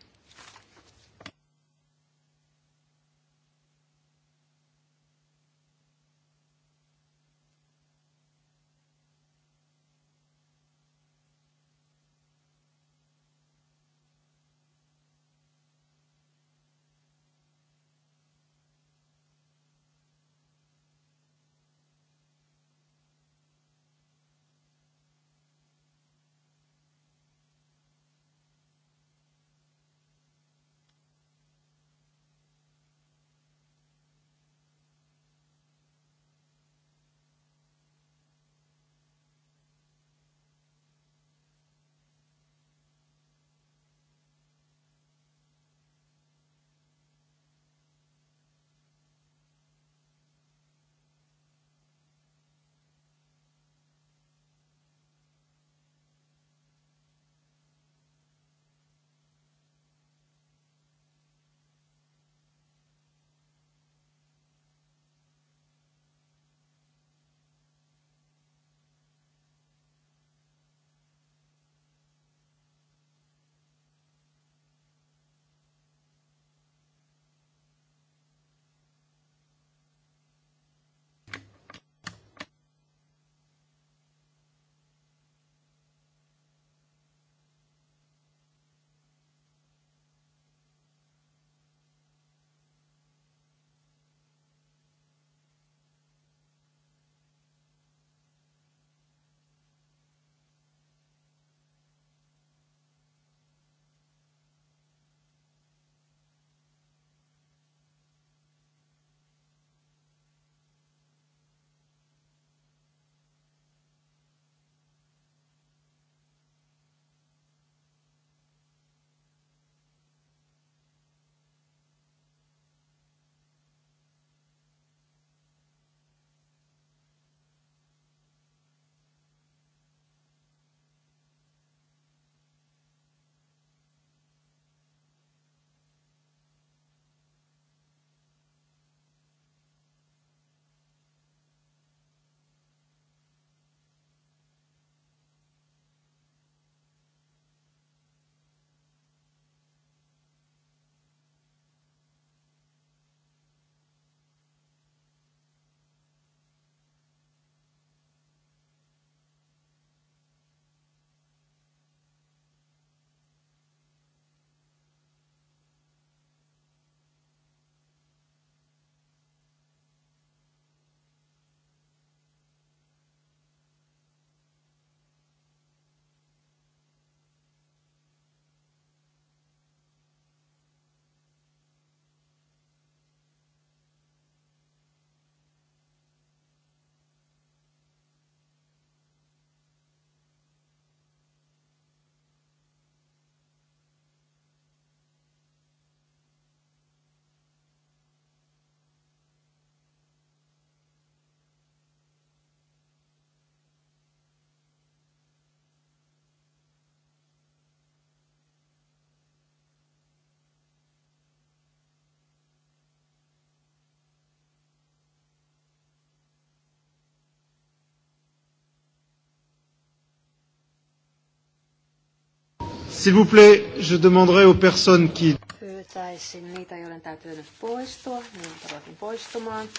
S'il vous plaît, je demanderai aux personnes qui... Pyytäisin niitä, joiden täytyy nyt poistua, todellakin poistumaan.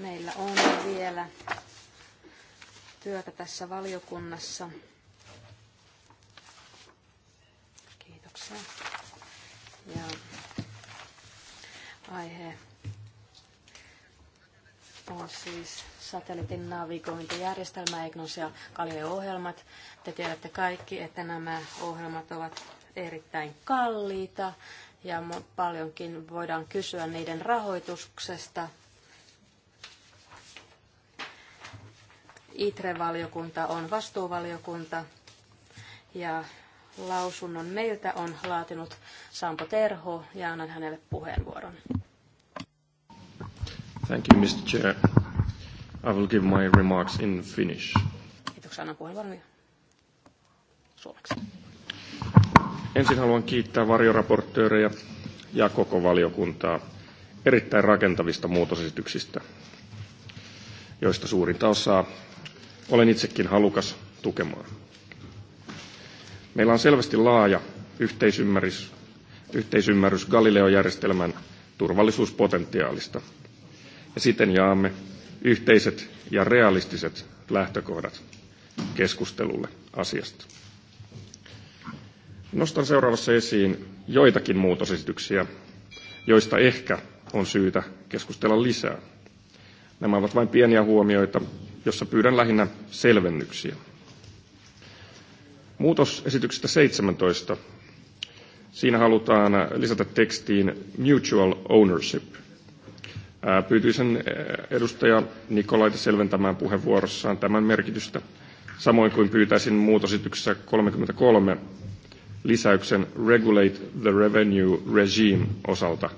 Meillä on vielä työtä tässä valiokunnassa. Kiitoksia. Ja aihe on siis satelliitin navigointijärjestelmä Egnos ja Galileo-ohjelmat. Te tiedätte kaikki, että nämä ohjelmat ovat erittäin kalliita ja paljonkin voidaan kysyä niiden rahoituksesta. ITRE-valiokunta on vastuuvaliokunta ja lausunnon meiltä on laatinut Sampo Terho ja annan hänelle puheenvuoron. Thank you, Mr. Chair. I will give my remarks in Finnish. Kiitoksia, annan puheenvuoron suomeksi. Ensin haluan kiittää varjoraportööreja ja koko valiokuntaa erittäin rakentavista muutosesityksistä, joista suurinta osaa olen itsekin halukas tukemaan. Meillä on selvästi laaja yhteisymmärrys, yhteisymmärrys Galileo-järjestelmän turvallisuuspotentiaalista – ja siten jaamme yhteiset ja realistiset lähtökohdat keskustelulle asiasta. Nostan seuraavassa esiin joitakin muutosesityksiä, joista ehkä on syytä keskustella lisää. Nämä ovat vain pieniä huomioita, jossa pyydän lähinnä selvennyksiä. Muutosesityksestä 17. Siinä halutaan lisätä tekstiin mutual ownership – Pyytyisin edustaja Nikolaita selventämään puheenvuorossaan tämän merkitystä, samoin kuin pyytäisin muutosityksessä 33 lisäyksen Regulate the Revenue Regime osalta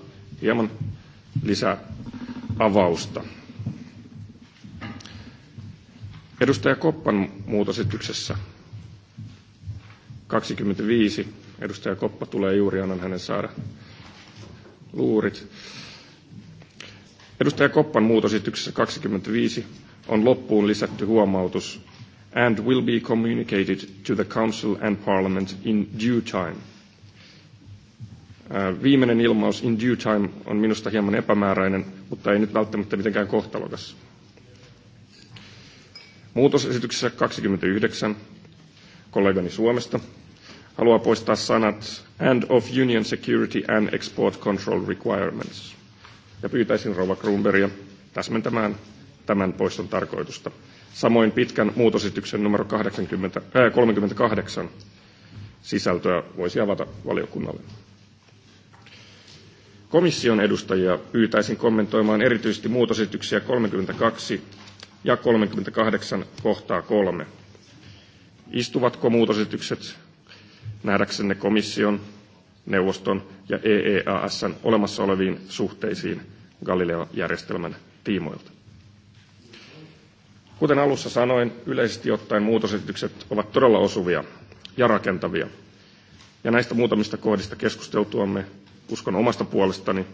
hieman lisäavausta. Edustaja Koppan muutosityksessä 25. Edustaja Koppa tulee juuri, annan hänen saada luurit. Edustaja Koppan muutosityksessä 25 on loppuun lisätty huomautus and will be communicated to the Council and Parliament in due time. Äh, viimeinen ilmaus in due time on minusta hieman epämääräinen, mutta ei nyt välttämättä mitenkään kohtalokas. Muutosesityksessä 29 kollegani Suomesta haluaa poistaa sanat and of Union Security and Export Control Requirements ja pyytäisin rouva Grunbergia täsmentämään tämän poiston tarkoitusta. Samoin pitkän muutosityksen numero 80, äh, 38 sisältöä voisi avata valiokunnalle. Komission edustajia pyytäisin kommentoimaan erityisesti muutosityksiä 32 ja 38 kohtaa 3. Istuvatko muutositykset nähdäksenne komission neuvoston ja EEASn olemassa oleviin suhteisiin Galileo-järjestelmän tiimoilta. Kuten alussa sanoin, yleisesti ottaen muutosesitykset ovat todella osuvia ja rakentavia. Ja näistä muutamista kohdista keskusteltuamme uskon omasta puolestani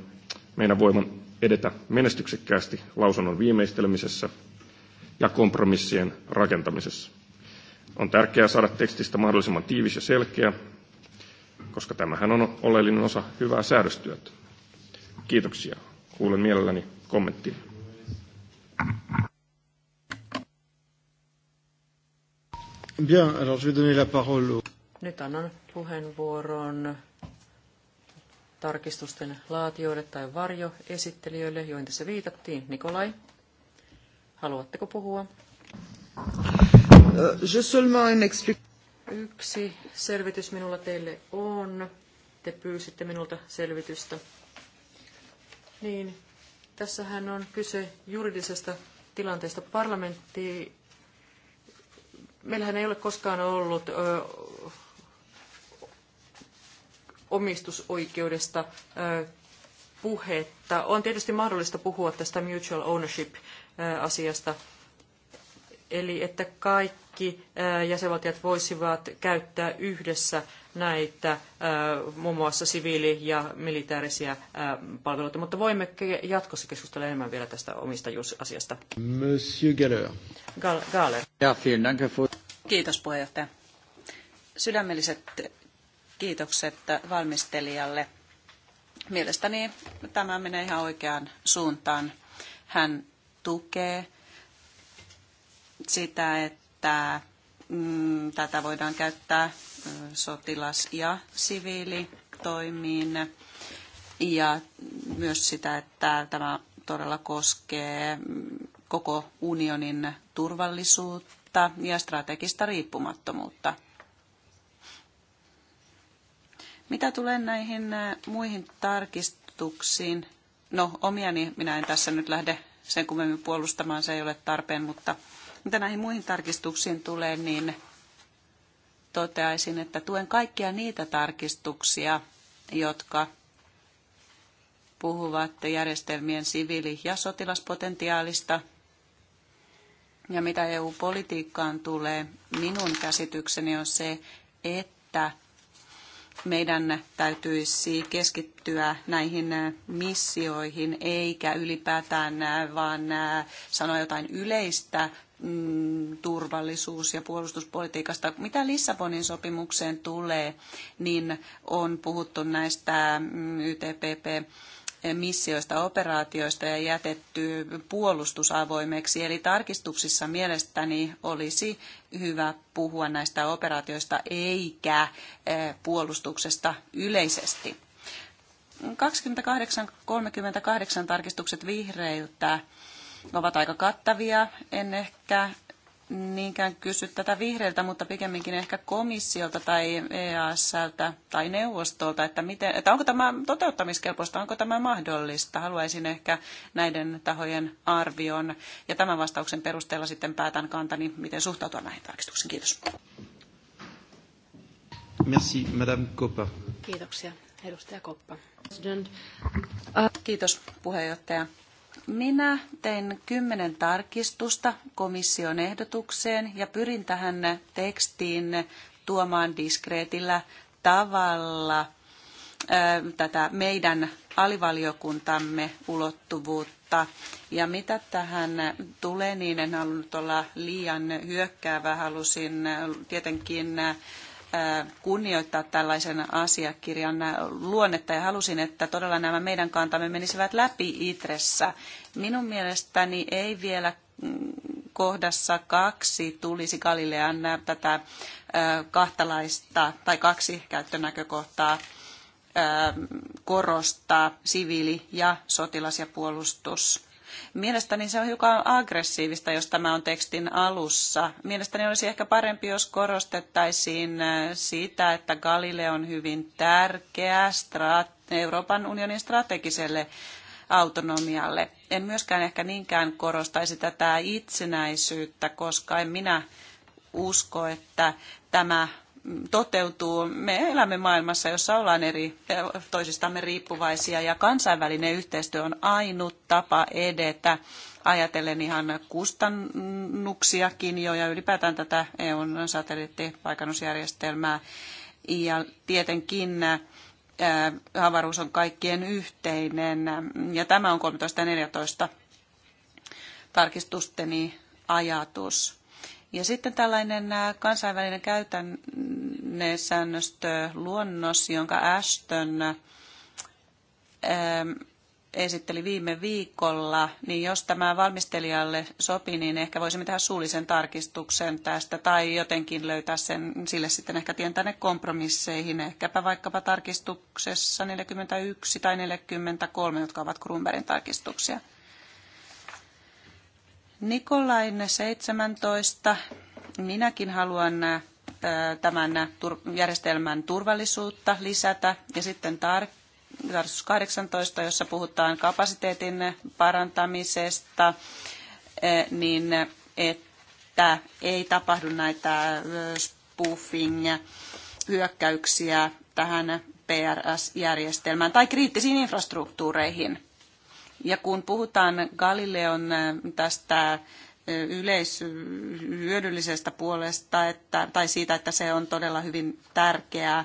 meidän voiman edetä menestyksekkäästi lausunnon viimeistelemisessä ja kompromissien rakentamisessa. On tärkeää saada tekstistä mahdollisimman tiivis ja selkeä, koska tämähän on oleellinen osa hyvää säädöstyötä. Kiitoksia. Kuulen mielelläni kommenttia. Bien, alors je vais donner la parole au... Nyt annan puheenvuoron tarkistusten laatioille tai varjoesittelijöille, joihin tässä viitattiin. Nikolai, haluatteko puhua? Euh, je seulement une explication. Yksi selvitys minulla teille on. Te pyysitte minulta selvitystä. Niin, tässähän on kyse juridisesta tilanteesta. Parlamentti, meillähän ei ole koskaan ollut ö, omistusoikeudesta ö, puhetta. On tietysti mahdollista puhua tästä mutual ownership-asiasta – eli että kaikki jäsenvaltiot voisivat käyttää yhdessä näitä muun muassa siviili- ja militaarisia palveluita, mutta voimme jatkossa keskustella enemmän vielä tästä omistajuusasiasta. Monsieur Galler. Gal- Galler. Ja, Kiitos puheenjohtaja. Sydämelliset kiitokset valmistelijalle. Mielestäni tämä menee ihan oikeaan suuntaan. Hän tukee sitä, että mm, tätä voidaan käyttää sotilas- ja siviilitoimiin ja myös sitä, että tämä todella koskee mm, koko unionin turvallisuutta ja strategista riippumattomuutta. Mitä tulee näihin muihin tarkistuksiin? No, omiani minä en tässä nyt lähde sen kummemmin puolustamaan, se ei ole tarpeen, mutta mitä näihin muihin tarkistuksiin tulee, niin toteaisin, että tuen kaikkia niitä tarkistuksia, jotka puhuvat järjestelmien siviili- ja sotilaspotentiaalista. Ja mitä EU-politiikkaan tulee, minun käsitykseni on se, että meidän täytyisi keskittyä näihin missioihin, eikä ylipäätään vaan sanoa jotain yleistä mm, turvallisuus- ja puolustuspolitiikasta. Mitä Lissabonin sopimukseen tulee, niin on puhuttu näistä mm, YTPP missioista, operaatioista ja jätetty puolustus avoimeksi. Eli tarkistuksissa mielestäni olisi hyvä puhua näistä operaatioista eikä eh, puolustuksesta yleisesti. 28-38 tarkistukset vihreiltä ovat aika kattavia. En ehkä niinkään kysy tätä vihreiltä, mutta pikemminkin ehkä komissiolta tai EASLtä tai neuvostolta, että, miten, että onko tämä toteuttamiskelpoista, onko tämä mahdollista. Haluaisin ehkä näiden tahojen arvion ja tämän vastauksen perusteella sitten päätän kantani, miten suhtautua näihin tarkistuksiin. Kiitos. Merci, Madame Coppa. Kiitoksia, edustaja Koppa. Kiitos, puheenjohtaja. Minä tein kymmenen tarkistusta komission ehdotukseen ja pyrin tähän tekstiin tuomaan diskreetillä tavalla tätä meidän alivaliokuntamme ulottuvuutta. Ja mitä tähän tulee, niin en halunnut olla liian hyökkäävä. Halusin tietenkin kunnioittaa tällaisen asiakirjan luonnetta ja halusin, että todella nämä meidän kantamme menisivät läpi Itressä. Minun mielestäni ei vielä mm, kohdassa kaksi tulisi Galilean tätä kahtalaista tai kaksi käyttönäkökohtaa korostaa siviili- ja sotilas- ja puolustus Mielestäni se on hiukan aggressiivista, jos tämä on tekstin alussa. Mielestäni olisi ehkä parempi, jos korostettaisiin äh, sitä, että Galileo on hyvin tärkeä Euroopan unionin strategiselle autonomialle. En myöskään ehkä niinkään korostaisi tätä itsenäisyyttä, koska en minä usko, että tämä toteutuu. Me elämme maailmassa, jossa ollaan eri, toisistamme riippuvaisia ja kansainvälinen yhteistyö on ainut tapa edetä. Ajatellen ihan kustannuksiakin jo ja ylipäätään tätä EUn satelliittipaikannusjärjestelmää. Ja tietenkin äh, avaruus on kaikkien yhteinen ja tämä on 13.14 tarkistusteni ajatus. Ja sitten tällainen äh, kansainvälinen säännöstö luonnos, jonka Ashton ähm, esitteli viime viikolla, niin jos tämä valmistelijalle sopii, niin ehkä voisimme tehdä suullisen tarkistuksen tästä tai jotenkin löytää sen sille sitten ehkä tien tänne kompromisseihin, ehkäpä vaikkapa tarkistuksessa 41 tai 43, jotka ovat Grunbergin tarkistuksia. Nikolain 17. Minäkin haluan äh, tämän järjestelmän turvallisuutta lisätä ja sitten tarkastus 18, jossa puhutaan kapasiteetin parantamisesta, äh, niin että ei tapahdu näitä äh, spoofing-hyökkäyksiä tähän PRS-järjestelmään tai kriittisiin infrastruktuureihin. Ja kun puhutaan Galileon äh, tästä äh, yleishyödyllisestä puolesta että, tai siitä, että se on todella hyvin tärkeää.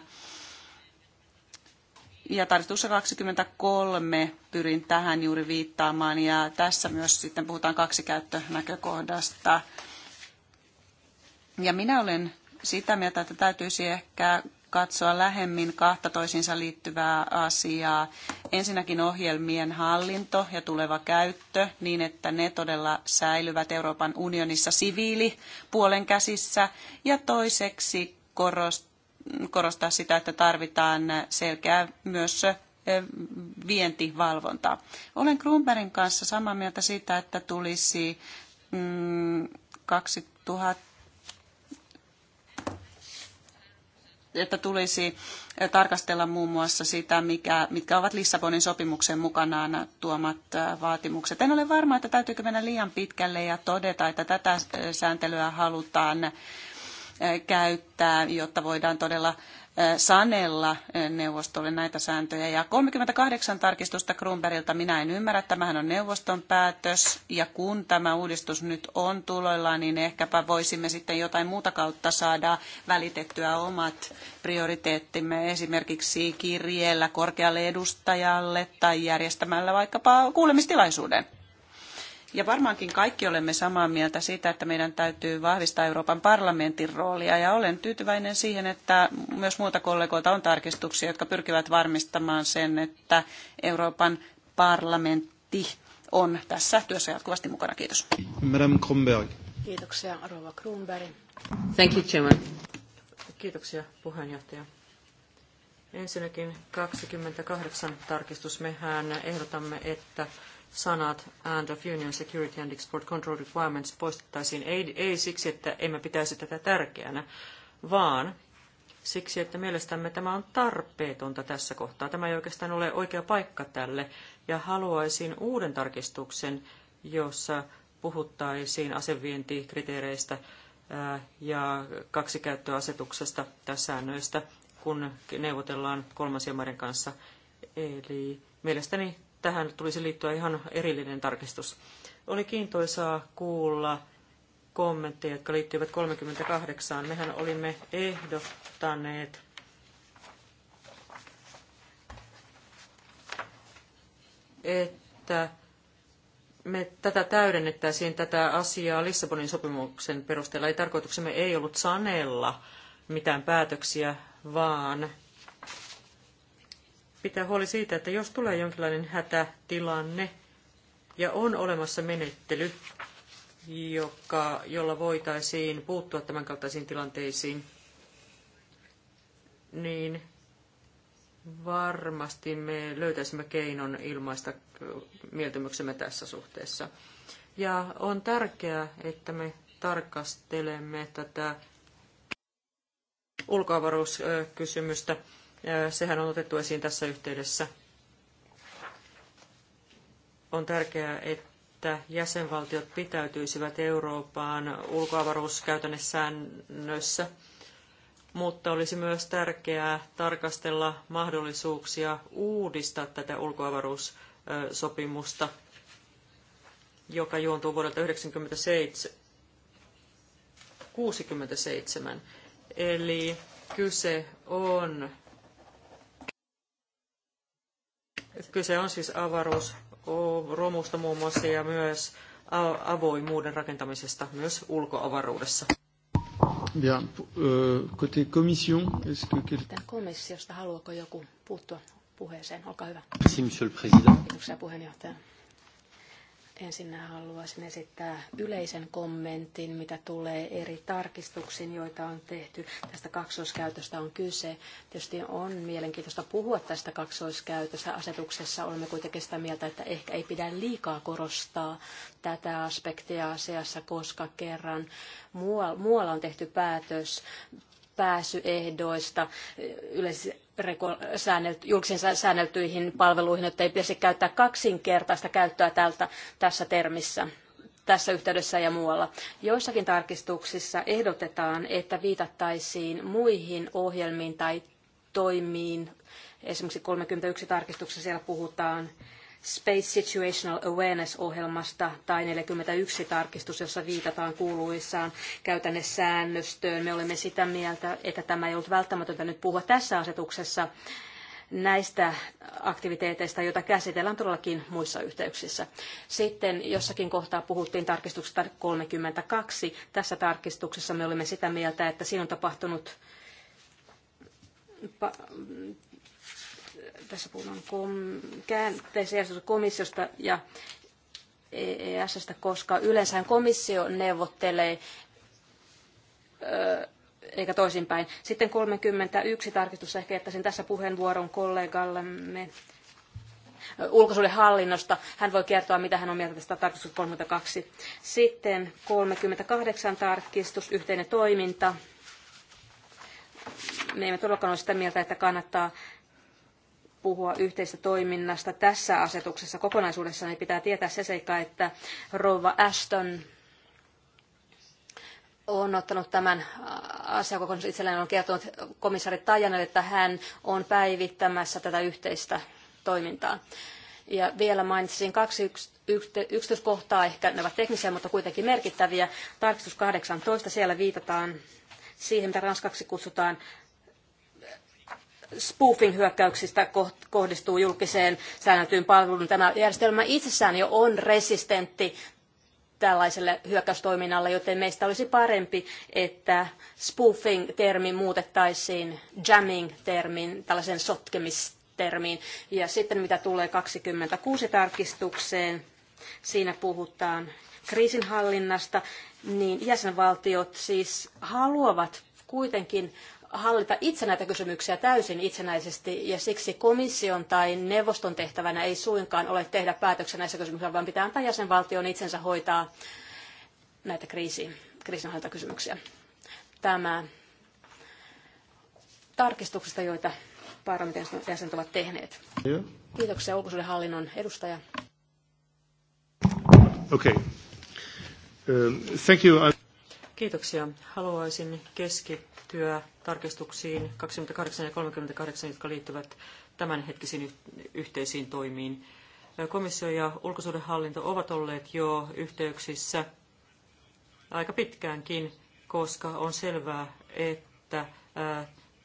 Ja tarkistuksessa 23 pyrin tähän juuri viittaamaan ja tässä myös sitten puhutaan kaksikäyttönäkökohdasta. Ja minä olen sitä mieltä, että täytyisi ehkä katsoa lähemmin kahta toisiinsa liittyvää asiaa. Ensinnäkin ohjelmien hallinto ja tuleva käyttö niin, että ne todella säilyvät Euroopan unionissa siviilipuolen käsissä. Ja toiseksi korostaa sitä, että tarvitaan selkeää myös vientivalvontaa. Olen Grunbergin kanssa samaa mieltä siitä, että tulisi 2000 mm, että tulisi eh, tarkastella muun muassa sitä, mikä, mitkä ovat Lissabonin sopimuksen mukanaan tuomat eh, vaatimukset. En ole varma, että täytyykö mennä liian pitkälle ja todeta, että tätä eh, sääntelyä halutaan käyttää, jotta voidaan todella sanella neuvostolle näitä sääntöjä. Ja 38 tarkistusta Grunbergilta minä en ymmärrä, tämähän on neuvoston päätös, ja kun tämä uudistus nyt on tuloillaan, niin ehkäpä voisimme sitten jotain muuta kautta saada välitettyä omat prioriteettimme esimerkiksi kirjeellä korkealle edustajalle tai järjestämällä vaikkapa kuulemistilaisuuden. Ja varmaankin kaikki olemme samaa mieltä siitä, että meidän täytyy vahvistaa Euroopan parlamentin roolia. Ja olen tyytyväinen siihen, että myös muuta kollegoilta on tarkistuksia, jotka pyrkivät varmistamaan sen, että Euroopan parlamentti on tässä työssä jatkuvasti mukana. Kiitos. Madame Kronberg. Kiitoksia, Rova Kronberg. Thank you, Chairman. Kiitoksia, puheenjohtaja. Ensinnäkin 28 tarkistus. Mehän ehdotamme, että sanat and of Union Security and Export Control Requirements poistettaisiin ei, ei siksi, että emme pitäisi tätä tärkeänä, vaan siksi, että mielestämme tämä on tarpeetonta tässä kohtaa. Tämä ei oikeastaan ole oikea paikka tälle, ja haluaisin uuden tarkistuksen, jossa puhuttaisiin asevientikriteereistä ja kaksikäyttöasetuksesta tai säännöistä, kun neuvotellaan kolmansien maiden kanssa. Eli mielestäni tähän tulisi liittyä ihan erillinen tarkistus. Oli kiintoisaa kuulla kommentteja, jotka liittyivät 38. Mehän olimme ehdottaneet että me tätä täydennettäisiin tätä asiaa Lissabonin sopimuksen perusteella. Ei tarkoituksemme ei ollut sanella mitään päätöksiä, vaan pitää huoli siitä, että jos tulee jonkinlainen hätätilanne ja on olemassa menettely, joka, jolla voitaisiin puuttua tämänkaltaisiin tilanteisiin, niin varmasti me löytäisimme keinon ilmaista mieltymyksemme tässä suhteessa. Ja on tärkeää, että me tarkastelemme tätä ulkoavaruuskysymystä Sehän on otettu esiin tässä yhteydessä. On tärkeää, että jäsenvaltiot pitäytyisivät Euroopan ulkoavaruuskäytännössä, mutta olisi myös tärkeää tarkastella mahdollisuuksia uudistaa tätä ulkoavaruussopimusta, joka juontuu vuodelta 1967. Eli kyse on Kyse on siis avaruusromusta muun muassa ja myös avoimuuden rakentamisesta myös ulkoavaruudessa. Bien. côté commission, est-ce que quelqu'un... Komissiosta haluaako joku puuttua puheeseen? Olkaa hyvä. Merci, monsieur le président. Kiitoksia puheenjohtaja. Ensin haluaisin esittää yleisen kommentin, mitä tulee eri tarkistuksiin, joita on tehty. Tästä kaksoiskäytöstä on kyse. Tietysti on mielenkiintoista puhua tästä kaksoiskäytöstä. Asetuksessa olemme kuitenkin sitä mieltä, että ehkä ei pidä liikaa korostaa tätä aspektia asiassa, koska kerran muualla on tehty päätös pääsyehdoista yleis- julkisiin säänneltyihin palveluihin, että ei pitäisi käyttää kaksinkertaista käyttöä tältä, tässä termissä tässä yhteydessä ja muualla. Joissakin tarkistuksissa ehdotetaan, että viitattaisiin muihin ohjelmiin tai toimiin. Esimerkiksi 31 tarkistuksessa siellä puhutaan Space Situational Awareness-ohjelmasta tai 41 tarkistus, jossa viitataan kuuluisaan käytännesäännöstöön. Me olemme sitä mieltä, että tämä ei ollut välttämätöntä nyt puhua tässä asetuksessa näistä aktiviteeteista, joita käsitellään todellakin muissa yhteyksissä. Sitten jossakin kohtaa puhuttiin tarkistuksesta 32. Tässä tarkistuksessa me olemme sitä mieltä, että siinä on tapahtunut tässä puhutaan kom- käänteisessä komissiosta ja EESstä, koska yleensä komissio neuvottelee eikä toisinpäin. Sitten 31 tarkistus ehkä jättäisin tässä puheenvuoron kollegallemme ulkoisuuden hallinnosta. Hän voi kertoa, mitä hän on mieltä tästä tarkistus 32. Sitten 38 tarkistus, yhteinen toiminta. Me emme todellakaan ole sitä mieltä, että kannattaa puhua yhteistä toiminnasta tässä asetuksessa kokonaisuudessaan, niin pitää tietää se seikka, että Rova Ashton on ottanut tämän asiakokonaisuus itselleen, on kertonut komissaari Tajanelle, että hän on päivittämässä tätä yhteistä toimintaa. Ja vielä mainitsisin kaksi yksityiskohtaa, ehkä ne ovat teknisiä, mutta kuitenkin merkittäviä. Tarkistus 18, siellä viitataan siihen, mitä ranskaksi kutsutaan spoofing-hyökkäyksistä kohdistuu julkiseen säänneltyyn palveluun. Tämä järjestelmä itsessään jo on resistentti tällaiselle hyökkäystoiminnalle, joten meistä olisi parempi, että spoofing-termi muutettaisiin jamming termiin tällaisen sotkemistermiin. Ja sitten mitä tulee 26 tarkistukseen, siinä puhutaan kriisinhallinnasta, niin jäsenvaltiot siis haluavat kuitenkin hallita itse näitä kysymyksiä täysin itsenäisesti, ja siksi komission tai neuvoston tehtävänä ei suinkaan ole tehdä päätöksiä näissä kysymyksissä, vaan pitää antaa jäsenvaltion itsensä hoitaa näitä kriisi, kriisinhallintakysymyksiä. Tämä tarkistuksista, joita parlamentin jäsenet ovat tehneet. Kiitoksia ulkosuudenhallinnon edustaja. Okay. Um, thank you. Kiitoksia. Haluaisin keskittyä tarkistuksiin 28 ja 38, jotka liittyvät tämänhetkisiin yhteisiin toimiin. Komissio ja ulkosuhdehallinto ovat olleet jo yhteyksissä aika pitkäänkin, koska on selvää, että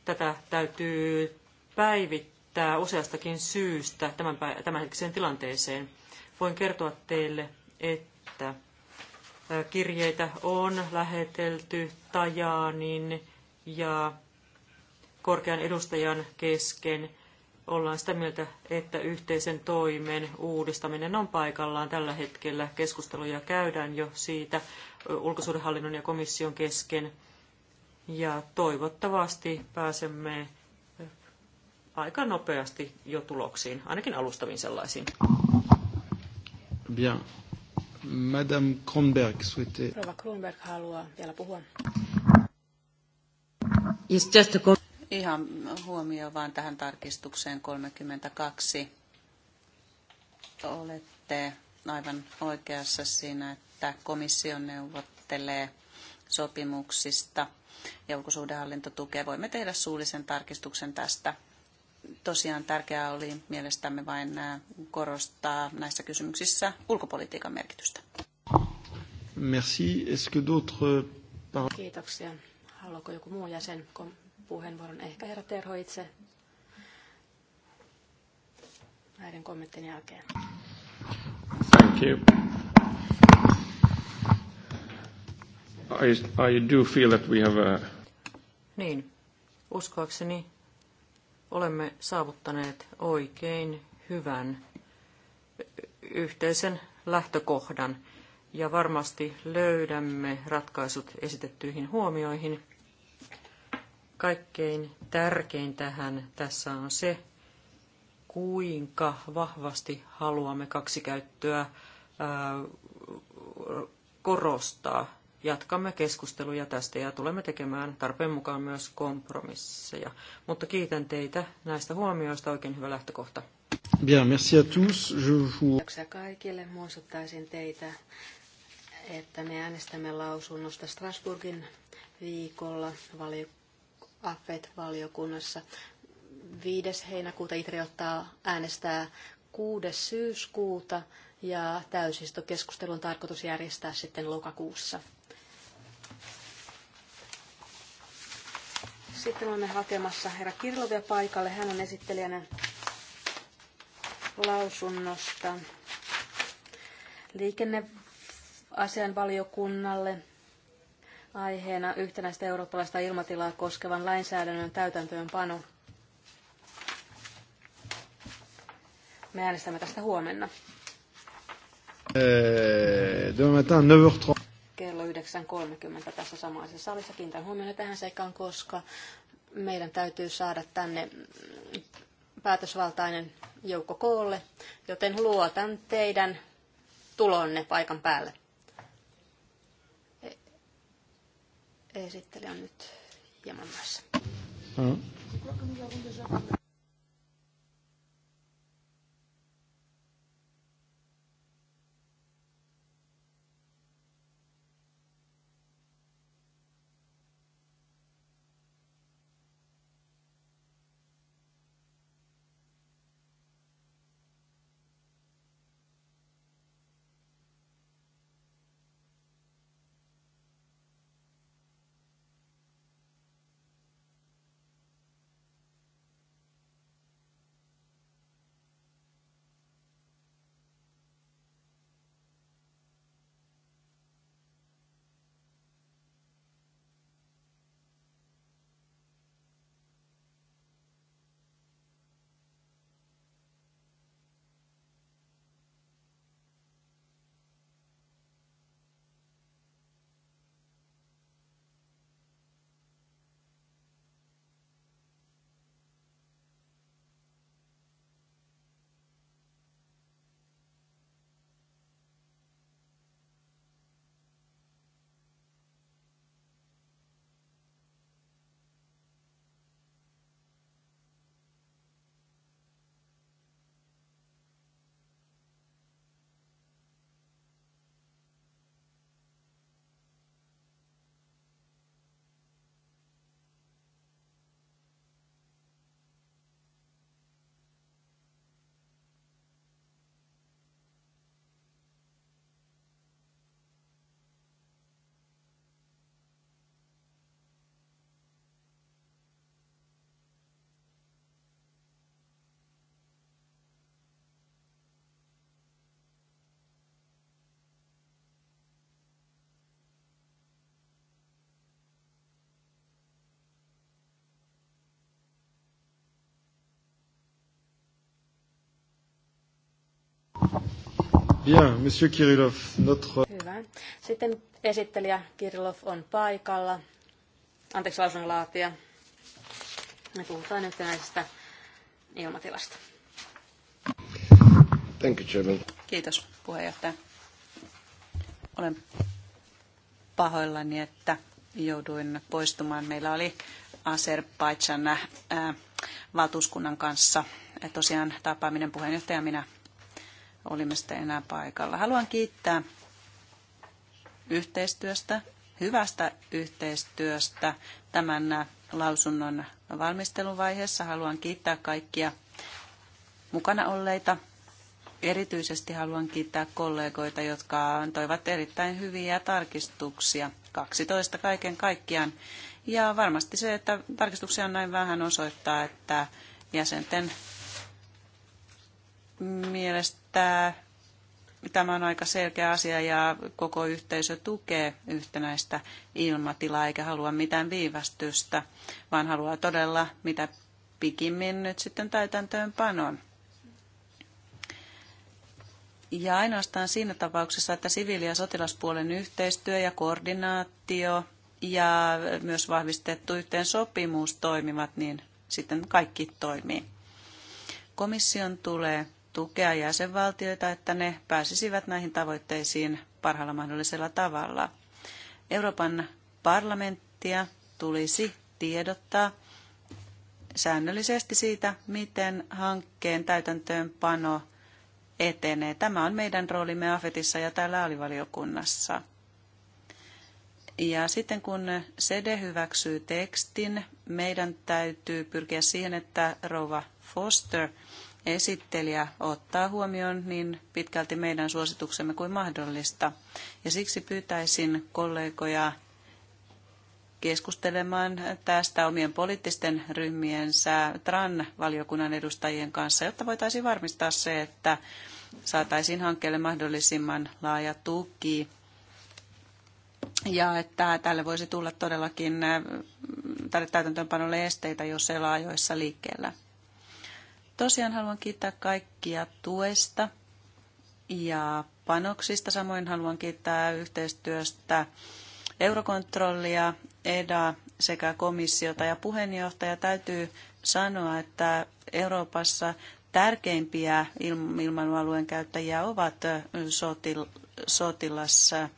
tätä täytyy päivittää useastakin syystä tämän, tämänhetkiseen tilanteeseen. Voin kertoa teille, että kirjeitä on lähetelty Tajanin ja korkean edustajan kesken ollaan sitä mieltä, että yhteisen toimen uudistaminen on paikallaan tällä hetkellä. Keskusteluja käydään jo siitä ulkosuudenhallinnon ja komission kesken. Ja toivottavasti pääsemme aika nopeasti jo tuloksiin, ainakin alustaviin sellaisiin. Bien. Madame Kronberg souhaitait... Rova Kronberg haluaa vielä puhua. Ihan huomio vaan tähän tarkistukseen 32. Olette aivan oikeassa siinä, että komissio neuvottelee sopimuksista ja ulkosuhdehallinto tukee. Voimme tehdä suullisen tarkistuksen tästä. Tosiaan tärkeää oli mielestämme vain äh, korostaa näissä kysymyksissä ulkopolitiikan merkitystä. Merci. Est-ce que d'autres... Kiitoksia. Haluaako joku muu jäsen puheenvuoron? Ehkä herra Terho itse näiden kommenttien jälkeen. Thank you. I, I do feel that we have a... Niin, uskoakseni olemme saavuttaneet oikein hyvän yhteisen lähtökohdan ja varmasti löydämme ratkaisut esitettyihin huomioihin kaikkein tärkein tähän tässä on se, kuinka vahvasti haluamme kaksikäyttöä korostaa. Jatkamme keskusteluja tästä ja tulemme tekemään tarpeen mukaan myös kompromisseja. Mutta kiitän teitä näistä huomioista. Oikein hyvä lähtökohta. Bien, merci à tous. Je vous... Kiitoksia kaikille. Muistuttaisin teitä, että me äänestämme lausunnosta Strasbourgin viikolla valiokunnassa AFET-valiokunnassa. 5. heinäkuuta Itre ottaa äänestää 6. syyskuuta ja täysistokeskustelu on tarkoitus järjestää sitten lokakuussa. Sitten olemme hakemassa herra Kirlovia paikalle. Hän on esittelijänä lausunnosta liikenneasian valiokunnalle. Aiheena yhtenäistä eurooppalaista ilmatilaa koskevan lainsäädännön täytäntöönpano. Me äänestämme tästä huomenna. Eh, Kello 9.30 tässä samaisessa salissa. Kiinnitän huomenna tähän seikkaan, koska meidän täytyy saada tänne päätösvaltainen joukko koolle, joten luotan teidän tulonne paikan päälle. esittelijä on nyt hieman myöhässä. Mm. Bien, Monsieur Kirillov, notre... Hyvä. Sitten esittelijä Kirillov on paikalla. Anteeksi, lausunnonlaatija. Me puhutaan yhtenäisestä ilmatilasta. Thank you, Chairman. Kiitos, puheenjohtaja. Olen pahoillani, että jouduin poistumaan. Meillä oli Azerbaidžan äh, valtuuskunnan kanssa äh, tosiaan tapaaminen puheenjohtaja minä olimme sitten enää paikalla. Haluan kiittää yhteistyöstä, hyvästä yhteistyöstä tämän lausunnon valmistelun vaiheessa. Haluan kiittää kaikkia mukana olleita. Erityisesti haluan kiittää kollegoita, jotka antoivat erittäin hyviä tarkistuksia, 12 kaiken kaikkiaan. Ja varmasti se, että tarkistuksia on näin vähän osoittaa, että jäsenten mielestä että tämä on aika selkeä asia ja koko yhteisö tukee yhtenäistä ilmatilaa eikä halua mitään viivästystä, vaan haluaa todella mitä pikimmin nyt sitten panon. Ja ainoastaan siinä tapauksessa, että siviili- ja sotilaspuolen yhteistyö ja koordinaatio ja myös vahvistettu yhteen sopimus toimivat, niin sitten kaikki toimii. Komission tulee tukea jäsenvaltioita, että ne pääsisivät näihin tavoitteisiin parhaalla mahdollisella tavalla. Euroopan parlamenttia tulisi tiedottaa säännöllisesti siitä, miten hankkeen täytäntöönpano etenee. Tämä on meidän roolimme AFETissa ja täällä alivaliokunnassa. Ja sitten kun SEDE hyväksyy tekstin, meidän täytyy pyrkiä siihen, että Rova Foster – esittelijä ottaa huomioon niin pitkälti meidän suosituksemme kuin mahdollista. Ja siksi pyytäisin kollegoja keskustelemaan tästä omien poliittisten ryhmiensä TRAN-valiokunnan edustajien kanssa, jotta voitaisiin varmistaa se, että saataisiin hankkeelle mahdollisimman laaja tuki ja että tälle voisi tulla todellakin äh, täytäntöönpanolle esteitä, jos ei laajoissa liikkeellä. Tosiaan haluan kiittää kaikkia tuesta ja panoksista. Samoin haluan kiittää yhteistyöstä Eurokontrollia, EDA sekä komissiota ja puheenjohtaja. Täytyy sanoa, että Euroopassa tärkeimpiä ilmailualueen käyttäjiä ovat sotil, sotilassa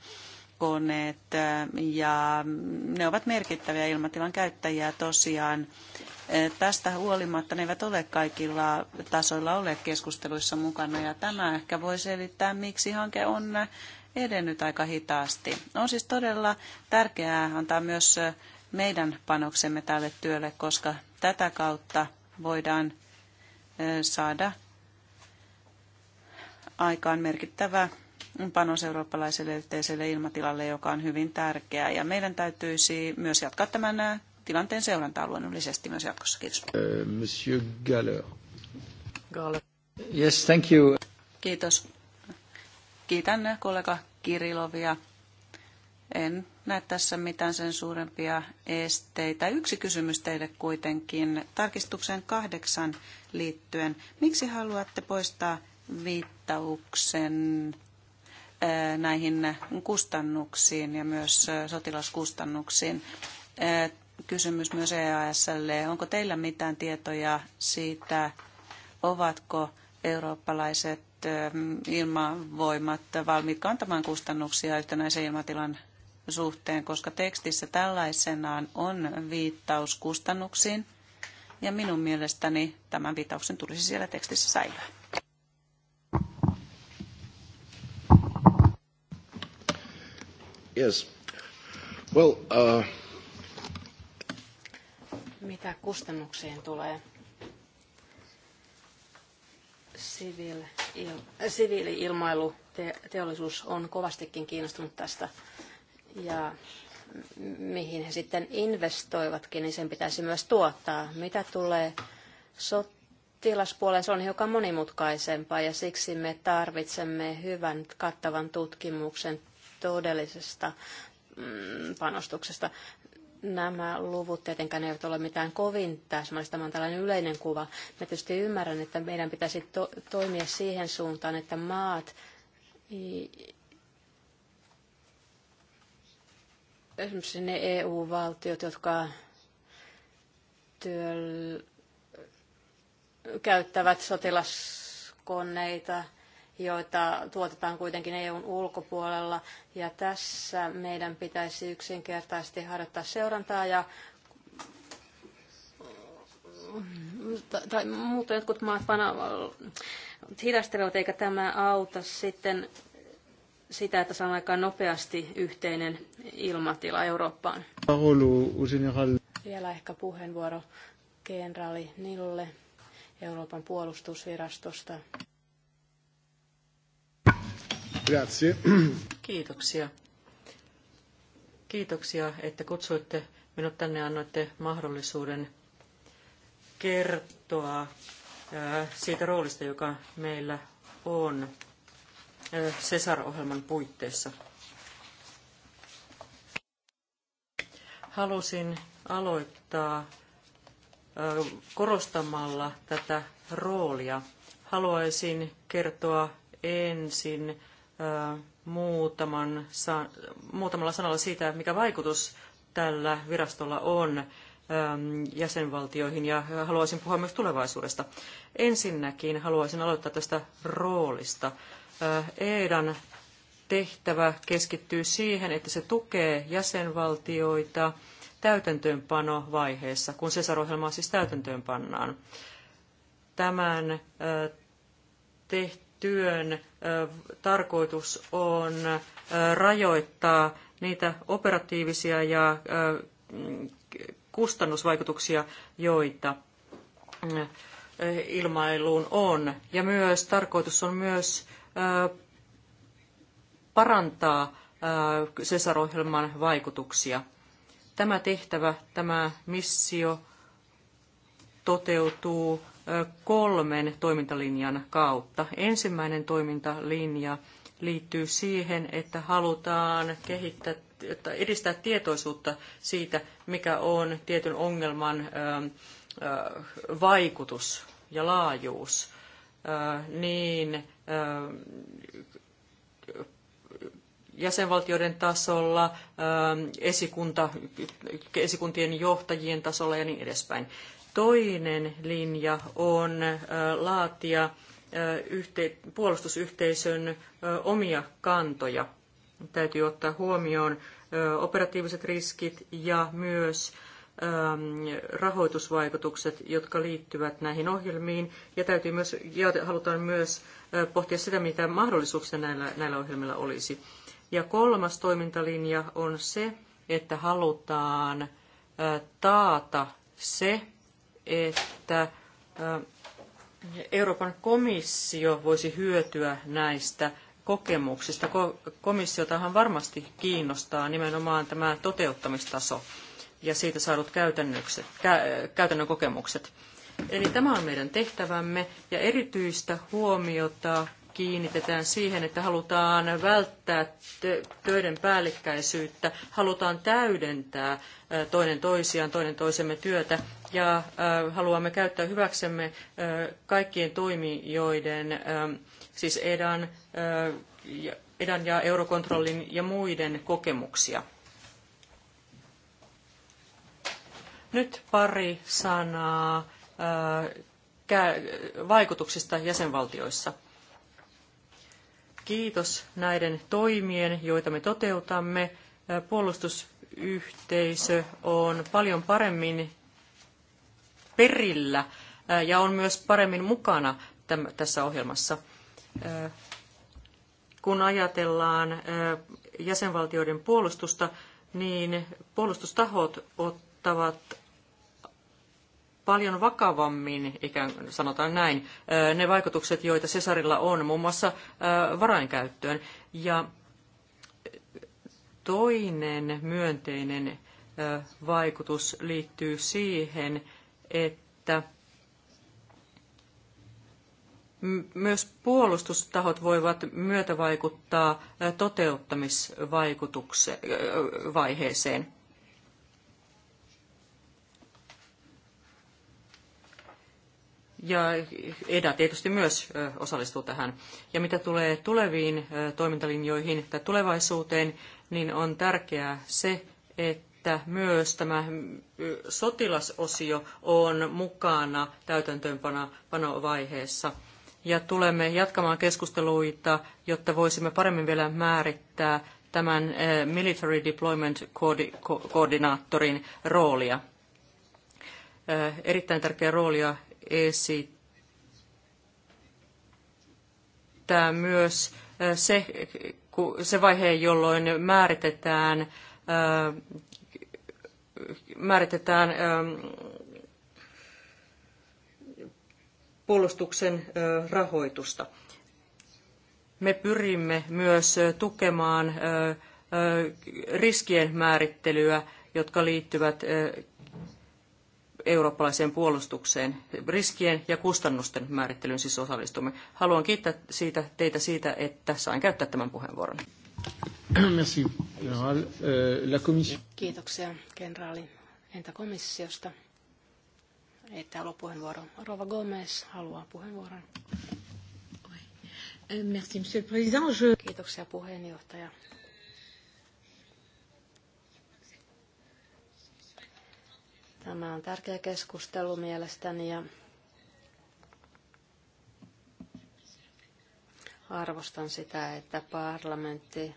koneet ja ne ovat merkittäviä ilmatilan käyttäjiä tosiaan. Eh, tästä huolimatta ne eivät ole kaikilla tasoilla ole keskusteluissa mukana ja tämä ehkä voi selittää, miksi hanke on edennyt aika hitaasti. On siis todella tärkeää antaa myös meidän panoksemme tälle työlle, koska tätä kautta voidaan eh, saada aikaan merkittävä panos eurooppalaiselle yhteiselle ilmatilalle, joka on hyvin tärkeää. Ja meidän täytyisi myös jatkaa tämän eh, tilanteen seurantaa luonnollisesti myös jatkossa. Kiitos. Monsieur Galler. Galler. Yes, thank you. Kiitos. Kiitän kollega Kirilovia. En näe tässä mitään sen suurempia esteitä. Yksi kysymys teille kuitenkin tarkistuksen kahdeksan liittyen. Miksi haluatte poistaa viittauksen näihin kustannuksiin ja myös sotilaskustannuksiin? kysymys myös EASL. Onko teillä mitään tietoja siitä, ovatko eurooppalaiset ähm, ilmavoimat valmiit kantamaan kustannuksia yhtenäisen ilmatilan suhteen, koska tekstissä tällaisenaan on viittaus kustannuksiin, ja minun mielestäni tämän viittauksen tulisi siellä tekstissä säilyä. Yes. Well, uh... Mitä kustannuksiin tulee? Siviili-ilmailu, teollisuus on kovastikin kiinnostunut tästä. Ja mihin he sitten investoivatkin, niin sen pitäisi myös tuottaa. Mitä tulee sotilaspuoleen, se on hiukan monimutkaisempaa ja siksi me tarvitsemme hyvän kattavan tutkimuksen todellisesta mm, panostuksesta. Nämä luvut tietenkään eivät ole mitään kovin täsmällistä, vaan tällainen yleinen kuva. Mä tietysti ymmärrän, että meidän pitäisi to- toimia siihen suuntaan, että maat, esimerkiksi ne EU-valtiot, jotka työl- käyttävät sotilaskoneita, joita tuotetaan kuitenkin EUn ulkopuolella. Ja tässä meidän pitäisi yksinkertaisesti harjoittaa seurantaa ja tai muuten jotkut maat pana, hidastelevat, eikä tämä auta sitten sitä, että saadaan aikaan nopeasti yhteinen ilmatila Eurooppaan. Vielä ehkä puheenvuoro kenraali Nille Euroopan puolustusvirastosta. Kiitoksia. Kiitoksia, että kutsuitte minut tänne annoitte mahdollisuuden kertoa äh, siitä roolista, joka meillä on äh, Cesar-ohjelman puitteissa. Halusin aloittaa äh, korostamalla tätä roolia. Haluaisin kertoa ensin muutaman, muutamalla sanalla siitä, mikä vaikutus tällä virastolla on jäsenvaltioihin ja haluaisin puhua myös tulevaisuudesta. Ensinnäkin haluaisin aloittaa tästä roolista. EIDAN tehtävä keskittyy siihen, että se tukee jäsenvaltioita täytäntöönpanovaiheessa, kun CESAR-ohjelmaa siis täytäntöönpannaan. Tämän tehtävän työn tarkoitus on rajoittaa niitä operatiivisia ja kustannusvaikutuksia, joita ilmailuun on. Ja myös tarkoitus on myös parantaa CESAR-ohjelman vaikutuksia. Tämä tehtävä, tämä missio toteutuu kolmen toimintalinjan kautta. Ensimmäinen toimintalinja liittyy siihen, että halutaan kehittää, edistää tietoisuutta siitä, mikä on tietyn ongelman vaikutus ja laajuus, niin jäsenvaltioiden tasolla, esikunta, esikuntien johtajien tasolla ja niin edespäin. Toinen linja on laatia puolustusyhteisön omia kantoja. Täytyy ottaa huomioon operatiiviset riskit ja myös rahoitusvaikutukset, jotka liittyvät näihin ohjelmiin. Ja, täytyy myös, ja halutaan myös pohtia sitä, mitä mahdollisuuksia näillä, näillä ohjelmilla olisi. Ja kolmas toimintalinja on se, että halutaan taata se, että Euroopan komissio voisi hyötyä näistä kokemuksista. Komissiotahan varmasti kiinnostaa nimenomaan tämä toteuttamistaso ja siitä saadut käytännön kokemukset. Eli tämä on meidän tehtävämme ja erityistä huomiota kiinnitetään siihen, että halutaan välttää töiden päällekkäisyyttä, halutaan täydentää toinen toisiaan, toinen toisemme työtä ja haluamme käyttää hyväksemme kaikkien toimijoiden, siis EDAN, EDAN ja Eurokontrollin ja muiden kokemuksia. Nyt pari sanaa vaikutuksista jäsenvaltioissa kiitos näiden toimien, joita me toteutamme. Puolustusyhteisö on paljon paremmin perillä ja on myös paremmin mukana tässä ohjelmassa. Kun ajatellaan jäsenvaltioiden puolustusta, niin puolustustahot ottavat paljon vakavammin, ikään sanotaan näin, ne vaikutukset, joita Cesarilla on muun muassa varainkäyttöön. Ja toinen myönteinen vaikutus liittyy siihen, että myös puolustustahot voivat myötävaikuttaa toteuttamisvaiheeseen. Ja EDA tietysti myös osallistuu tähän. Ja mitä tulee tuleviin toimintalinjoihin tai tulevaisuuteen, niin on tärkeää se, että myös tämä sotilasosio on mukana täytäntöönpanovaiheessa. Ja tulemme jatkamaan keskusteluita, jotta voisimme paremmin vielä määrittää tämän Military Deployment koordinaattorin roolia erittäin tärkeä roolia esittää myös äh, se, se vaihe, jolloin määritetään, äh, määritetään ähm, puolustuksen äh, rahoitusta. Me pyrimme myös tukemaan riskien määrittelyä, jotka liittyvät eurooppalaiseen puolustukseen, riskien ja kustannusten määrittelyyn siis osallistumme. Haluan kiittää siitä, teitä siitä, että sain käyttää tämän puheenvuoron. Merci, euh, La Kiitoksia, kenraali. Entä komissiosta? että täällä ole puheenvuoro. Rova Gomez haluaa puheenvuoron. Euh, merci, monsieur le président. Je... Kiitoksia puheenjohtaja. Tämä on tärkeä keskustelu mielestäni ja arvostan sitä, että parlamentti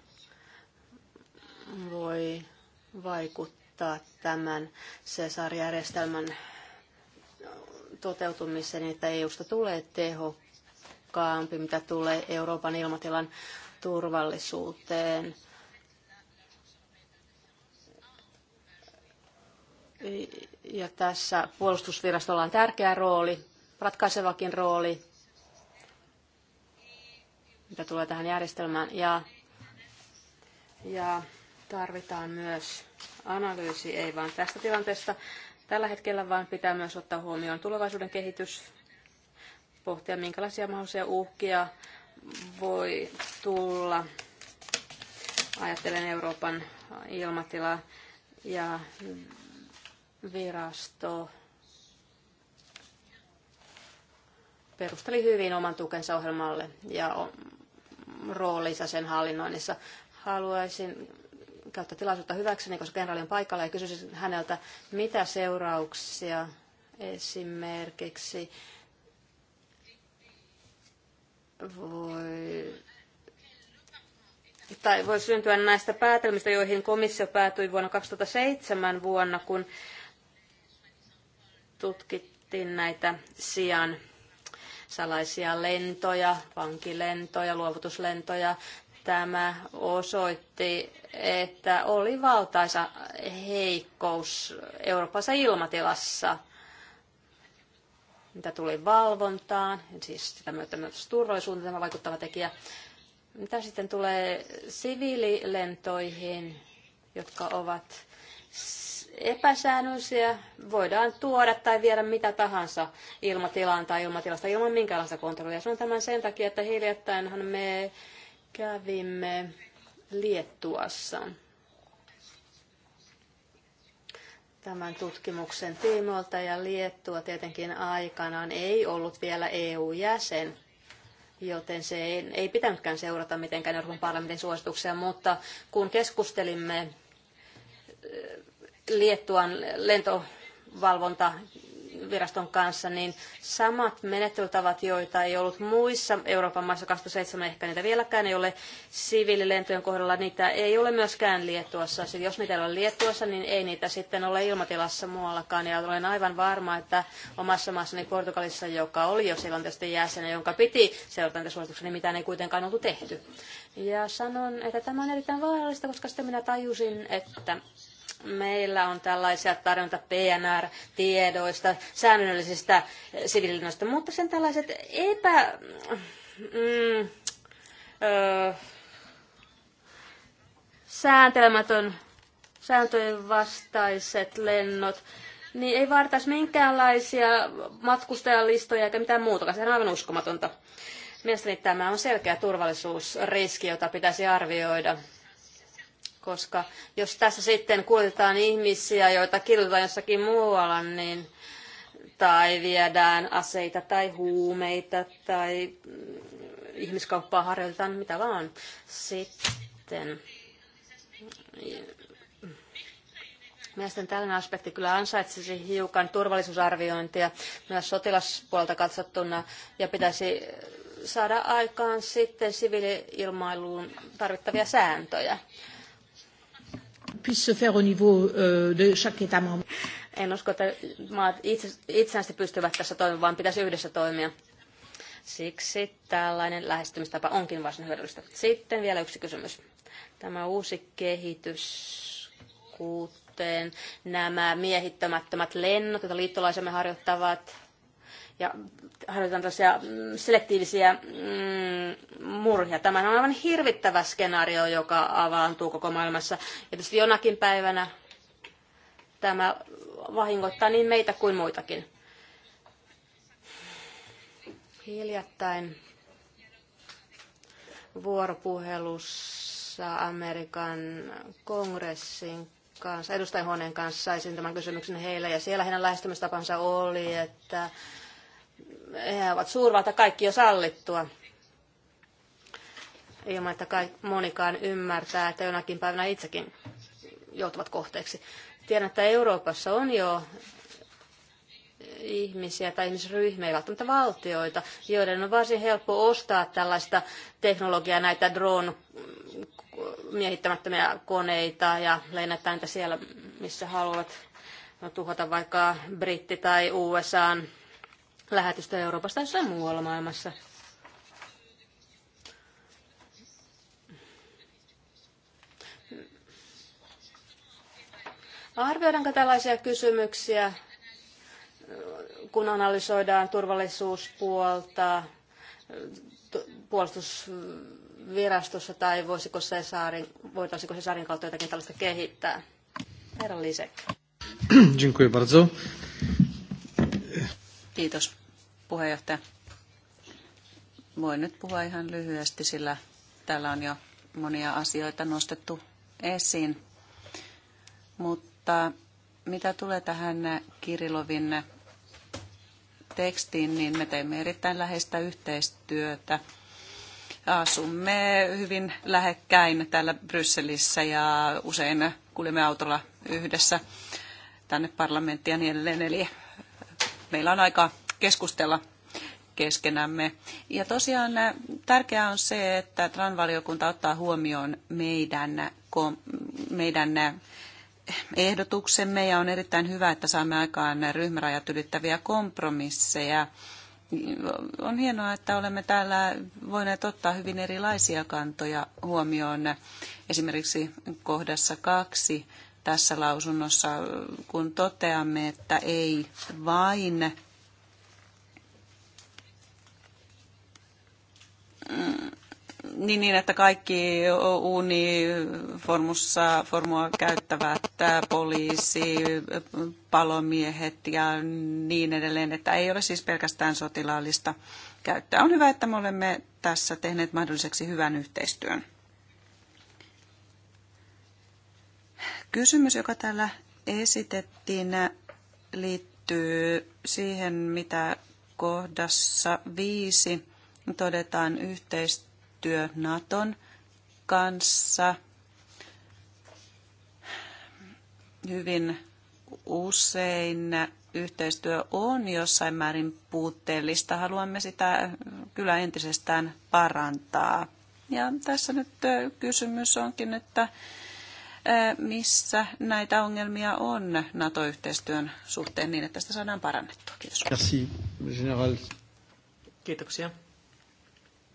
voi vaikuttaa tämän CESAR-järjestelmän toteutumiseen, että EUsta tulee tehokkaampi, mitä tulee Euroopan ilmatilan turvallisuuteen ja tässä puolustusvirastolla on tärkeä rooli, ratkaisevakin rooli, mitä tulee tähän järjestelmään. Ja, ja tarvitaan myös analyysi, ei vain tästä tilanteesta tällä hetkellä, vaan pitää myös ottaa huomioon tulevaisuuden kehitys, pohtia minkälaisia mahdollisia uhkia voi tulla. Ajattelen Euroopan ilmatilaa ja virasto perusteli hyvin oman tukensa ohjelmalle ja roolinsa sen hallinnoinnissa. Haluaisin käyttää tilaisuutta hyväkseni, koska kenraali on paikalla ja kysyisin häneltä, mitä seurauksia esimerkiksi voi tai voi syntyä näistä päätelmistä, joihin komissio päätyi vuonna 2007 vuonna, kun tutkittiin näitä sian salaisia lentoja, vankilentoja, luovutuslentoja. Tämä osoitti, että oli valtaisa heikkous Euroopassa ilmatilassa, mitä tuli valvontaan, siis sitä myötä myös turvallisuuteen tämä vaikuttava tekijä. Mitä sitten tulee siviililentoihin, jotka ovat epäsäännöllisiä, voidaan tuoda tai viedä mitä tahansa ilmatilaan tai ilmatilasta ilman minkäänlaista kontrollia. Se on tämän sen takia, että hiljattainhan me kävimme Liettuassa tämän tutkimuksen tiimoilta ja Liettua tietenkin aikanaan ei ollut vielä EU-jäsen, joten se ei, ei pitänytkään seurata mitenkään Euroopan parlamentin suosituksia, mutta kun keskustelimme Liettuan lentovalvontaviraston kanssa, niin samat menettelytavat, joita ei ollut muissa Euroopan maissa 27, ehkä niitä vieläkään ei ole siviililentojen kohdalla, niitä ei ole myöskään Liettuassa. Sitten siis jos niitä ei ole Liettuassa, niin ei niitä sitten ole ilmatilassa muuallakaan. Ja olen aivan varma, että omassa maassani Portugalissa, joka oli jo silloin tietysti jäsenä, jonka piti seurata näitä suosituksia, niin mitään ei kuitenkaan ollut tehty. Ja sanon, että tämä on erittäin vaarallista, koska sitten minä tajusin, että meillä on tällaisia tarjonta PNR-tiedoista, säännöllisistä sivilinnoista, mutta sen tällaiset epä... Mm, ö, sääntelemätön, sääntöjen vastaiset lennot, niin ei vaadittaisi minkäänlaisia matkustajalistoja eikä mitään muuta. Se on aivan uskomatonta. Mielestäni tämä on selkeä turvallisuusriski, jota pitäisi arvioida koska jos tässä sitten kuljetaan ihmisiä, joita kirjoitetaan jossakin muualla, niin tai viedään aseita tai huumeita tai mm, ihmiskauppaa harjoitetaan, mitä vaan. Sitten Mielestäni tällainen aspekti kyllä ansaitsisi hiukan turvallisuusarviointia myös sotilaspuolta katsottuna ja pitäisi saada aikaan sitten siviiliilmailuun tarvittavia sääntöjä puisse se faire au niveau euh, de chaque État membre. En usko, että maat itse, itsenäisesti pystyvät tässä toimimaan, vaan pitäisi yhdessä toimia. Siksi tällainen lähestymistapa onkin varsin hyödyllistä. Sitten vielä yksi kysymys. Tämä uusi kehitys, kuten nämä miehittämättömät lennot, joita liittolaisemme harjoittavat, ja harjoitetaan tällaisia mm, selektiivisiä mm, murhia. Tämä on aivan hirvittävä skenaario, joka avaantuu koko maailmassa. Ja tietysti jonakin päivänä tämä vahingoittaa niin meitä kuin muitakin. Hiljattain vuoropuhelussa Amerikan kongressin kanssa, edustajahuoneen kanssa saisin tämän kysymyksen heille, ja siellä heidän lähestymistapansa oli, että he ovat suurvalta, kaikki on sallittua. Ilman, että kai monikaan ymmärtää, että jonakin päivänä itsekin joutuvat kohteeksi. Tiedän, että Euroopassa on jo ihmisiä tai ihmisryhmiä, ei välttämättä valtioita, joiden on varsin helppo ostaa tällaista teknologiaa, näitä drone miehittämättömiä koneita ja lennättää niitä siellä, missä haluavat no, tuhota vaikka britti- tai USA Lähetystä Euroopasta jossain muualla maailmassa. Arvioidaanko tällaisia kysymyksiä, kun analysoidaan turvallisuuspuolta puolustusvirastossa tai voisiko se saarin, voitaisiko se saarin kautta jotakin tällaista kehittää? Herra Lisek. Dziękuję bardzo. Kiitos puheenjohtaja. Voin nyt puhua ihan lyhyesti, sillä täällä on jo monia asioita nostettu esiin. Mutta mitä tulee tähän Kirilovin tekstiin, niin me teimme erittäin läheistä yhteistyötä. Asumme hyvin lähekkäin täällä Brysselissä ja usein kuljemme autolla yhdessä tänne parlamenttiin ja niin edelleen. Eli meillä on aika keskustella keskenämme. Ja tosiaan äh, tärkeää on se, että TRAN-valiokunta ottaa huomioon meidän, meidän äh, ehdotuksemme ja on erittäin hyvä, että saamme aikaan ryhmärajat ylittäviä kompromisseja. On hienoa, että olemme täällä voineet ottaa hyvin erilaisia kantoja huomioon. Esimerkiksi kohdassa kaksi tässä lausunnossa, kun toteamme, että ei vain niin, niin, että kaikki uniformussa formua käyttävät poliisi, palomiehet ja niin edelleen, että ei ole siis pelkästään sotilaallista käyttöä. On hyvä, että me olemme tässä tehneet mahdolliseksi hyvän yhteistyön. Kysymys, joka täällä esitettiin, liittyy siihen, mitä kohdassa viisi todetaan yhteistyö työ Naton kanssa. Hyvin usein yhteistyö on jossain määrin puutteellista. Haluamme sitä kyllä entisestään parantaa. Ja tässä nyt kysymys onkin, että missä näitä ongelmia on NATO-yhteistyön suhteen niin, että sitä saadaan parannettua. Kiitos. Kiitoksia.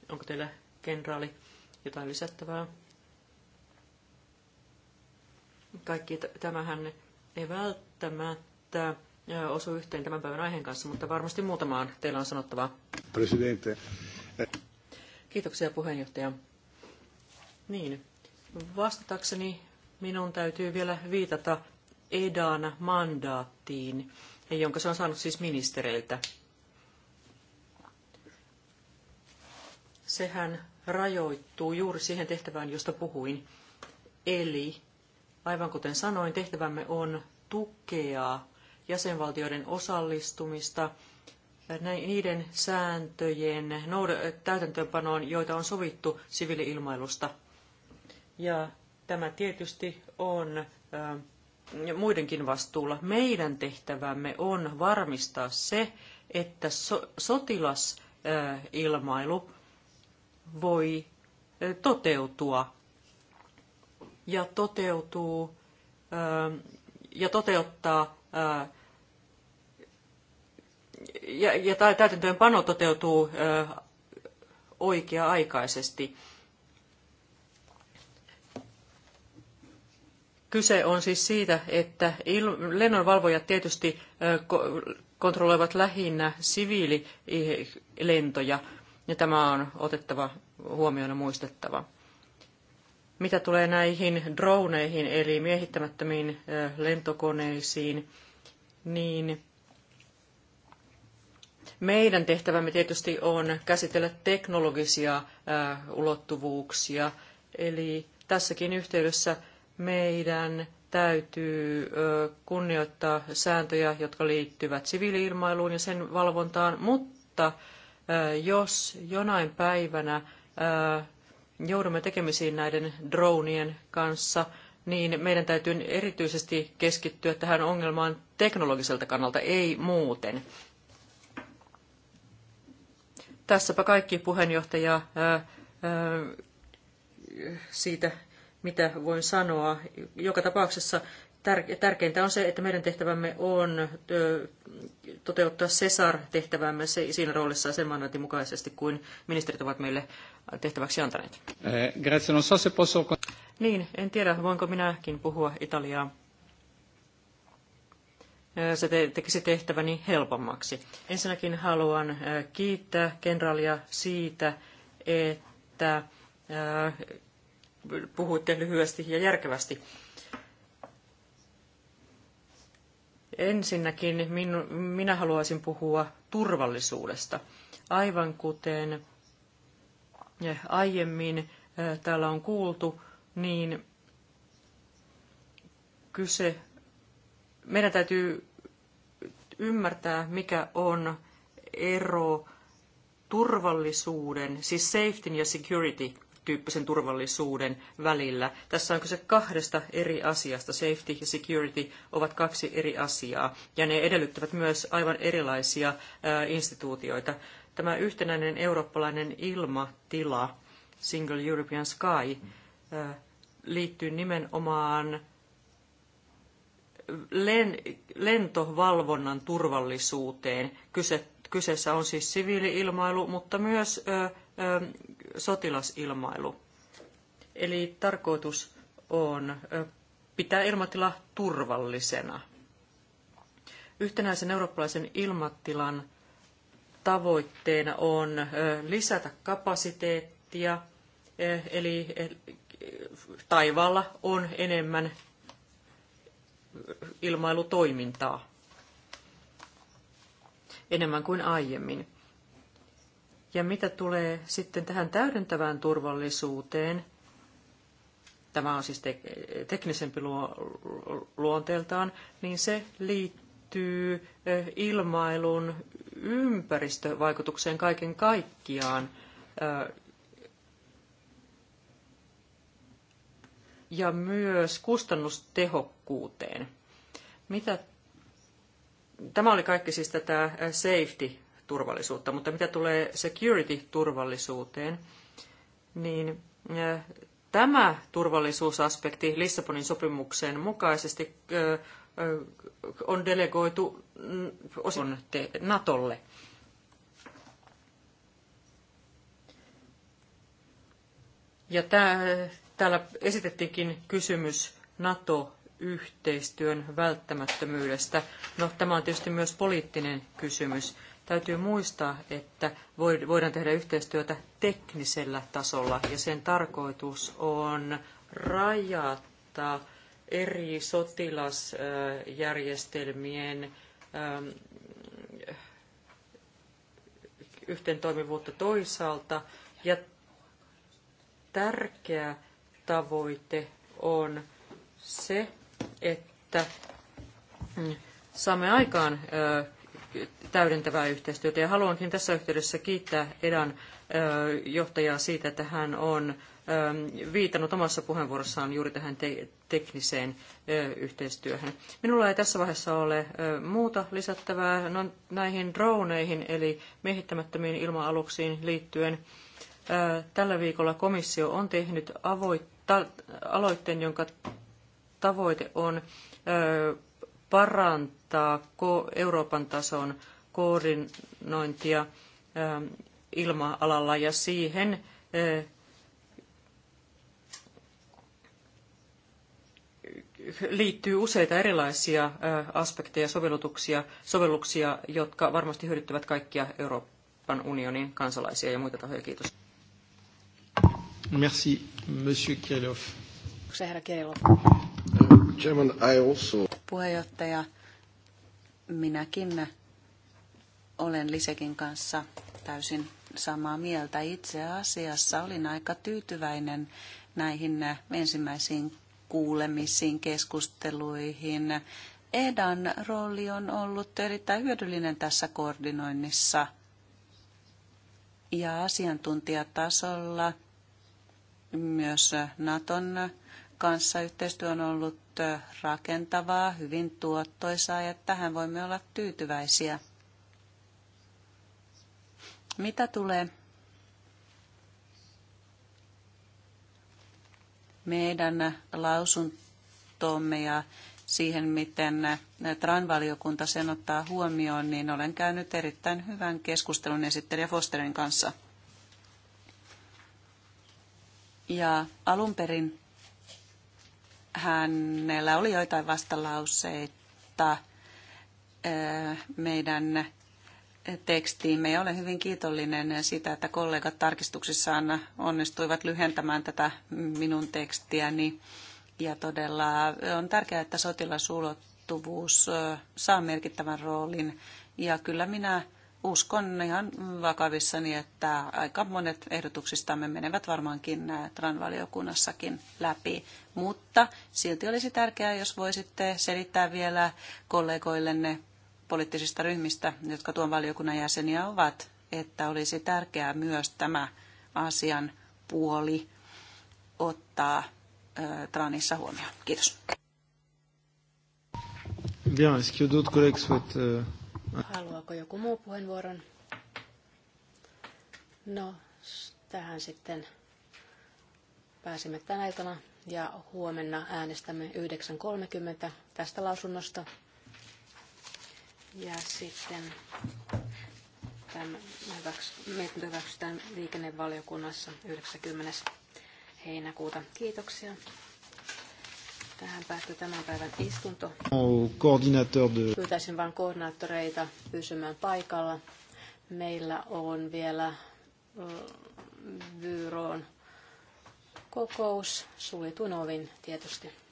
Onko teillä kenraali. Jotain lisättävää? Kaikki tämähän ei välttämättä osu yhteen tämän päivän aiheen kanssa, mutta varmasti muutamaan teillä on sanottavaa. Presidente. Kiitoksia puheenjohtaja. Niin, vastatakseni minun täytyy vielä viitata EDAN mandaattiin, jonka se on saanut siis ministereiltä. Sehän rajoittuu juuri siihen tehtävään, josta puhuin. Eli aivan kuten sanoin, tehtävämme on tukea jäsenvaltioiden osallistumista niiden sääntöjen täytäntöönpanoon, joita on sovittu siviiliilmailusta. Ja tämä tietysti on muidenkin vastuulla. Meidän tehtävämme on varmistaa se, että so- sotilasilmailu voi toteutua ja toteutuu ja toteuttaa ja, ja pano toteutuu oikea-aikaisesti. Kyse on siis siitä, että lennonvalvojat tietysti kontrolloivat lähinnä siviililentoja, ja tämä on otettava huomioon ja muistettava. Mitä tulee näihin droneihin, eli miehittämättömiin lentokoneisiin, niin meidän tehtävämme tietysti on käsitellä teknologisia ulottuvuuksia, eli tässäkin yhteydessä meidän täytyy kunnioittaa sääntöjä, jotka liittyvät siviiliilmailuun ja sen valvontaan, mutta jos jonain päivänä joudumme tekemisiin näiden dronien kanssa, niin meidän täytyy erityisesti keskittyä tähän ongelmaan teknologiselta kannalta, ei muuten. Tässäpä kaikki puheenjohtaja siitä, mitä voin sanoa. Joka tapauksessa tärkeintä on se, että meidän tehtävämme on toteuttaa Cesar-tehtävämme siinä roolissa sen mandaatin mukaisesti, kuin ministerit ovat meille tehtäväksi antaneet. Eh, grazie, non so se posso... Niin, en tiedä, voinko minäkin puhua italiaa. Se tekisi tehtäväni helpommaksi. Ensinnäkin haluan kiittää kenraalia siitä, että puhuitte lyhyesti ja järkevästi Ensinnäkin minu, minä haluaisin puhua turvallisuudesta. Aivan kuten eh, aiemmin eh, täällä on kuultu, niin kyse, meidän täytyy ymmärtää, mikä on ero turvallisuuden, siis safety ja security tyyppisen turvallisuuden välillä. Tässä on kyse kahdesta eri asiasta. Safety ja security ovat kaksi eri asiaa, ja ne edellyttävät myös aivan erilaisia instituutioita. Tämä yhtenäinen eurooppalainen ilmatila, Single European Sky, liittyy nimenomaan lentovalvonnan turvallisuuteen. Kyse, kyseessä on siis siviili-ilmailu, mutta myös sotilasilmailu. Eli tarkoitus on pitää ilmatila turvallisena. Yhtenäisen eurooppalaisen ilmatilan tavoitteena on lisätä kapasiteettia, eli taivaalla on enemmän ilmailutoimintaa enemmän kuin aiemmin. Ja mitä tulee sitten tähän täydentävään turvallisuuteen, tämä on siis tek- teknisempi luonteeltaan, niin se liittyy ilmailun ympäristövaikutukseen kaiken kaikkiaan. Ja myös kustannustehokkuuteen. Mitä Tämä oli kaikki siis tätä safety turvallisuutta. Mutta mitä tulee security-turvallisuuteen, niin äh, tämä turvallisuusaspekti Lissabonin sopimuksen mukaisesti äh, äh, on delegoitu mm, osin Natolle. Ja tää, täällä esitettiinkin kysymys NATO-yhteistyön välttämättömyydestä. No, tämä on tietysti myös poliittinen kysymys. Täytyy muistaa, että voidaan tehdä yhteistyötä teknisellä tasolla ja sen tarkoitus on rajata eri sotilasjärjestelmien ähm, yhteentoimivuutta toisaalta ja tärkeä tavoite on se, että mm, saamme aikaan täydentävää yhteistyötä. Ja haluankin tässä yhteydessä kiittää EDAN johtajaa siitä, että hän on viitannut omassa puheenvuorossaan juuri tähän te- tekniseen yhteistyöhön. Minulla ei tässä vaiheessa ole muuta lisättävää no, näihin droneihin, eli miehittämättömiin ilma-aluksiin liittyen. Tällä viikolla komissio on tehnyt avoit- aloitteen, jonka tavoite on parantaa Euroopan tason koordinointia ähm, ilma-alalla ja siihen äh, liittyy useita erilaisia äh, aspekteja, sovellutuksia, sovelluksia, jotka varmasti hyödyttävät kaikkia Euroopan unionin kansalaisia ja muita tahoja. Kiitos. Merci, Monsieur Chairman, I also... Puheenjohtaja, minäkin olen Lisekin kanssa täysin samaa mieltä. Itse asiassa olin aika tyytyväinen näihin ensimmäisiin kuulemisiin, keskusteluihin. Edan rooli on ollut erittäin hyödyllinen tässä koordinoinnissa ja asiantuntijatasolla myös Naton kanssa yhteistyö on ollut rakentavaa, hyvin tuottoisaa ja tähän voimme olla tyytyväisiä. Mitä tulee meidän lausuntomme ja siihen, miten TRAN-valiokunta sen ottaa huomioon, niin olen käynyt erittäin hyvän keskustelun esittelijä Fosterin kanssa. Ja alun perin hänellä oli joitain vastalauseita meidän tekstiin. Ja olen hyvin kiitollinen siitä, että kollegat tarkistuksissaan onnistuivat lyhentämään tätä minun tekstiäni. Ja todella on tärkeää, että sotilasulottuvuus saa merkittävän roolin. Ja kyllä minä uskon ihan vakavissani, että aika monet ehdotuksistamme menevät varmaankin äh, TRAN-valiokunnassakin läpi. Mutta silti olisi tärkeää, jos voisitte selittää vielä kollegoillenne poliittisista ryhmistä, jotka tuon valiokunnan jäseniä ovat, että olisi tärkeää myös tämä asian puoli ottaa äh, TRANissa huomioon. Kiitos. Bien, est-ce que d'autres collègues souhaitent euh, Haluaako joku muu puheenvuoron? No, tähän sitten pääsimme tänä iltana ja huomenna äänestämme 9.30 tästä lausunnosta. Ja sitten tämän hyväksytään liikennevaliokunnassa 90. heinäkuuta. Kiitoksia. Tähän päättyy tämän päivän istunto. Pyytäisin vain koordinaattoreita pysymään paikalla. Meillä on vielä byroon kokous suljetun ovin tietysti.